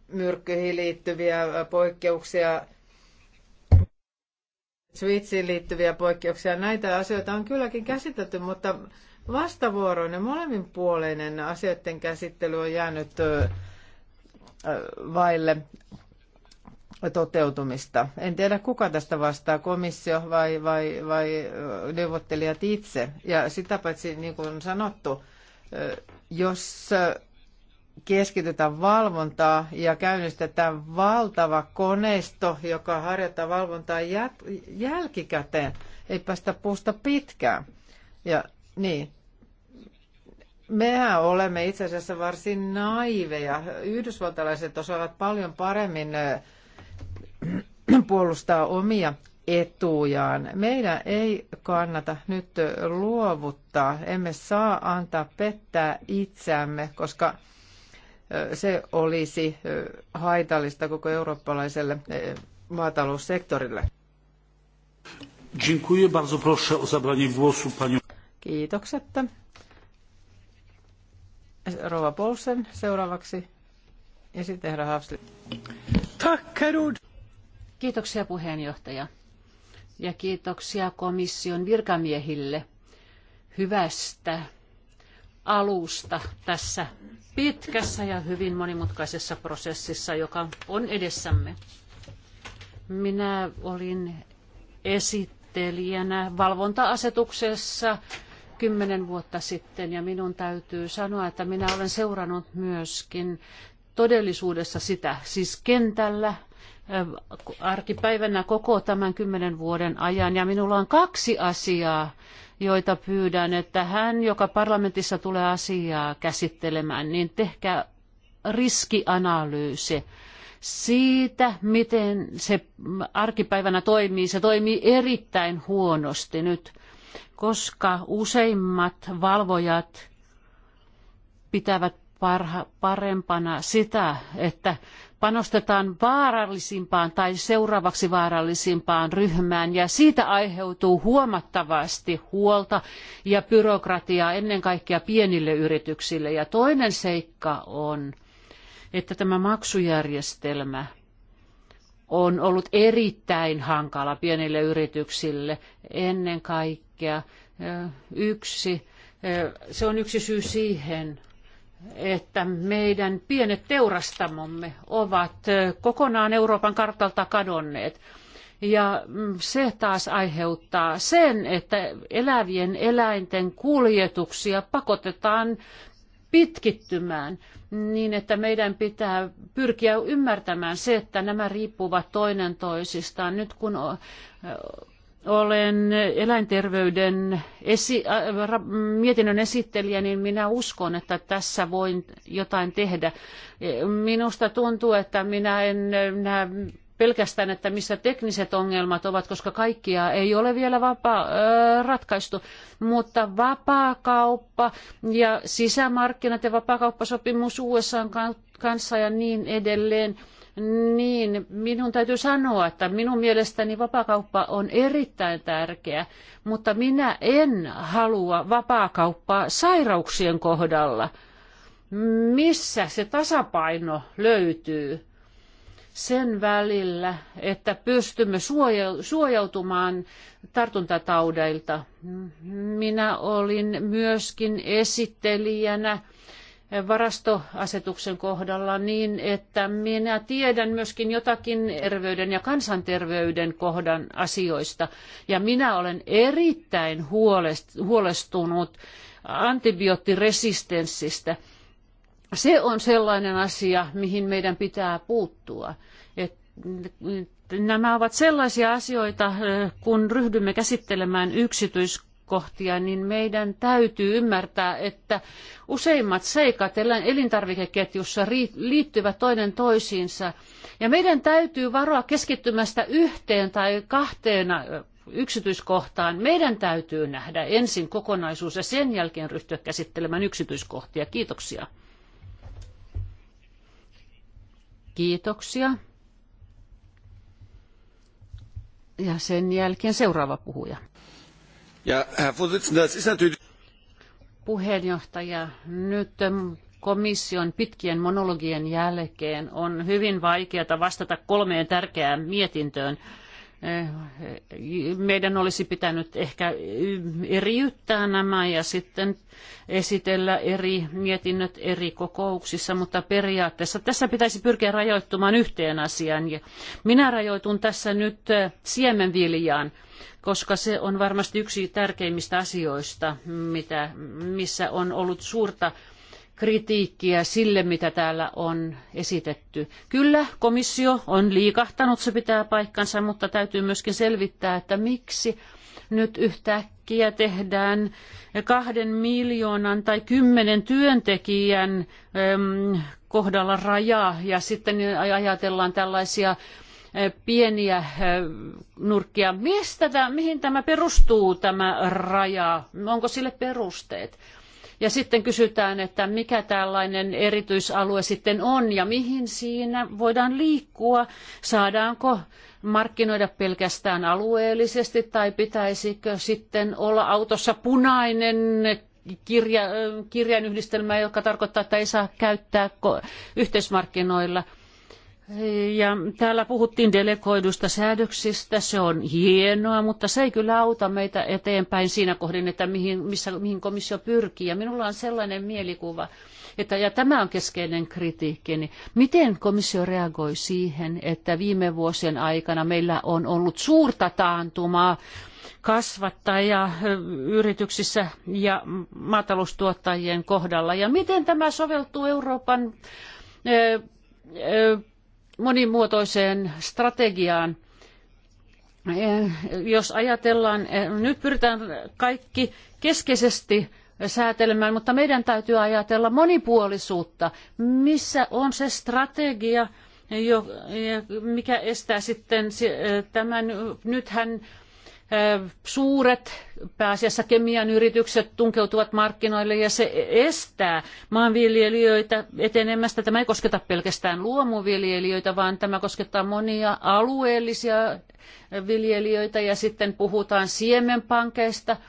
myrkkyihin liittyviä poikkeuksia, switchiin liittyviä poikkeuksia, näitä asioita on kylläkin käsitelty, mutta vastavuoroinen, molemminpuoleinen asioiden käsittely on jäänyt vaille toteutumista. En tiedä, kuka tästä vastaa, komissio vai, vai, vai neuvottelijat itse. Ja sitä paitsi, niin kuin on sanottu, jos keskitetään valvontaa ja käynnistetään valtava koneisto, joka harjoittaa valvontaa jälkikäteen, ei päästä puusta pitkään. Ja niin, Mehän olemme itse asiassa varsin naiveja. Yhdysvaltalaiset osaavat paljon paremmin puolustaa omia etujaan. Meidän ei kannata nyt luovuttaa. Emme saa antaa pettää itseämme, koska se olisi haitallista koko eurooppalaiselle maataloussektorille. Dziękuję bardzo proszę o zabranie głosu panią. Kiitokset. Rova Paulsen seuraavaksi ja sitten herra Hafsli. Tack, Kiitoksia puheenjohtaja ja kiitoksia komission virkamiehille hyvästä alusta tässä pitkässä ja hyvin monimutkaisessa prosessissa, joka on edessämme. Minä olin esittelijänä valvonta-asetuksessa kymmenen vuotta sitten ja minun täytyy sanoa, että minä olen seurannut myöskin todellisuudessa sitä, siis kentällä äh, arkipäivänä koko tämän kymmenen vuoden ajan. Ja minulla on kaksi asiaa, joita pyydän, että hän, joka parlamentissa tulee asiaa käsittelemään, niin tehkää riskianalyysi siitä, miten se arkipäivänä toimii. Se toimii erittäin huonosti nyt koska useimmat valvojat pitävät parha, parempana sitä, että panostetaan vaarallisimpaan tai seuraavaksi vaarallisimpaan ryhmään ja siitä aiheutuu huomattavasti huolta ja byrokratiaa ennen kaikkea pienille yrityksille. Ja toinen seikka on, että tämä maksujärjestelmä on ollut erittäin hankala pienille yrityksille ennen kaikkea kaikkea. Yksi, se on yksi syy siihen, että meidän pienet teurastamomme ovat kokonaan Euroopan kartalta kadonneet. Ja mm, se taas aiheuttaa sen, että elävien eläinten kuljetuksia pakotetaan pitkittymään niin, että meidän pitää pyrkiä ymmärtämään se, että nämä riippuvat toinen toisistaan. Nyt kun olen eläinterveyden esi- äh, mietinnön esittelijä, niin minä uskon, että tässä voin jotain tehdä. Minusta tuntuu, että minä en näe pelkästään, että missä tekniset ongelmat ovat, koska kaikkia ei ole vielä vapaa, äh, ratkaistu. Mutta vapaakauppa ja sisämarkkinat ja vapaakauppasopimus USA kanssa ja niin edelleen – niin minun täytyy sanoa, että minun mielestäni vapaakauppa on erittäin tärkeä, mutta minä en halua vapaakauppaa sairauksien kohdalla. Missä se tasapaino löytyy sen välillä, että pystymme suojautumaan tartuntataudeilta? Minä olin myöskin esittelijänä varastoasetuksen kohdalla niin, että minä tiedän myöskin jotakin terveyden ja kansanterveyden kohdan asioista. Ja minä olen erittäin huolestunut antibioottiresistenssistä. Se on sellainen asia, mihin meidän pitää puuttua. Et nämä ovat sellaisia asioita, kun ryhdymme käsittelemään yksityiskohtia epäkohtia, niin meidän täytyy ymmärtää, että useimmat seikat elintarvikeketjussa liittyvät toinen toisiinsa. Ja meidän täytyy varoa keskittymästä yhteen tai kahteen yksityiskohtaan. Meidän täytyy nähdä ensin kokonaisuus ja sen jälkeen ryhtyä käsittelemään yksityiskohtia. Kiitoksia. Kiitoksia. Ja sen jälkeen seuraava puhuja. Herr ist natürlich... Puheenjohtaja, nyt komission pitkien monologien jälkeen on hyvin vaikeata vastata kolmeen tärkeään mietintöön. Eh, meidän olisi pitänyt ehkä eriyttää nämä ja sitten esitellä eri mietinnöt eri kokouksissa, mutta periaatteessa tässä pitäisi pyrkiä rajoittumaan yhteen asiaan. minä rajoitun tässä nyt siemenviljaan koska se on varmasti yksi tärkeimmistä asioista, mitä, missä on ollut suurta kritiikkiä sille, mitä täällä on esitetty. Kyllä, komissio on liikahtanut, se pitää paikkansa, mutta täytyy myöskin selvittää, että miksi nyt yhtäkkiä tehdään kahden miljoonan tai kymmenen työntekijän kohdalla raja ja sitten ajatellaan tällaisia pieniä eh, nurkkia. Mistä tämä, mihin tämä perustuu, tämä raja? Onko sille perusteet? Ja sitten kysytään, että mikä tällainen erityisalue sitten on ja mihin siinä voidaan liikkua. Saadaanko markkinoida pelkästään alueellisesti tai pitäisikö sitten olla autossa punainen kirja, eh, kirjainyhdistelmä, joka tarkoittaa, että ei saa käyttää yhteismarkkinoilla – ja täällä puhuttiin delegoidusta säädöksistä, se on hienoa, mutta se ei kyllä auta meitä eteenpäin siinä kohdin, että mihin, missä, mihin komissio pyrkii. Ja minulla on sellainen mielikuva, että, ja tämä on keskeinen kritiikki, niin miten komissio reagoi siihen, että viime vuosien aikana meillä on ollut suurta taantumaa kasvattaja yrityksissä ja maataloustuottajien kohdalla, ja miten tämä soveltuu Euroopan monimuotoiseen strategiaan. Eh, jos ajatellaan, eh, nyt pyritään kaikki keskeisesti säätelemään, mutta meidän täytyy ajatella monipuolisuutta. Missä on se strategia, mikä estää sitten eh, tämän, nythän suuret, pääasiassa kemian yritykset tunkeutuvat markkinoille ja se estää maanviljelijöitä etenemästä. Tämä ei kosketa pelkästään luomuviljelijöitä, vaan tämä koskettaa monia alueellisia viljelijöitä ja sitten puhutaan siemenpankeista –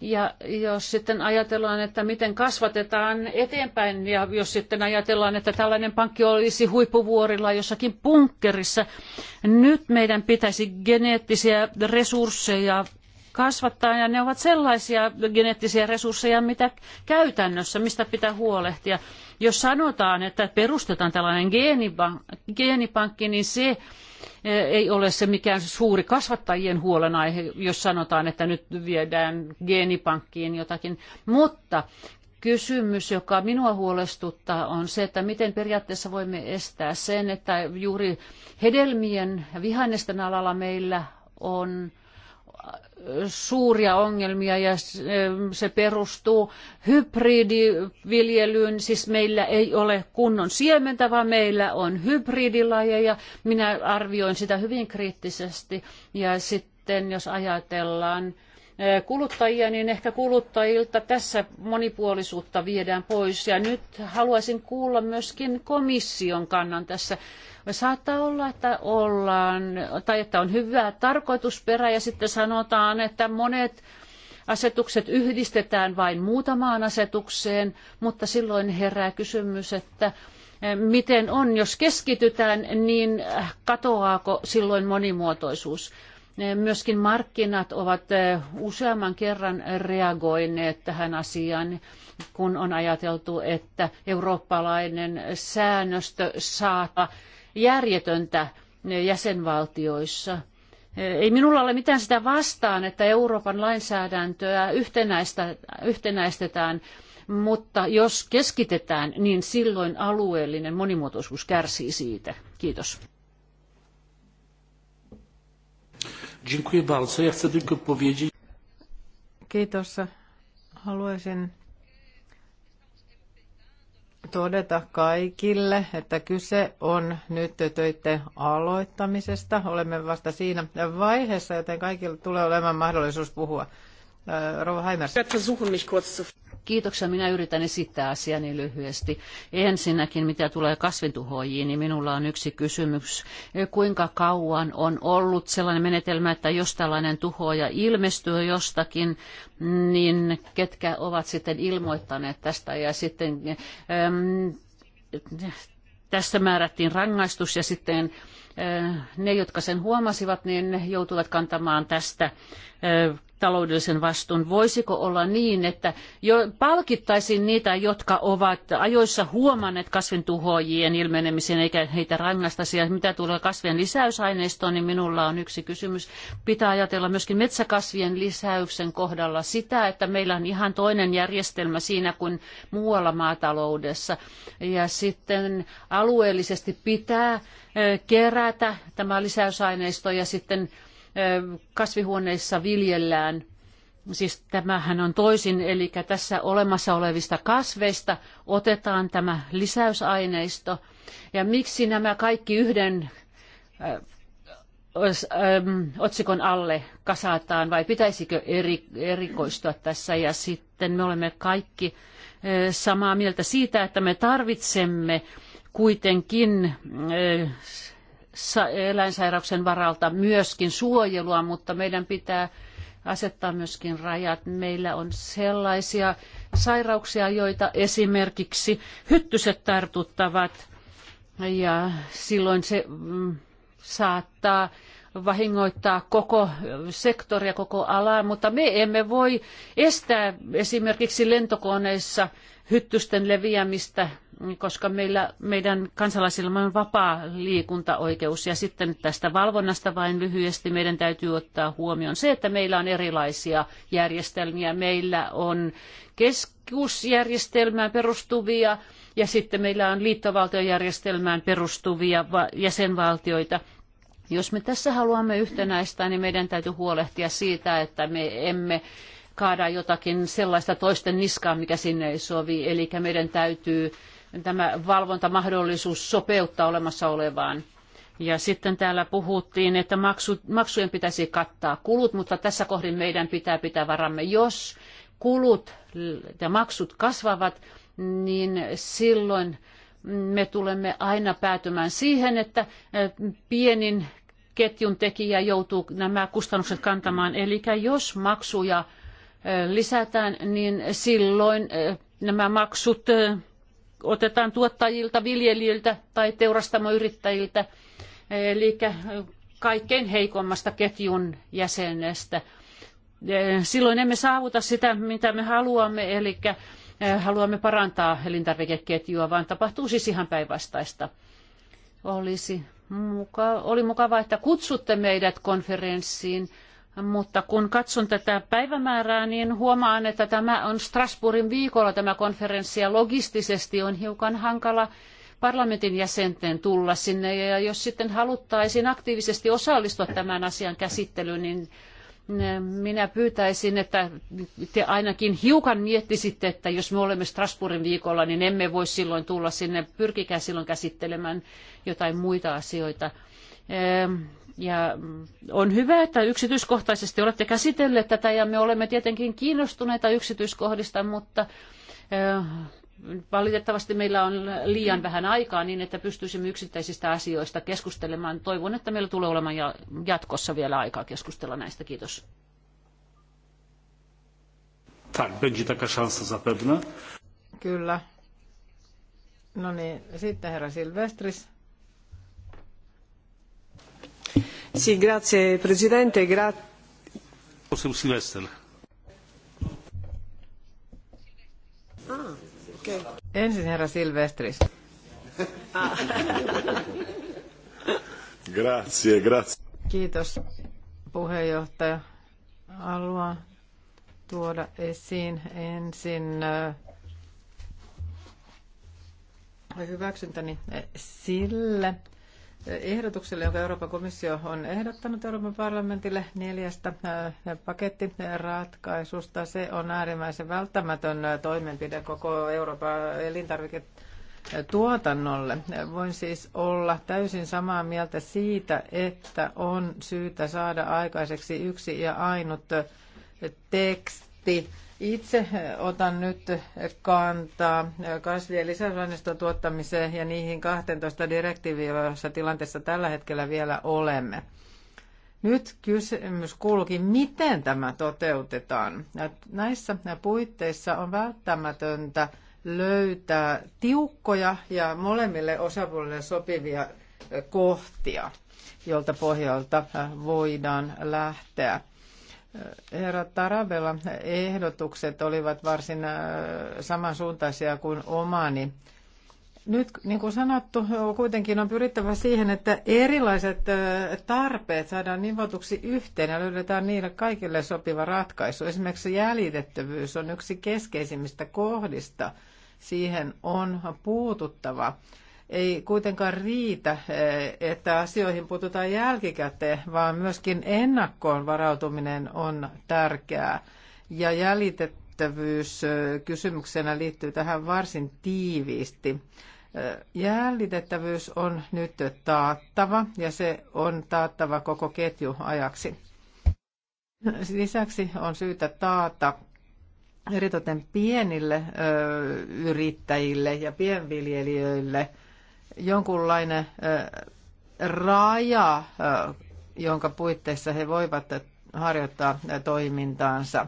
ja jos sitten ajatellaan, että miten kasvatetaan eteenpäin, ja jos sitten ajatellaan, että tällainen pankki olisi huippuvuorilla jossakin punkkerissa, nyt meidän pitäisi geneettisiä resursseja kasvattaa, ja ne ovat sellaisia geneettisiä resursseja, mitä käytännössä, mistä pitää huolehtia. Jos sanotaan, että perustetaan tällainen geenipankki, niin se Eh, ei ole se mikään suuri kasvattajien huolenaihe, jos sanotaan, että nyt viedään geenipankkiin jotakin. Mutta kysymys, joka minua huolestuttaa, on se, että miten periaatteessa voimme estää sen, että juuri hedelmien ja vihannesten alalla meillä on suuria ongelmia ja se perustuu hybridiviljelyyn. Siis meillä ei ole kunnon siementä, vaan meillä on hybridilajeja. Minä arvioin sitä hyvin kriittisesti ja sitten jos ajatellaan kuluttajia, niin ehkä kuluttajilta tässä monipuolisuutta viedään pois. Ja nyt haluaisin kuulla myöskin komission kannan tässä. Saattaa olla, että ollaan, tai että on hyvä tarkoitusperä ja sitten sanotaan, että monet asetukset yhdistetään vain muutamaan asetukseen, mutta silloin herää kysymys, että miten on, jos keskitytään, niin katoaako silloin monimuotoisuus. Myöskin markkinat ovat eh, useamman kerran reagoineet tähän asiaan, kun on ajateltu, että eurooppalainen säännöstö saata järjetöntä jäsenvaltioissa. Eh, ei minulla ole mitään sitä vastaan, että Euroopan lainsäädäntöä yhtenäistetään, mutta jos keskitetään, niin silloin alueellinen monimuotoisuus kärsii siitä. Kiitos. Dziękuję bardzo. Ja chcę tylko powiedzieć... Kiitos. Haluaisin todeta kaikille, että kyse on nyt töiden aloittamisesta. Olemme vasta siinä vaiheessa, joten kaikilla tulee olemaan mahdollisuus puhua. Rova Heimers. Kiitoksia, minä yritän esittää asiani lyhyesti. Ensinnäkin, mitä tulee kasvintuhoojiin, niin minulla on yksi kysymys. E, kuinka kauan on ollut sellainen menetelmä, että jos tällainen tuhoaja ilmestyy jostakin, niin ketkä ovat sitten ilmoittaneet tästä ja sitten ähm, tästä määrättiin rangaistus ja sitten ne, jotka sen huomasivat, niin joutuvat kantamaan tästä taloudellisen vastuun. Voisiko olla niin, että jo palkittaisiin niitä, jotka ovat ajoissa huomanneet kasvintuhoajien ilmenemisen eikä heitä rangaistaisi. Ja mitä tulee kasvien lisäysaineistoon, niin minulla on yksi kysymys. Pitää ajatella myöskin metsäkasvien lisäyksen kohdalla sitä, että meillä on ihan toinen järjestelmä siinä kuin muualla maataloudessa. Ja sitten alueellisesti pitää eh, kerätä tämä lisäysaineisto ja sitten kasvihuoneissa viljellään. Siis tämähän on toisin, eli tässä olemassa olevista kasveista otetaan tämä lisäysaineisto. Ja miksi nämä kaikki yhden otsikon alle kasataan vai pitäisikö eri, erikoistua tässä ja sitten me olemme kaikki samaa mieltä siitä, että me tarvitsemme kuitenkin eläinsairauksen varalta myöskin suojelua, mutta meidän pitää asettaa myöskin rajat. Meillä on sellaisia sairauksia, joita esimerkiksi hyttyset tartuttavat ja silloin se mm, saattaa vahingoittaa koko sektoria, koko alaa, mutta me emme voi estää esimerkiksi lentokoneissa hyttysten leviämistä koska meillä, meidän kansalaisilla on vapaa liikuntaoikeus. Ja sitten tästä valvonnasta vain lyhyesti meidän täytyy ottaa huomioon se, että meillä on erilaisia järjestelmiä. Meillä on keskusjärjestelmään perustuvia ja sitten meillä on liittovaltiojärjestelmään perustuvia jäsenvaltioita. Jos me tässä haluamme yhtenäistää, niin meidän täytyy huolehtia siitä, että me emme kaada jotakin sellaista toisten niskaan, mikä sinne ei sovi. Eli meidän täytyy tämä valvontamahdollisuus sopeuttaa olemassa olevaan. Ja sitten täällä puhuttiin, että maksu, maksujen pitäisi kattaa kulut, mutta tässä kohdin meidän pitää pitää varamme. Jos kulut ja maksut kasvavat, niin silloin me tulemme aina päätymään siihen, että eh, pienin ketjun tekijä joutuu nämä kustannukset kantamaan. Eli jos maksuja eh, lisätään, niin silloin eh, nämä maksut otetaan tuottajilta, viljelijöiltä tai teurastamoyrittäjiltä, eli kaikkein heikommasta ketjun jäsenestä. Silloin emme saavuta sitä, mitä me haluamme, eli haluamme parantaa elintarvikeketjua, vaan tapahtuu siis ihan päinvastaista. Olisi muka, oli mukava, että kutsutte meidät konferenssiin mutta kun katson tätä päivämäärää, niin huomaan, että tämä on Strasbourgin viikolla tämä konferenssi ja logistisesti on hiukan hankala parlamentin jäsenten tulla sinne. Ja jos sitten haluttaisiin aktiivisesti osallistua tämän asian käsittelyyn, niin minä pyytäisin, että te ainakin hiukan miettisitte, että jos me olemme Strasbourgin viikolla, niin emme voi silloin tulla sinne. Pyrkikää silloin käsittelemään jotain muita asioita. Ehm, ja on hyvä, että yksityiskohtaisesti olette käsitelleet tätä ja me olemme tietenkin kiinnostuneita yksityiskohdista, mutta valitettavasti meillä on liian vähän aikaa niin, että pystyisimme yksittäisistä asioista keskustelemaan. Toivon, että meillä tulee olemaan jatkossa vielä aikaa keskustella näistä. Kiitos. Tak, będzie taka szansa zapewne. Kyllä. No niin, sitten herra Silvestris signor Presidente. onorevoli ah, ah. colleghi Kiitos puheenjohtaja. Haluan tuoda esiin ensin äh, hyväksyntäni äh, sille, ehdotukselle, jonka Euroopan komissio on ehdottanut Euroopan parlamentille neljästä äh, pakettiratkaisusta. Se on äärimmäisen välttämätön äh, toimenpide koko Euroopan elintarviketuotannolle. Voin siis olla täysin samaa mieltä siitä, että on syytä saada aikaiseksi yksi ja ainut äh, teksti, itse eh, otan nyt kantaa eh, kasvien lisäysaineiston tuottamiseen ja niihin 12 direktiiviin, joissa tilanteessa tällä hetkellä vielä olemme. Nyt kysymys kuuluukin, miten tämä toteutetaan. Näissä puitteissa on välttämätöntä löytää tiukkoja ja molemmille osapuolille sopivia eh, kohtia, jolta pohjalta voidaan lähteä. Herra Tarabella ehdotukset olivat varsin äh, samansuuntaisia kuin omani. Nyt, niin kuin sanottu, kuitenkin on pyrittävä siihen, että erilaiset äh, tarpeet saadaan nivotuksi niin yhteen ja löydetään niille kaikille sopiva ratkaisu. Esimerkiksi jäljitettävyys on yksi keskeisimmistä kohdista. Siihen on puututtava ei kuitenkaan riitä, eh, että asioihin puututaan jälkikäteen, vaan myöskin ennakkoon varautuminen on tärkeää. Ja jäljitettävyys eh, kysymyksenä liittyy tähän varsin tiiviisti. Eh, jäljitettävyys on nyt taattava ja se on taattava koko ketju ajaksi. Lisäksi on syytä taata eritoten pienille ö, yrittäjille ja pienviljelijöille – jonkunlainen raja, jonka puitteissa he voivat harjoittaa toimintaansa.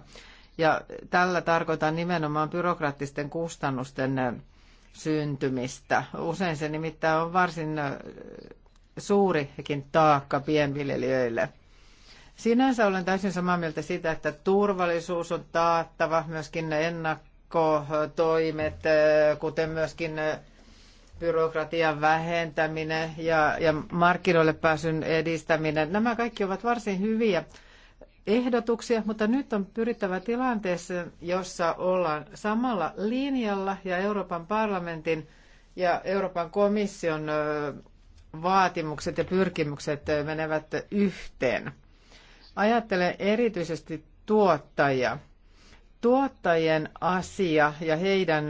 Ja tällä tarkoitan nimenomaan byrokraattisten kustannusten syntymistä. Usein se nimittäin on varsin suurikin taakka pienviljelijöille. Sinänsä olen täysin samaa mieltä siitä, että turvallisuus on taattava, myöskin ennakkotoimet, kuten myöskin byrokratian vähentäminen ja, ja markkinoille pääsyn edistäminen. Nämä kaikki ovat varsin hyviä ehdotuksia, mutta nyt on pyrittävä tilanteeseen, jossa ollaan samalla linjalla ja Euroopan parlamentin ja Euroopan komission vaatimukset ja pyrkimykset menevät yhteen. Ajattelen erityisesti tuottajia. Tuottajien asia ja heidän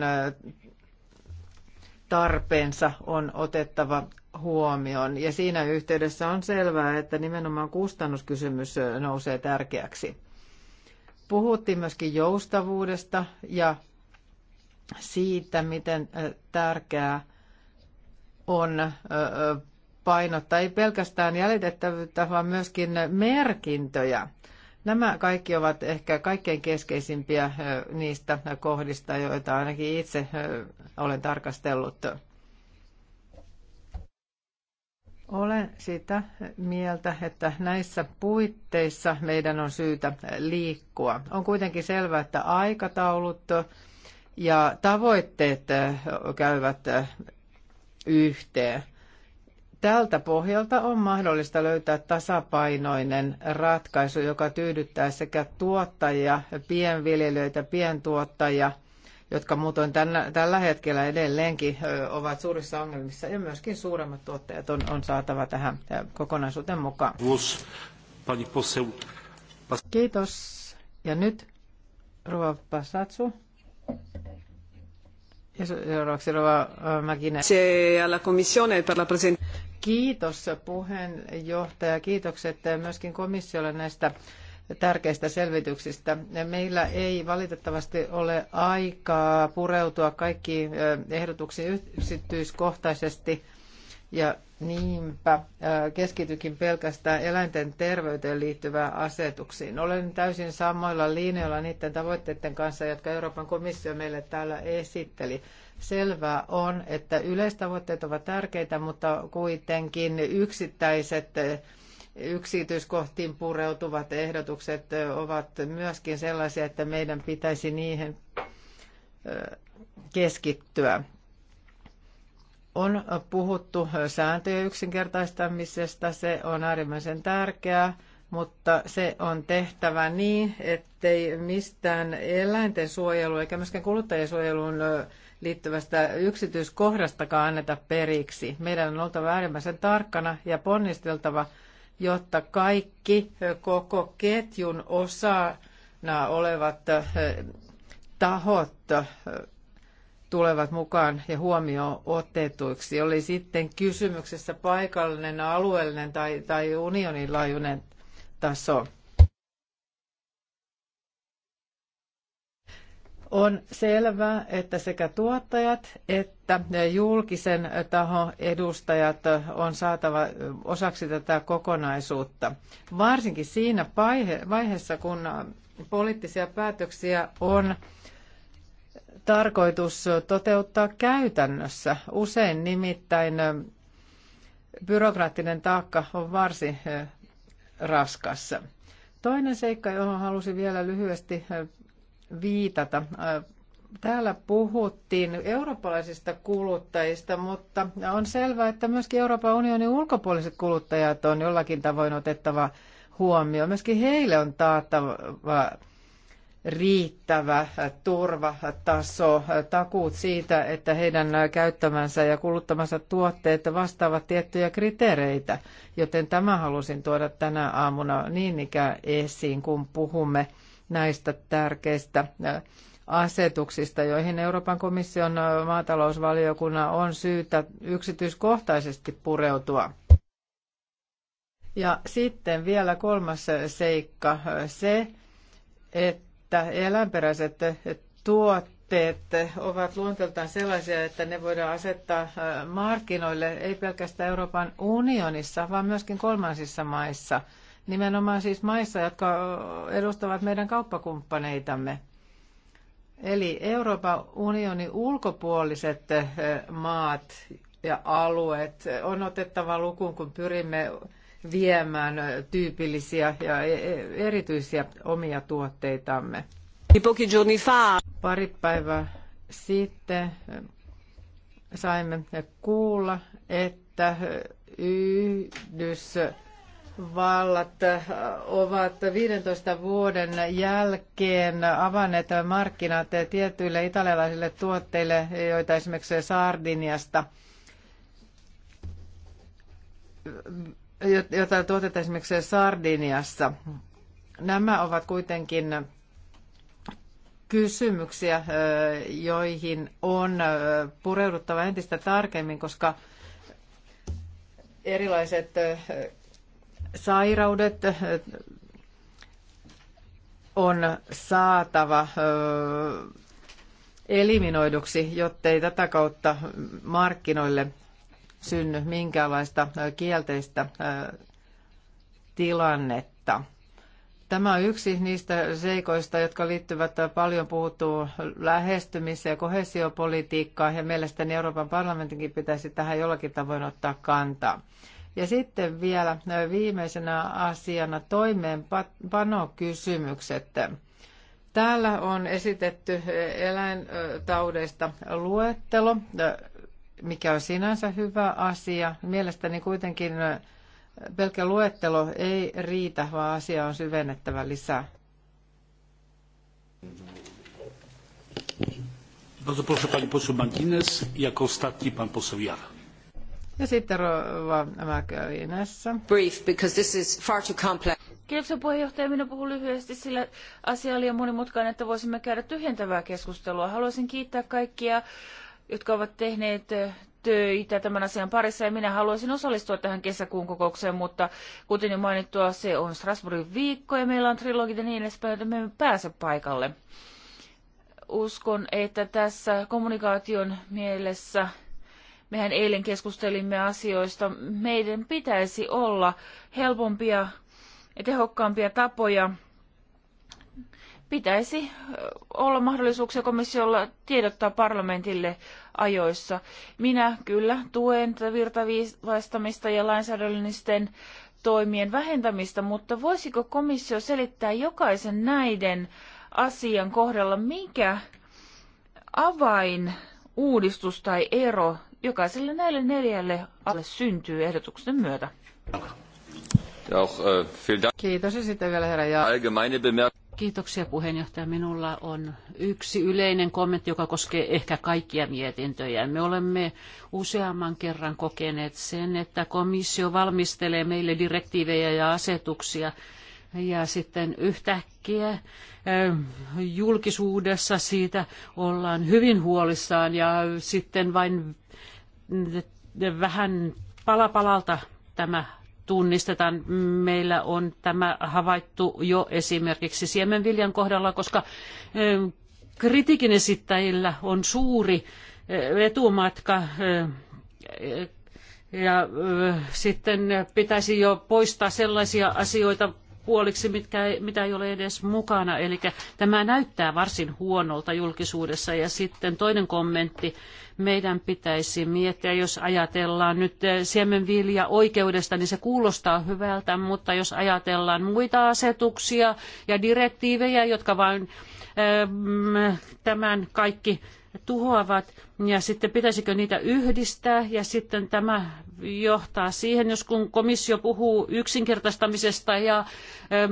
tarpeensa on otettava huomioon. Ja siinä yhteydessä on selvää, että nimenomaan kustannuskysymys nousee tärkeäksi. Puhuttiin myöskin joustavuudesta ja siitä, miten tärkeää on painottaa ei pelkästään jäljitettävyyttä, vaan myöskin merkintöjä – Nämä kaikki ovat ehkä kaikkein keskeisimpiä niistä kohdista, joita ainakin itse olen tarkastellut. Olen sitä mieltä, että näissä puitteissa meidän on syytä liikkua. On kuitenkin selvää, että aikataulut ja tavoitteet käyvät yhteen. Tältä pohjalta on mahdollista löytää tasapainoinen ratkaisu, joka tyydyttää sekä tuottajia, pienviljelijöitä, pientuottajia, jotka muutoin tänä, tällä hetkellä edelleenkin ovat suurissa ongelmissa, ja myöskin suuremmat tuottajat on, on saatava tähän kokonaisuuteen mukaan. Kiitos. Ja nyt Rova Pasatsu. Ja seuraavaksi Rova Mäkinen. alla Commissione per la Kiitos puheenjohtaja. Kiitokset myöskin komissiolle näistä tärkeistä selvityksistä. Meillä ei valitettavasti ole aikaa pureutua kaikkiin ehdotuksiin yksityiskohtaisesti ja niinpä keskitykin pelkästään eläinten terveyteen liittyvään asetuksiin. Olen täysin samoilla linjoilla niiden tavoitteiden kanssa, jotka Euroopan komissio meille täällä esitteli. Selvää on, että yleistavoitteet ovat tärkeitä, mutta kuitenkin yksittäiset eh, yksityiskohtiin pureutuvat ehdotukset eh, ovat myöskin sellaisia, että meidän pitäisi niihin eh, keskittyä. On puhuttu sääntöjen yksinkertaistamisesta, se on äärimmäisen tärkeää, mutta se on tehtävä niin, ettei mistään eläinten suojelu eikä myöskään kuluttajien suojelun liittyvästä yksityiskohdastakaan anneta periksi. Meidän on oltava äärimmäisen tarkkana ja ponnisteltava, jotta kaikki koko ketjun osana olevat tahot tulevat mukaan ja huomioon otetuiksi. Oli sitten kysymyksessä paikallinen, alueellinen tai, tai unionin laajuinen taso. On selvää, että sekä tuottajat että julkisen tahon edustajat on saatava osaksi tätä kokonaisuutta. Varsinkin siinä vaiheessa, kun poliittisia päätöksiä on tarkoitus toteuttaa käytännössä. Usein nimittäin byrokraattinen taakka on varsin eh, raskassa. Toinen seikka, johon halusin vielä lyhyesti eh, viitata. Äh, täällä puhuttiin eurooppalaisista kuluttajista, mutta on selvää, että myöskin Euroopan unionin ulkopuoliset kuluttajat on jollakin tavoin otettava huomioon. Myöskin heille on taattava riittävä turvataso, takuut siitä, että heidän käyttämänsä ja kuluttamansa tuotteet vastaavat tiettyjä kriteereitä. Joten tämä halusin tuoda tänä aamuna niin ikään esiin, kun puhumme näistä tärkeistä asetuksista, joihin Euroopan komission maatalousvaliokunnan on syytä yksityiskohtaisesti pureutua. Ja sitten vielä kolmas seikka, se, että eläinperäiset tuotteet ovat luonteeltaan sellaisia, että ne voidaan asettaa markkinoille ei pelkästään Euroopan unionissa, vaan myöskin kolmansissa maissa – nimenomaan siis maissa, jotka edustavat meidän kauppakumppaneitamme. Eli Euroopan unionin ulkopuoliset eh, maat ja alueet on otettava lukuun, kun pyrimme viemään eh, tyypillisiä ja eh, erityisiä omia tuotteitamme. Pari päivää sitten saimme kuulla, että Yhdysvallat Yhdysvallat äh, ovat 15 vuoden jälkeen avanneet markkinat tietyille italialaisille tuotteille, joita esimerkiksi Sardiniasta, jota tuotetaan esimerkiksi Sardiniassa. Nämä ovat kuitenkin kysymyksiä, äh, joihin on äh, pureuduttava entistä tarkemmin, koska erilaiset sairaudet eh, on saatava eh, eliminoiduksi, jottei tätä kautta markkinoille synny minkäänlaista eh, kielteistä tilannetta. Tämä on yksi niistä seikoista, jotka liittyvät paljon puhuttuun lähestymiseen ja kohesiopolitiikkaan, ja mielestäni Euroopan parlamentinkin pitäisi tähän jollakin tavoin ottaa kantaa. Ja sitten vielä viimeisenä asiana toimeenpanokysymykset. Täällä on esitetty eläintaudeista luettelo, mikä on sinänsä hyvä asia. Mielestäni kuitenkin pelkä luettelo ei riitä, vaan asia on syvennettävä lisää. Bardzo proszę pani poseł Martinez, jako ostatni pan poseł Jara. Ja sitten Rova Mäköinässä. Brief, because this is far too complex. Kiitoksia puheenjohtaja. Minä puhun lyhyesti, sillä asia oli jo monimutkainen, että voisimme käydä tyhjentävää keskustelua. Haluaisin kiittää kaikkia, jotka ovat tehneet eh, töitä tämän asian parissa ja minä haluaisin osallistua tähän kesäkuun kokoukseen, mutta kuten jo mainittua, se on Strasbourgin viikko ja meillä on trilogit ja niin edespäin, joten me emme pääse paikalle. Uskon, että tässä kommunikaation mielessä – Mehän eilen keskustelimme asioista. Meidän pitäisi olla helpompia ja tehokkaampia tapoja. Pitäisi olla mahdollisuuksia komissiolla tiedottaa parlamentille ajoissa. Minä kyllä tuen tätä virtaviivaistamista ja lainsäädännöllisten toimien vähentämistä, mutta voisiko komissio selittää jokaisen näiden asian kohdalla, mikä avain, uudistus tai ero jokaiselle näille neljälle alle syntyy ehdotuksen myötä. Äh, Kiitos ja sitten vielä herra ja... Kiitoksia puheenjohtaja. Minulla on yksi yleinen kommentti, joka koskee ehkä kaikkia mietintöjä. Me olemme useamman kerran kokeneet sen, että komissio valmistelee meille direktiivejä ja asetuksia, ja sitten yhtäkkiä ähm, julkisuudessa siitä ollaan hyvin huolissaan ja sitten vain vähän pala palalta tämä tunnistetaan. Meillä on tämä havaittu jo esimerkiksi siemenviljan kohdalla, koska kritiikin esittäjillä on suuri etumatka ja sitten pitäisi jo poistaa sellaisia asioita puoliksi, mitkä, mitä ei ole edes mukana. Eli tämä näyttää varsin huonolta julkisuudessa. Ja sitten toinen kommentti meidän pitäisi miettiä, jos ajatellaan nyt eh, siemenvilja oikeudesta, niin se kuulostaa hyvältä, mutta jos ajatellaan muita asetuksia ja direktiivejä, jotka vain eh, mm, tämän kaikki tuhoavat, ja sitten pitäisikö niitä yhdistää, ja sitten tämä johtaa siihen, jos kun komissio puhuu yksinkertaistamisesta ja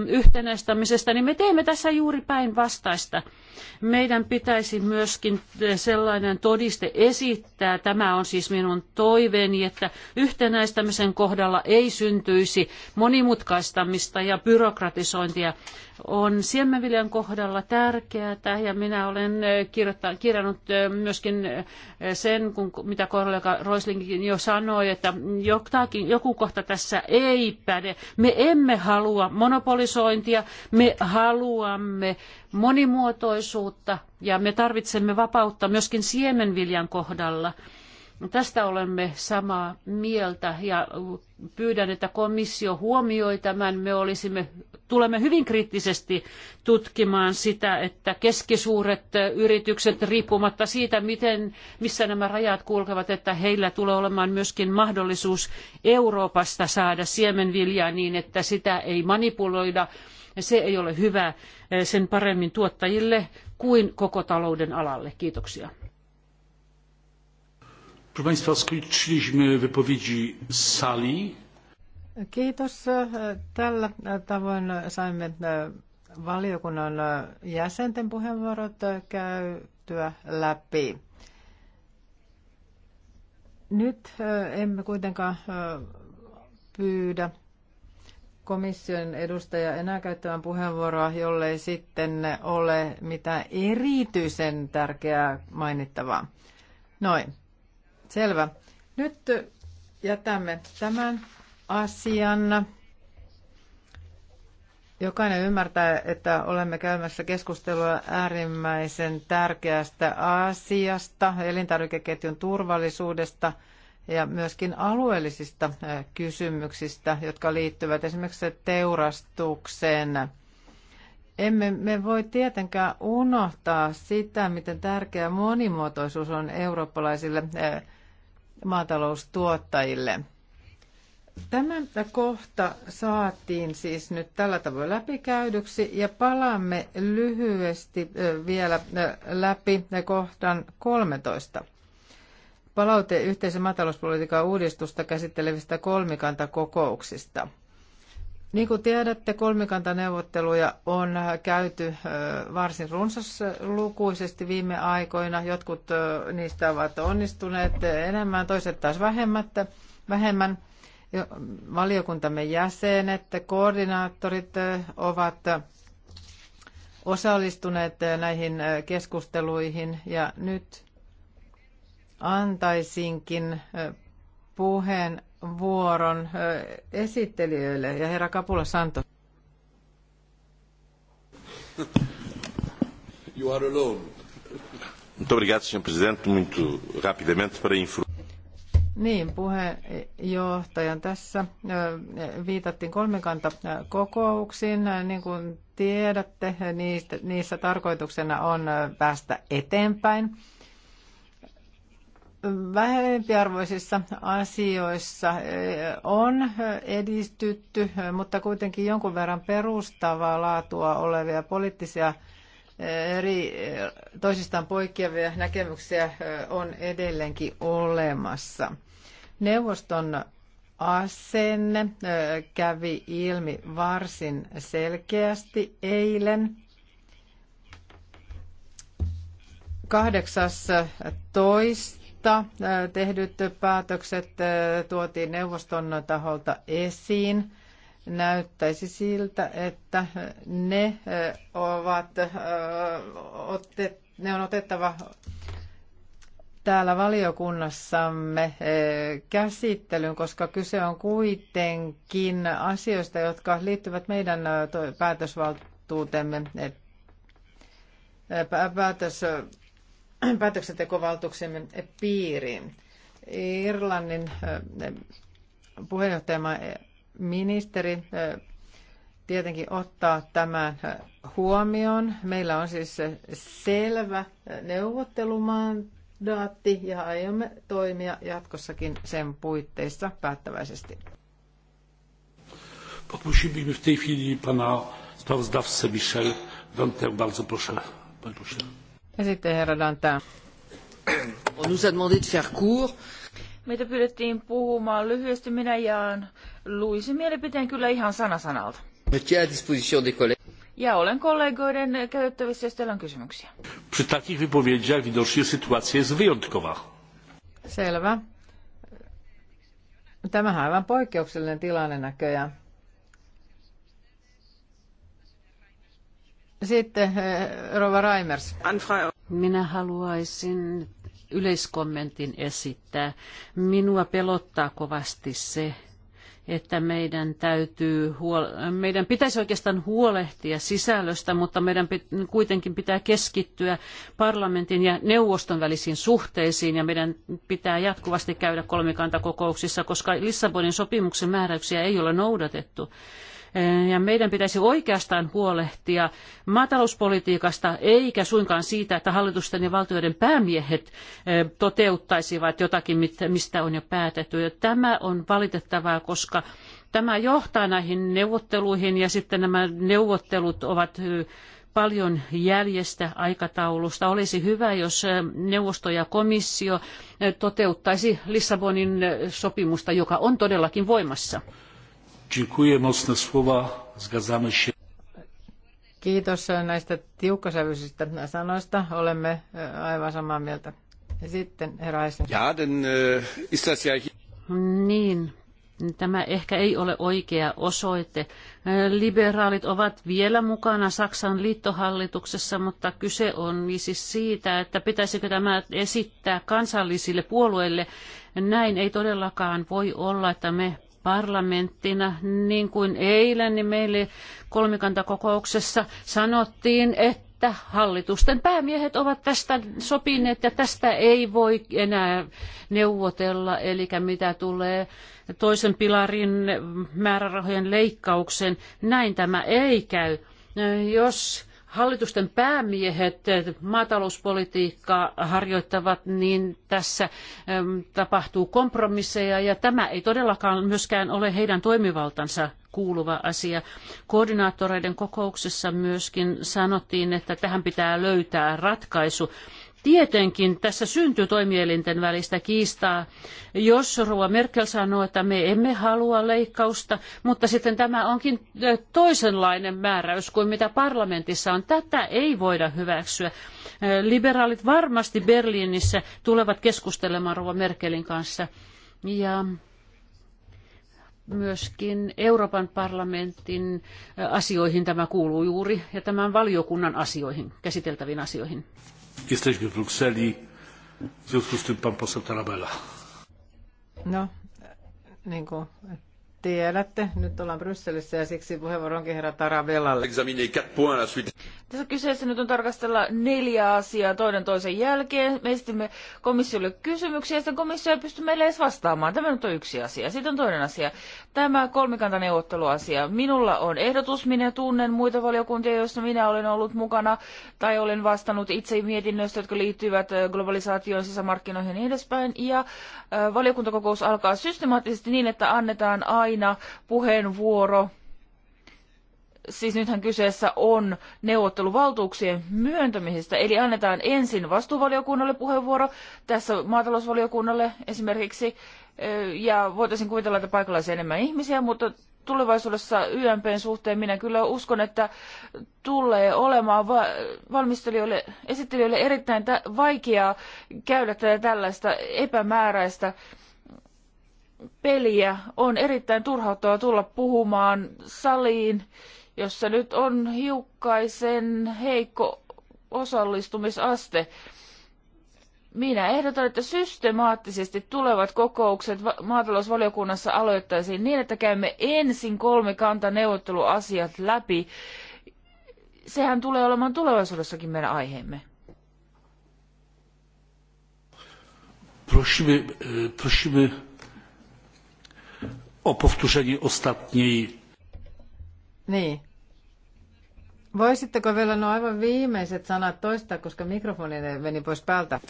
yhtenäistämisestä, niin me teemme tässä juuri päinvastaista. Meidän pitäisi myöskin sellainen todiste esittää, tämä on siis minun toiveeni, että yhtenäistämisen kohdalla ei syntyisi monimutkaistamista ja byrokratisointia on siemenviljan kohdalla tärkeää ja minä olen kirjannut myöskin sen, kun, mitä kollega Roislingkin jo sanoi, että jotakin, joku kohta tässä ei päde. Me emme halua monopolisointia, me haluamme monimuotoisuutta ja me tarvitsemme vapautta myöskin siemenviljan kohdalla. Tästä olemme samaa mieltä ja pyydän, että komissio huomioi tämän. Me olisimme tulemme hyvin kriittisesti tutkimaan sitä, että keskisuuret yritykset, riippumatta siitä, miten, missä nämä rajat kulkevat, että heillä tulee olemaan myöskin mahdollisuus Euroopasta saada siemenviljaa niin, että sitä ei manipuloida. Se ei ole hyvä eh, sen paremmin tuottajille kuin koko talouden alalle. Kiitoksia. Proszę Państwa, skończyliśmy wypowiedzi z sali. Kiitos. Tällä tavoin saimme äh, valiokunnan äh, jäsenten puheenvuorot äh, käytyä läpi. Nyt emme kuitenkaan pyydä komission edustaja enää käyttämään puheenvuoroa, jollei sitten ole mitään erityisen tärkeää mainittavaa. Noin. Selvä. Nyt jätämme tämän asian. Jokainen ymmärtää, että olemme käymässä keskustelua äärimmäisen tärkeästä asiasta, elintarvikeketjun turvallisuudesta ja myöskin alueellisista kysymyksistä, jotka liittyvät esimerkiksi teurastukseen. Emme me voi tietenkään unohtaa sitä, miten tärkeä monimuotoisuus on eurooppalaisille maataloustuottajille – Tämä kohta saatiin siis nyt tällä tavoin läpikäydyksi ja palaamme lyhyesti vielä läpi kohtan 13. Palaute yhteisen maatalouspolitiikan uudistusta käsittelevistä kolmikantakokouksista. Niin kuin tiedätte, kolmikantaneuvotteluja on käyty varsin runsaslukuisesti viime aikoina. Jotkut niistä ovat onnistuneet enemmän, toiset taas vähemmän valiokuntamme jäsenet, koordinaattorit ovat osallistuneet näihin keskusteluihin ja nyt antaisinkin puheenvuoron esittelijöille ja herra Kapula Santo. You are alone. Muito obrigado, senhor Presidente. Muito rapidamente para informar. Niin, puheenjohtajan tässä äh, viitattiin kolmikantakokouksiin. Niin kuin tiedätte, niistä, niissä tarkoituksena on äh, päästä eteenpäin. Vähempiarvoisissa asioissa äh, on edistytty, mutta kuitenkin jonkun verran perustavaa laatua olevia poliittisia eri toisistaan poikkeavia näkemyksiä on edelleenkin olemassa. Neuvoston asenne kävi ilmi varsin selkeästi eilen. 18. tehdyt päätökset tuotiin neuvoston taholta esiin. Näyttäisi siltä, että ne, ovat, ne on otettava täällä valiokunnassamme eh, käsittelyyn, koska kyse on kuitenkin asioista, jotka liittyvät meidän eh, päätösvaltuutemme, eh, päätös, päätöksentekovaltuuksemme piiriin. Irlannin puheenjohtajamaa ministeri tietenkin ottaa tämän huomioon. Meillä on siis selvä neuvottelumaan mandaatti ja aiomme toimia jatkossakin sen puitteissa päättäväisesti. Poprosimy w tej chwili pana sprawozdawcę Michel Dantę. Bardzo proszę, panie pośle. herra On nous a demandé de faire court. Meitä pyydettiin puhumaan lyhyesti. Minä jaan Luisin mielipiteen kyllä ihan sana sanalta. Me à disposition des collègues ja olen kollegoiden käytettävissä, jos teillä on kysymyksiä. Przy takich wypowiedziach widocznie sytuacja jest wyjątkowa. Selvä. Tämähän on aivan poikkeuksellinen tilanne näköjään. Sitten eh, Rova Raimers. Minä haluaisin yleiskommentin esittää. Minua pelottaa kovasti se, että meidän täytyy huol- meidän pitäisi oikeastaan huolehtia sisällöstä, mutta meidän kuitenkin pitää keskittyä parlamentin ja neuvoston välisiin suhteisiin ja meidän pitää jatkuvasti käydä kolmikantakokouksissa, koska Lissabonin sopimuksen määräyksiä ei ole noudatettu. Eh, ja meidän pitäisi oikeastaan huolehtia maatalouspolitiikasta, eikä suinkaan siitä, että hallitusten ja valtioiden päämiehet eh, toteuttaisivat jotakin, mistä on jo päätetty. Ja tämä on valitettavaa, koska tämä johtaa näihin neuvotteluihin ja sitten nämä neuvottelut ovat eh, paljon jäljestä aikataulusta. Olisi hyvä, jos neuvosto ja komissio toteuttaisi Lissabonin sopimusta, joka on todellakin voimassa. Dziękuję, mocne słowa, zgadzamy się. Kiitos näistä tiukkasävyisistä sanoista. Olemme aivan samaa mieltä. Sitten herra Ja, den, äh, ist das ja... Niin, tämä ehkä ei ole oikea osoite. Liberaalit ovat vielä mukana Saksan liittohallituksessa, mutta kyse on siis siitä, että pitäisikö tämä esittää kansallisille puolueille. Näin ei todellakaan voi olla, että me parlamenttina, niin kuin eilen, niin meille kolmikantakokouksessa sanottiin, että hallitusten päämiehet ovat tästä sopineet ja tästä ei voi enää neuvotella, eli mitä tulee toisen pilarin määrärahojen leikkauksen, näin tämä ei käy. Jos hallitusten päämiehet eh, maatalouspolitiikkaa harjoittavat, niin tässä tapahtuu kompromisseja ja tämä ei todellakaan myöskään ole heidän toimivaltansa kuuluva asia. Koordinaattoreiden kokouksessa myöskin sanottiin, että tähän pitää löytää ratkaisu. Tietenkin tässä syntyy toimielinten välistä kiistaa. Jos Rova Merkel sanoo, että me emme halua leikkausta, mutta sitten tämä onkin eh, toisenlainen määräys kuin mitä parlamentissa on. Tätä ei voida hyväksyä. Eh, liberaalit varmasti Berliinissä tulevat keskustelemaan Rova Merkelin kanssa. Ja myöskin Euroopan parlamentin eh, asioihin tämä kuuluu juuri ja tämän valiokunnan asioihin, käsiteltäviin asioihin. Jesteśmy w Brukseli, w związku z tym pan poseł Tarabella. No, niin tiedätte. Nyt ollaan Brysselissä ja siksi puheenvuoro onkin herra Taravellalle. Tässä kyseessä nyt on tarkastella neljä asiaa toinen toisen jälkeen. Me esitimme komissiolle kysymyksiä ja sitten komissio ei pysty meille edes vastaamaan. Tämä nyt on yksi asia. Sitten on toinen asia. Tämä kolmikantaneuvotteluasia. Minulla on ehdotus. Minä tunnen muita valiokuntia, joissa minä olen ollut mukana tai olen vastannut itse mietinnöistä, jotka liittyvät globalisaatioon, sisämarkkinoihin ja niin edespäin. Ja valiokuntakokous alkaa systemaattisesti niin, että annetaan aina aina puheenvuoro. Siis nythän kyseessä on neuvotteluvaltuuksien myöntämisestä, eli annetaan ensin vastuuvaliokunnalle puheenvuoro, tässä maatalousvaliokunnalle esimerkiksi, ja voitaisiin kuvitella, että paikalla enemmän ihmisiä, mutta tulevaisuudessa YMPn suhteen minä kyllä uskon, että tulee olemaan va- valmistelijoille, esittelijöille erittäin vaikeaa käydä tätä tällaista epämääräistä peliä. On erittäin turhauttavaa tulla puhumaan saliin, jossa nyt on hiukkaisen heikko osallistumisaste. Minä ehdotan, että systemaattisesti tulevat kokoukset maatalousvaliokunnassa aloittaisiin niin, että käymme ensin kolme kantaneuvotteluasiat läpi. Sehän tulee olemaan tulevaisuudessakin meidän aiheemme. Prosimme, prosimme o powtórzenie ostatniej. Niin. Voisitteko vielä nuo aivan viimeiset sanat toistaa, koska mikrofoni meni pois päältä?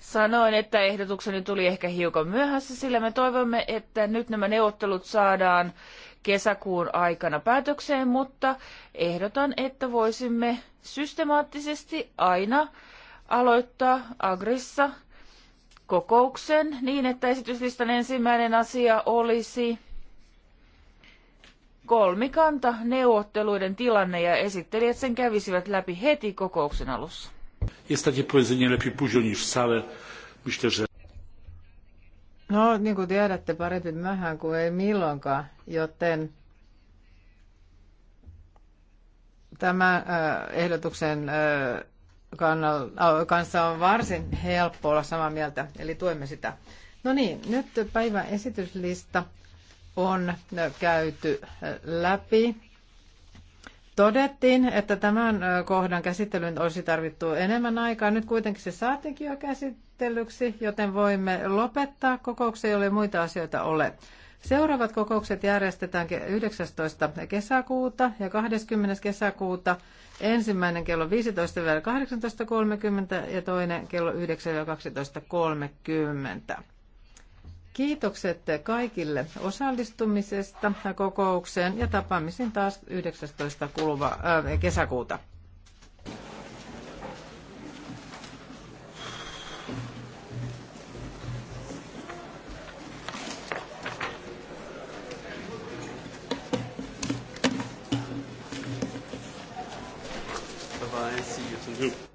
Sanoin, että ehdotukseni tuli ehkä hiukan myöhässä, sillä me toivomme, että nyt nämä neuvottelut saadaan kesäkuun aikana päätökseen, mutta ehdotan, että voisimme systemaattisesti aina aloittaa Agrissa kokouksen niin, että esityslistan ensimmäinen asia olisi kolmikanta neuvotteluiden tilanne ja esittelijät sen kävisivät läpi heti kokouksen alussa. No, niin kuin tiedätte, parempi myöhään kuin ei milloinkaan, joten tämä ehdotuksen Äh, kanssa on varsin helppo olla samaa mieltä, eli tuemme sitä. No niin, nyt päivän esityslista on käyty äh, läpi. Todettiin, että tämän äh, kohdan käsittelyyn olisi tarvittu enemmän aikaa. Nyt kuitenkin se saatiinkin jo käsittelyksi, joten voimme lopettaa kokouksen, jolle muita asioita ole. Seuraavat kokoukset järjestetään 19. kesäkuuta ja 20. kesäkuuta ensimmäinen kello 15-18.30 ja toinen kello 9-12.30. Kiitokset kaikille osallistumisesta kokoukseen ja tapaamisin taas 19. Äh, kesäkuuta. who mm-hmm.